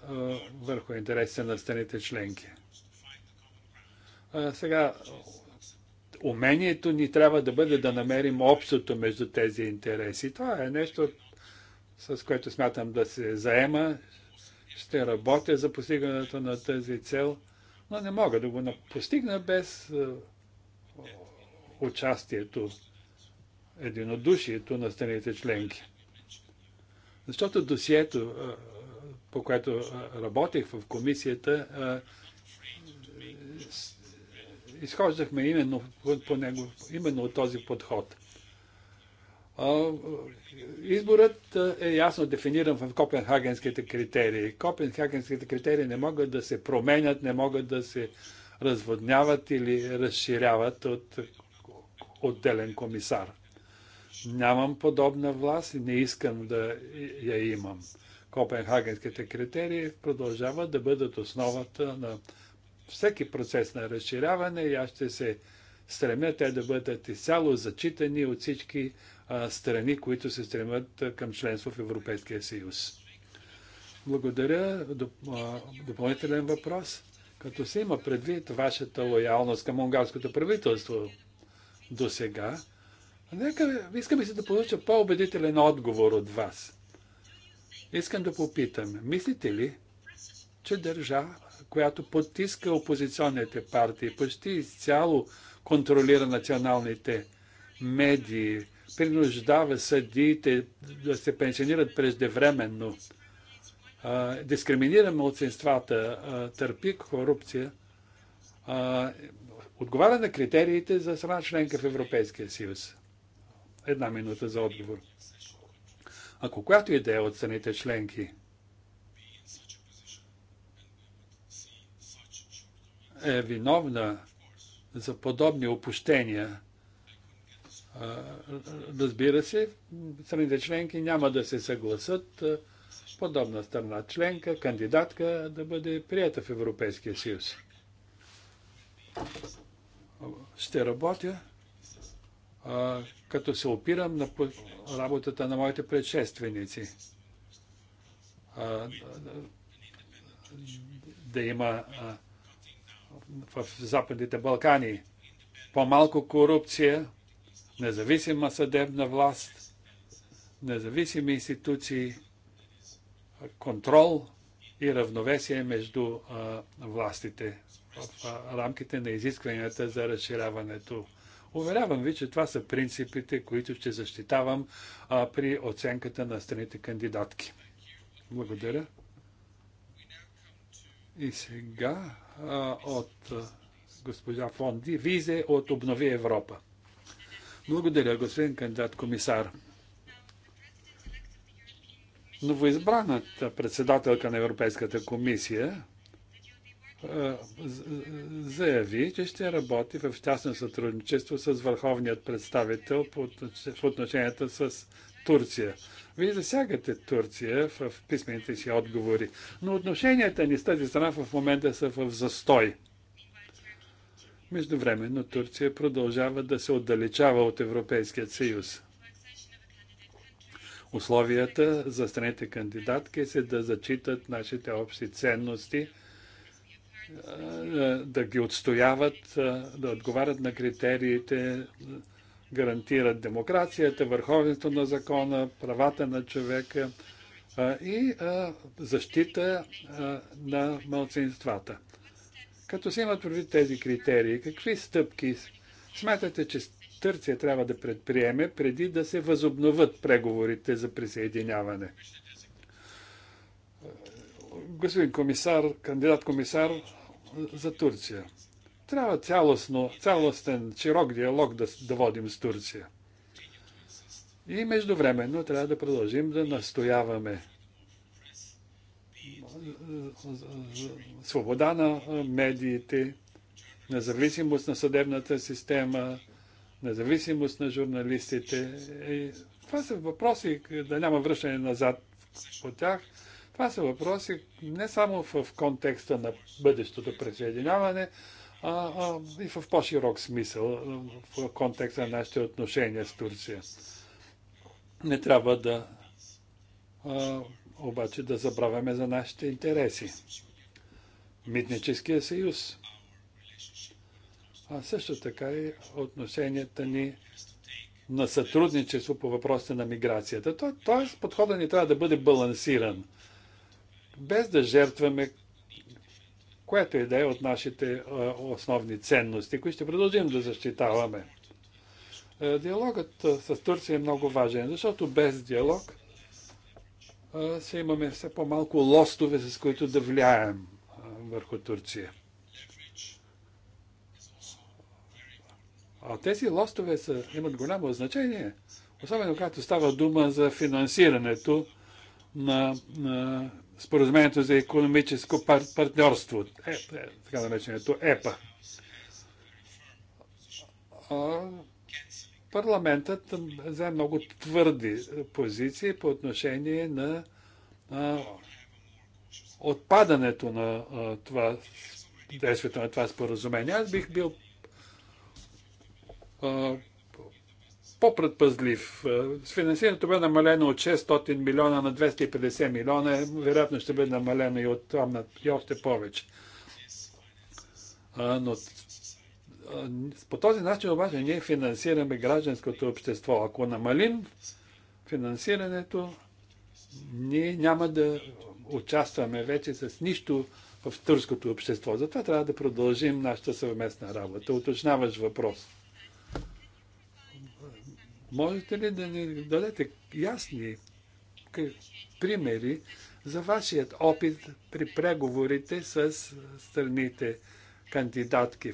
върху интересите на страните членки. сега, умението ни трябва да бъде да намерим общото между тези интереси. Това е нещо, с което смятам да се заема. Ще работя за постигането на тази цел – но не мога да го постигна без е, участието, единодушието на страните членки. Защото досието, е, по което е, работех в комисията, изхождахме именно, по него, именно от този подход. Изборът е ясно дефиниран в Копенхагенските критерии. Копенхагенските критерии не могат да се променят, не могат да се разводняват или разширяват от отделен комисар. Нямам подобна власт и не искам да я имам. Копенхагенските критерии продължават да бъдат основата на всеки процес на разширяване и аз ще се стремя те да бъдат изцяло зачитани от всички страни, които се стремят към членство в Европейския съюз. Благодаря. Допълнителен въпрос. Като се има предвид вашата лоялност към унгарското правителство до сега, нека, искам се да получа по-убедителен отговор от вас. Искам да попитам, мислите ли, че държава, която потиска опозиционните партии, почти изцяло контролира националните медии, принуждава съдиите да се пенсионират преждевременно. Дискриминира младсинствата, търпи корупция, отговаря на критериите за страна членка в Европейския съюз. Една минута за отговор. Ако която идея от страните членки е виновна за подобни опущения, Разбира се, страните членки няма да се съгласат подобна страна членка, кандидатка да бъде прията в Европейския съюз. Ще работя като се опирам на работата на моите предшественици. Да има в Западните Балкани по-малко корупция, независима съдебна власт, независими институции, контрол и равновесие между а, властите в а, рамките на изискванията за разширяването. Уверявам ви, че това са принципите, които ще защитавам а, при оценката на страните кандидатки. Благодаря. И сега а, от а, госпожа Фонди Визе от Обнови Европа. Благодаря, господин кандидат комисар. Новоизбраната председателка на Европейската комисия е, заяви, че ще работи в частно сътрудничество с върховният представител в отношенията с Турция. Вие засягате Турция в писмените си отговори, но отношенията ни с тази страна в момента са в застой. Междувременно Турция продължава да се отдалечава от Европейският съюз. Условията за страните кандидатки се да зачитат нашите общи ценности, да ги отстояват, да отговарят на критериите, гарантират демокрацията, върховенство на закона, правата на човека и защита на мълцинствата. Като се имат предвид тези критерии, какви стъпки смятате, че Търция трябва да предприеме преди да се възобновят преговорите за присъединяване? Господин комисар, кандидат комисар за Турция. Трябва цялостно, цялостен, широк диалог да, да водим с Турция. И междувременно трябва да продължим да настояваме свобода на медиите, независимост на съдебната система, независимост на журналистите. И това са въпроси, да няма връщане назад по тях. Това са въпроси не само в контекста на бъдещото присъединяване, а, и в по-широк смисъл, в контекста на нашите отношения с Турция. Не трябва да обаче да забравяме за нашите интереси. Митническия съюз, а също така и отношенията ни на сътрудничество по въпросите на миграцията. То, тоест, ни трябва да бъде балансиран, без да жертваме което и да е от нашите основни ценности, които ще продължим да защитаваме. Е, диалогът с Турция е много важен, защото без диалог се имаме все по-малко лостове, с които да влияем върху Турция. А тези лостове са, имат голямо значение, особено когато става дума за финансирането на, на споразумението за економическо пар, партньорство, е, е, така нареченето ЕПА. А, Парламентът взе много твърди позиции по отношение на а, отпадането на а, това действието на това споразумение. Аз бих бил по-предпазлив. Финансирането бе намалено от 600 милиона на 250 милиона. Вероятно ще бъде намалено и, от, и още повече. А, но по този начин обаче ние финансираме гражданското общество. Ако намалим финансирането, ние няма да участваме вече с нищо в турското общество. Затова трябва да продължим нашата съвместна работа. Уточняваш въпрос. Можете ли да ни дадете ясни примери за вашият опит при преговорите с страните кандидатки,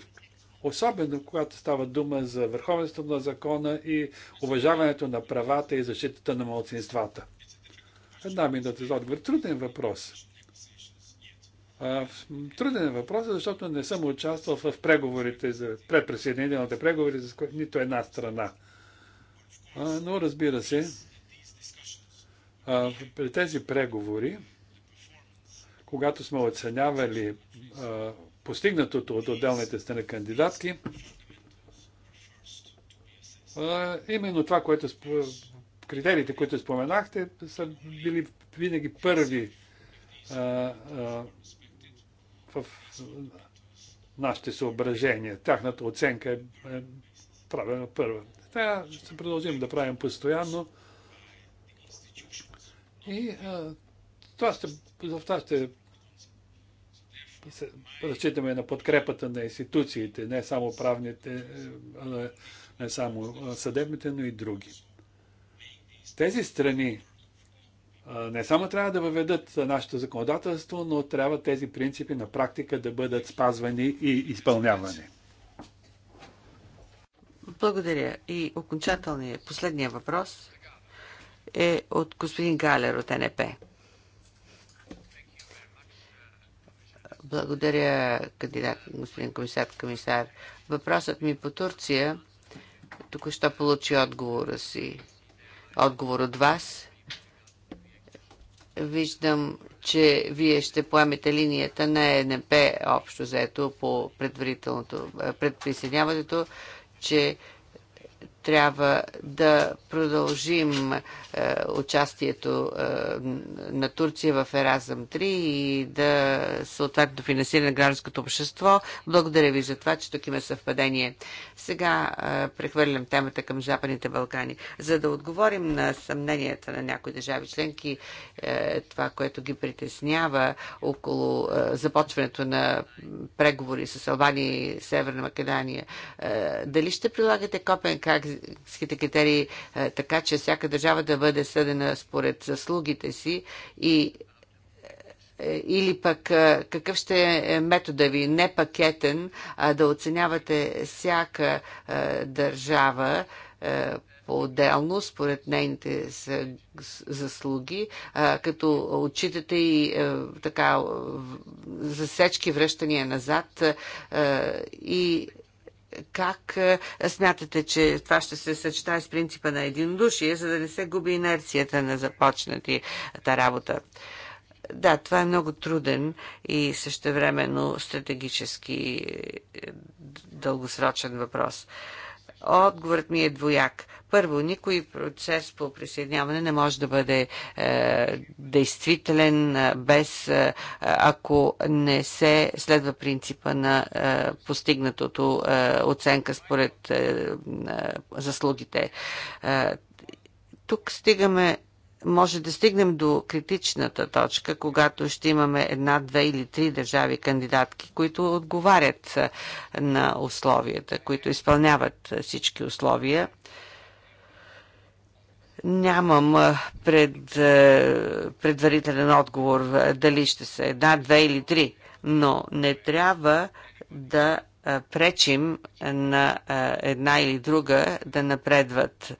особено когато става дума за върховенството на закона и уважаването на правата и защитата на младсинствата? Една минута за отговор. Труден въпрос. Труден е въпрос, защото не съм участвал в преговорите за препресъединителните преговори за нито една страна. Но разбира се, при тези преговори, когато сме оценявали постигнатото от отделните страни кандидатки, именно това, което критериите, които споменахте, са били винаги първи а, а, в нашите съображения. Тяхната оценка е, е правена първа. Тя се продължим да правим постоянно. И а, това ще, в това ще разчитаме на подкрепата на институциите, не само правните, е, не само съдебните, но и други. Тези страни не само трябва да въведат нашето законодателство, но трябва тези принципи на практика да бъдат спазвани и изпълнявани. Благодаря. И окончателният, последния въпрос е от господин Галер от НП. Благодаря, кандидат, господин комисар, комисар. Въпросът ми по Турция току-що получи отговора си. Отговор от вас. Виждам, че вие ще поемете линията на ЕНП общо заето по предварителното предприсъединяването, че трябва да продължим е, участието е, на Турция в Еразъм 3 и да съответно финансиране на гражданското общество. Благодаря ви за това, че тук има съвпадение. Сега е, прехвърлям темата към Западните Балкани. За да отговорим на съмненията на някои държави членки, е, това, което ги притеснява около е, започването на преговори с Албания и Северна Македония, е, дали ще прилагате Копенхаген копенхагенските критерии, е, така че всяка държава да бъде съдена според заслугите си и е, или пък е, какъв ще е метода ви, не пакетен, а да оценявате всяка държава по-отделно, според нейните заслуги, като отчитате и така засечки връщания назад и как е, смятате, че това ще се съчетае с принципа на единодушие, за да не се губи инерцията на започнатата работа? Да, това е много труден и същевременно стратегически е, дългосрочен въпрос. Отговорът ми е двояк. Първо, никой процес по присъединяване не може да бъде е, действителен е, без е, ако не се следва принципа на е, постигнатото е, оценка според е, е заслугите. Е, тук стигаме може да стигнем до критичната точка, когато ще имаме една, две или три държави кандидатки, които отговарят на условията, които изпълняват всички условия. Нямам пред, предварителен отговор дали ще са една, две или три, но не трябва да пречим на една или друга да напредват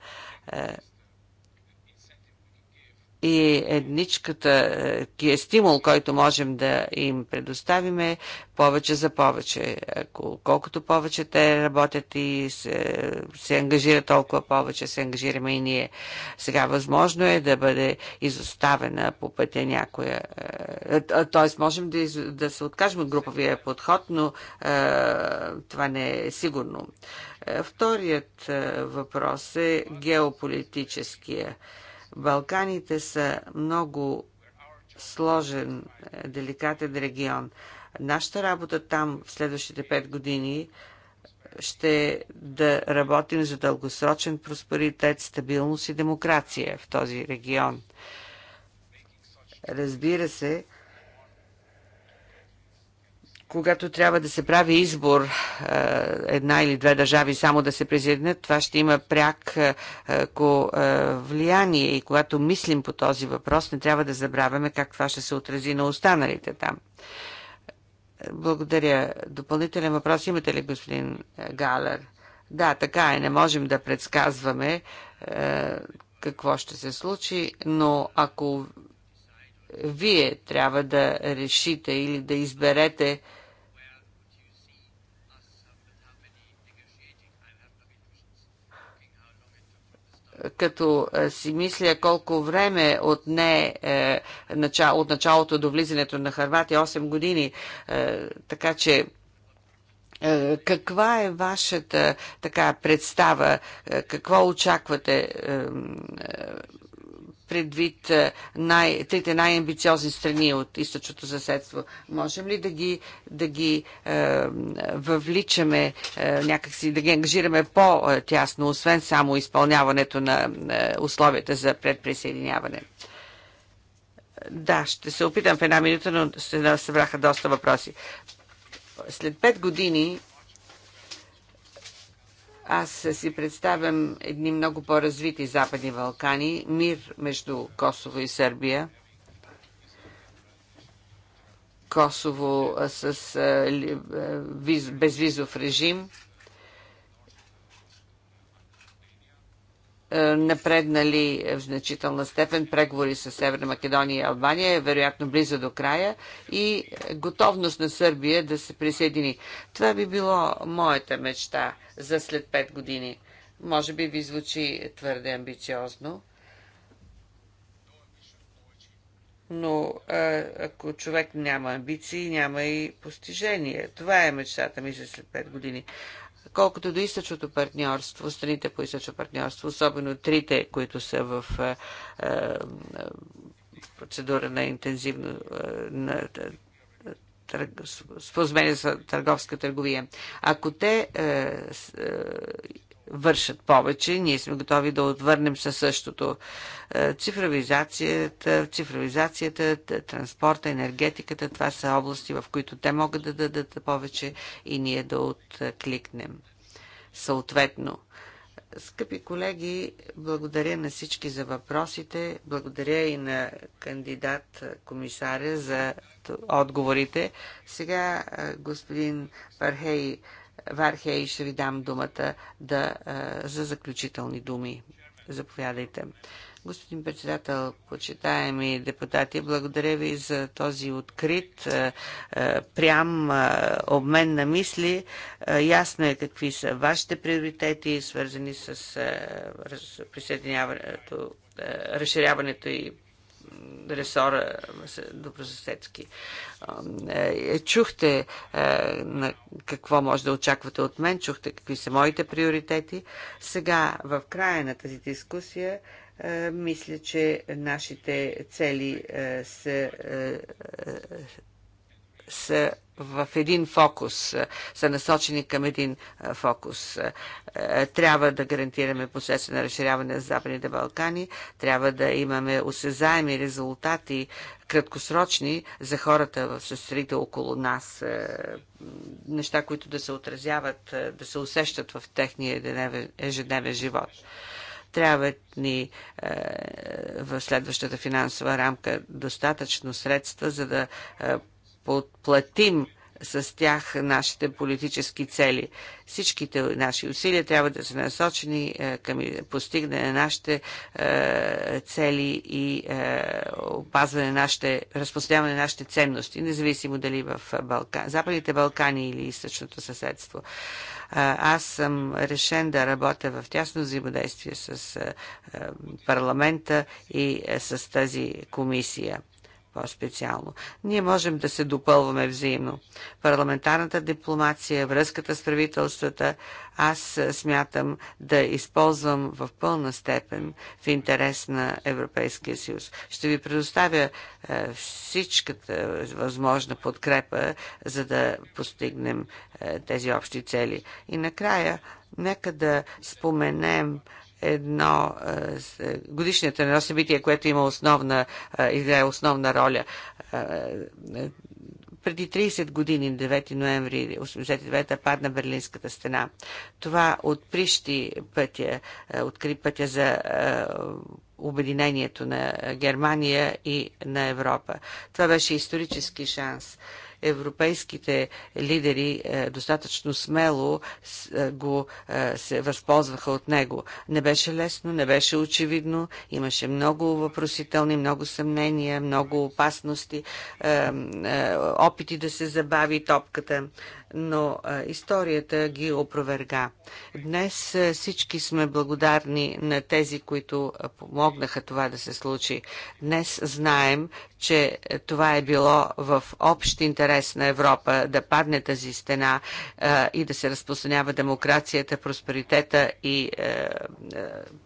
и едничката е, е стимул, който можем да им предоставим е повече за повече. Ако, колкото повече те работят и се, се ангажират, толкова повече се ангажираме и ние. Сега възможно е да бъде изоставена по пътя някоя. Т.е. Е, е, можем да, из, да се откажем от груповия подход, но това не е сигурно. Вторият въпрос е геополитическия. Балканите са много сложен, е, деликатен регион. Нашата работа там в следващите пет години ще да работим за дългосрочен просперитет, стабилност и демокрация в този регион. Разбира се, когато трябва да се прави избор е, една или две държави само да се присъединят, това ще има пряк е, е, влияние и когато мислим по този въпрос, не трябва да забравяме как това ще се отрази на останалите там. Благодаря. Допълнителен въпрос имате ли, господин Галер? Да, така е. Не можем да предсказваме какво ще се случи, но ако вие трябва да решите или да изберете като е, си мисля колко време от не е, начало, от началото до влизането на Харватия, 8 години, е, така че е, каква е вашата така представа? Е, какво очаквате? предвид е, най, трите най-амбициозни страни от източното съседство. Можем ли да ги, да ги е, въвличаме, е, някакси да ги ангажираме по-тясно, освен само изпълняването на е, условията за предприсъединяване? Да, ще се опитам в една минута, но се събраха доста въпроси. След пет години аз си представям едни много по-развити Западни Балкани, мир между Косово и Сърбия. Косово с безвизов режим – Е, напреднали в значителна степен преговори с Северна Македония и Албания, е вероятно близо до края, и готовност на Сърбия да се присъедини. Това би било моята мечта за след 5 години. Може би ви звучи твърде амбициозно. но е, ако човек няма амбиции, няма и постижение. Това е мечтата ми за след 5 години. Колкото до източното партньорство, страните по източно партньорство, особено трите, които са в е, е, процедура на интензивно е, на споразумение за търговска търговия. Ако те е, е, вършат повече. Ние сме готови да отвърнем със същото. Е, цифровизацията, цифровизацията, транспорта, енергетиката, това са области, в които те могат да дадат повече и ние да откликнем. Съответно, Скъпи колеги, благодаря на всички за въпросите, благодаря и на кандидат комисаря за отговорите. Сега е, господин Пархей Вархей ще ви дам думата да, за заключителни думи. Заповядайте. Господин председател, почитаеми депутати, благодаря ви за този открит, прям обмен на мисли. Ясно е какви са вашите приоритети, свързани с присъединяването, разширяването и ресора добросъседски. Е, е, чухте е, на какво може да очаквате от мен, чухте какви са моите приоритети. Сега, в края на тази дискусия, мисля, че нашите цели са са в един фокус, са насочени към един фокус. Трябва да гарантираме процеса на разширяване на Западните Балкани, трябва да имаме осезаеми резултати, краткосрочни за хората в страните около нас, неща, които да се отразяват, да се усещат в техния ежедневен живот трябват ни е, в следващата финансова рамка достатъчно средства, за да е, подплатим с тях нашите политически цели. Всичките наши усилия трябва да са насочени е, към постигане на нашите е, цели и е, опазване на нашите, разпространяване на нашите ценности, независимо дали в Балкан, Западните Балкани или източното съседство. Аз съм решен да работя в тясно взаимодействие с парламента и с тази комисия по-специално. Ние можем да се допълваме взаимно. Парламентарната дипломация, връзката с правителствата, аз смятам да използвам в пълна степен в интерес на Европейския съюз. Ще ви предоставя всичката възможна подкрепа, за да постигнем тези общи цели. И накрая, нека да споменем едно е, е, годишният е едно събитие, което има основна, играе основна роля. Преди 30 години, 9 ноември 89-та, падна Берлинската стена. Това отприщи пътя, откри пътя за обединението на Германия и на Европа. Това беше исторически шанс европейските лидери е, достатъчно смело е, го е, се възползваха от него. Не беше лесно, не беше очевидно, имаше много въпросителни, много съмнения, много опасности, опити да се забави топката но историята ги опроверга. Днес всички сме благодарни на тези, които помогнаха това да се случи. Днес знаем, че това е било в общ интерес на Европа да падне тази стена а, и да се разпространява демокрацията, просперитета и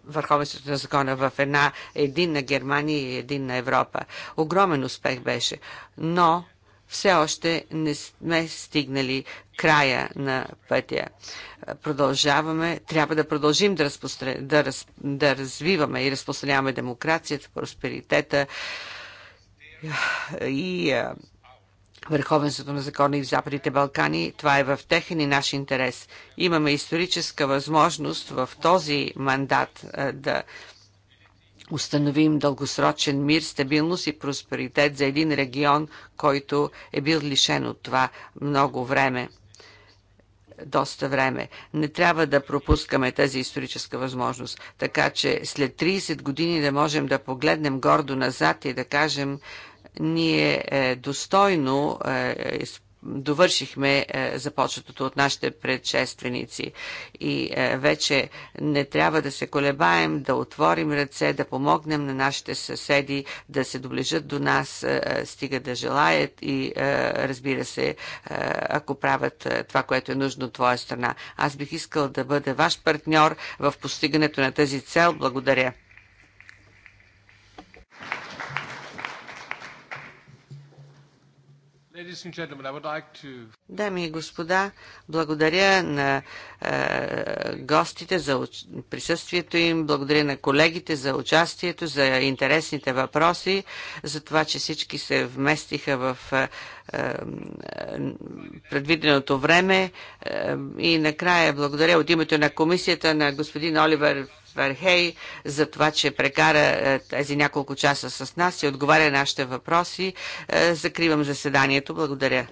върховенството на закона в една единна Германия и единна Европа. Огромен успех беше. Но все още не сме стигнали края на пътя. Продължаваме, трябва да продължим да, разпостр... да, раз... да развиваме и разпространяваме демокрацията, просперитета и върховенството на закона и в Западните Балкани. Това е в техен и наш интерес. Имаме историческа възможност в този мандат да установим дългосрочен мир, стабилност и просперитет за един регион, който е бил лишен от това много време доста време. Не трябва да пропускаме тази историческа възможност. Така че след 30 години да можем да погледнем гордо назад и да кажем, ние е, достойно е, е, довършихме е, започнатото от нашите предшественици. И е, вече не трябва да се колебаем, да отворим ръце, да помогнем на нашите съседи да се доближат до нас, е, стига да желаят и разбира се, ако правят това, което е нужно от твоя страна. Аз бих искал да бъда ваш партньор в постигането на тази цел. Благодаря. Дами и господа, благодаря на е, гостите за присъствието им, благодаря на колегите за участието, за интересните въпроси, за това, че всички се вместиха в е, е предвиденото време. Е, и накрая благодаря от името на комисията на господин Оливер Вархей за това, че прекара е, тези няколко часа с нас и отговаря на нашите въпроси. Е, закривам заседанието. Благодаря.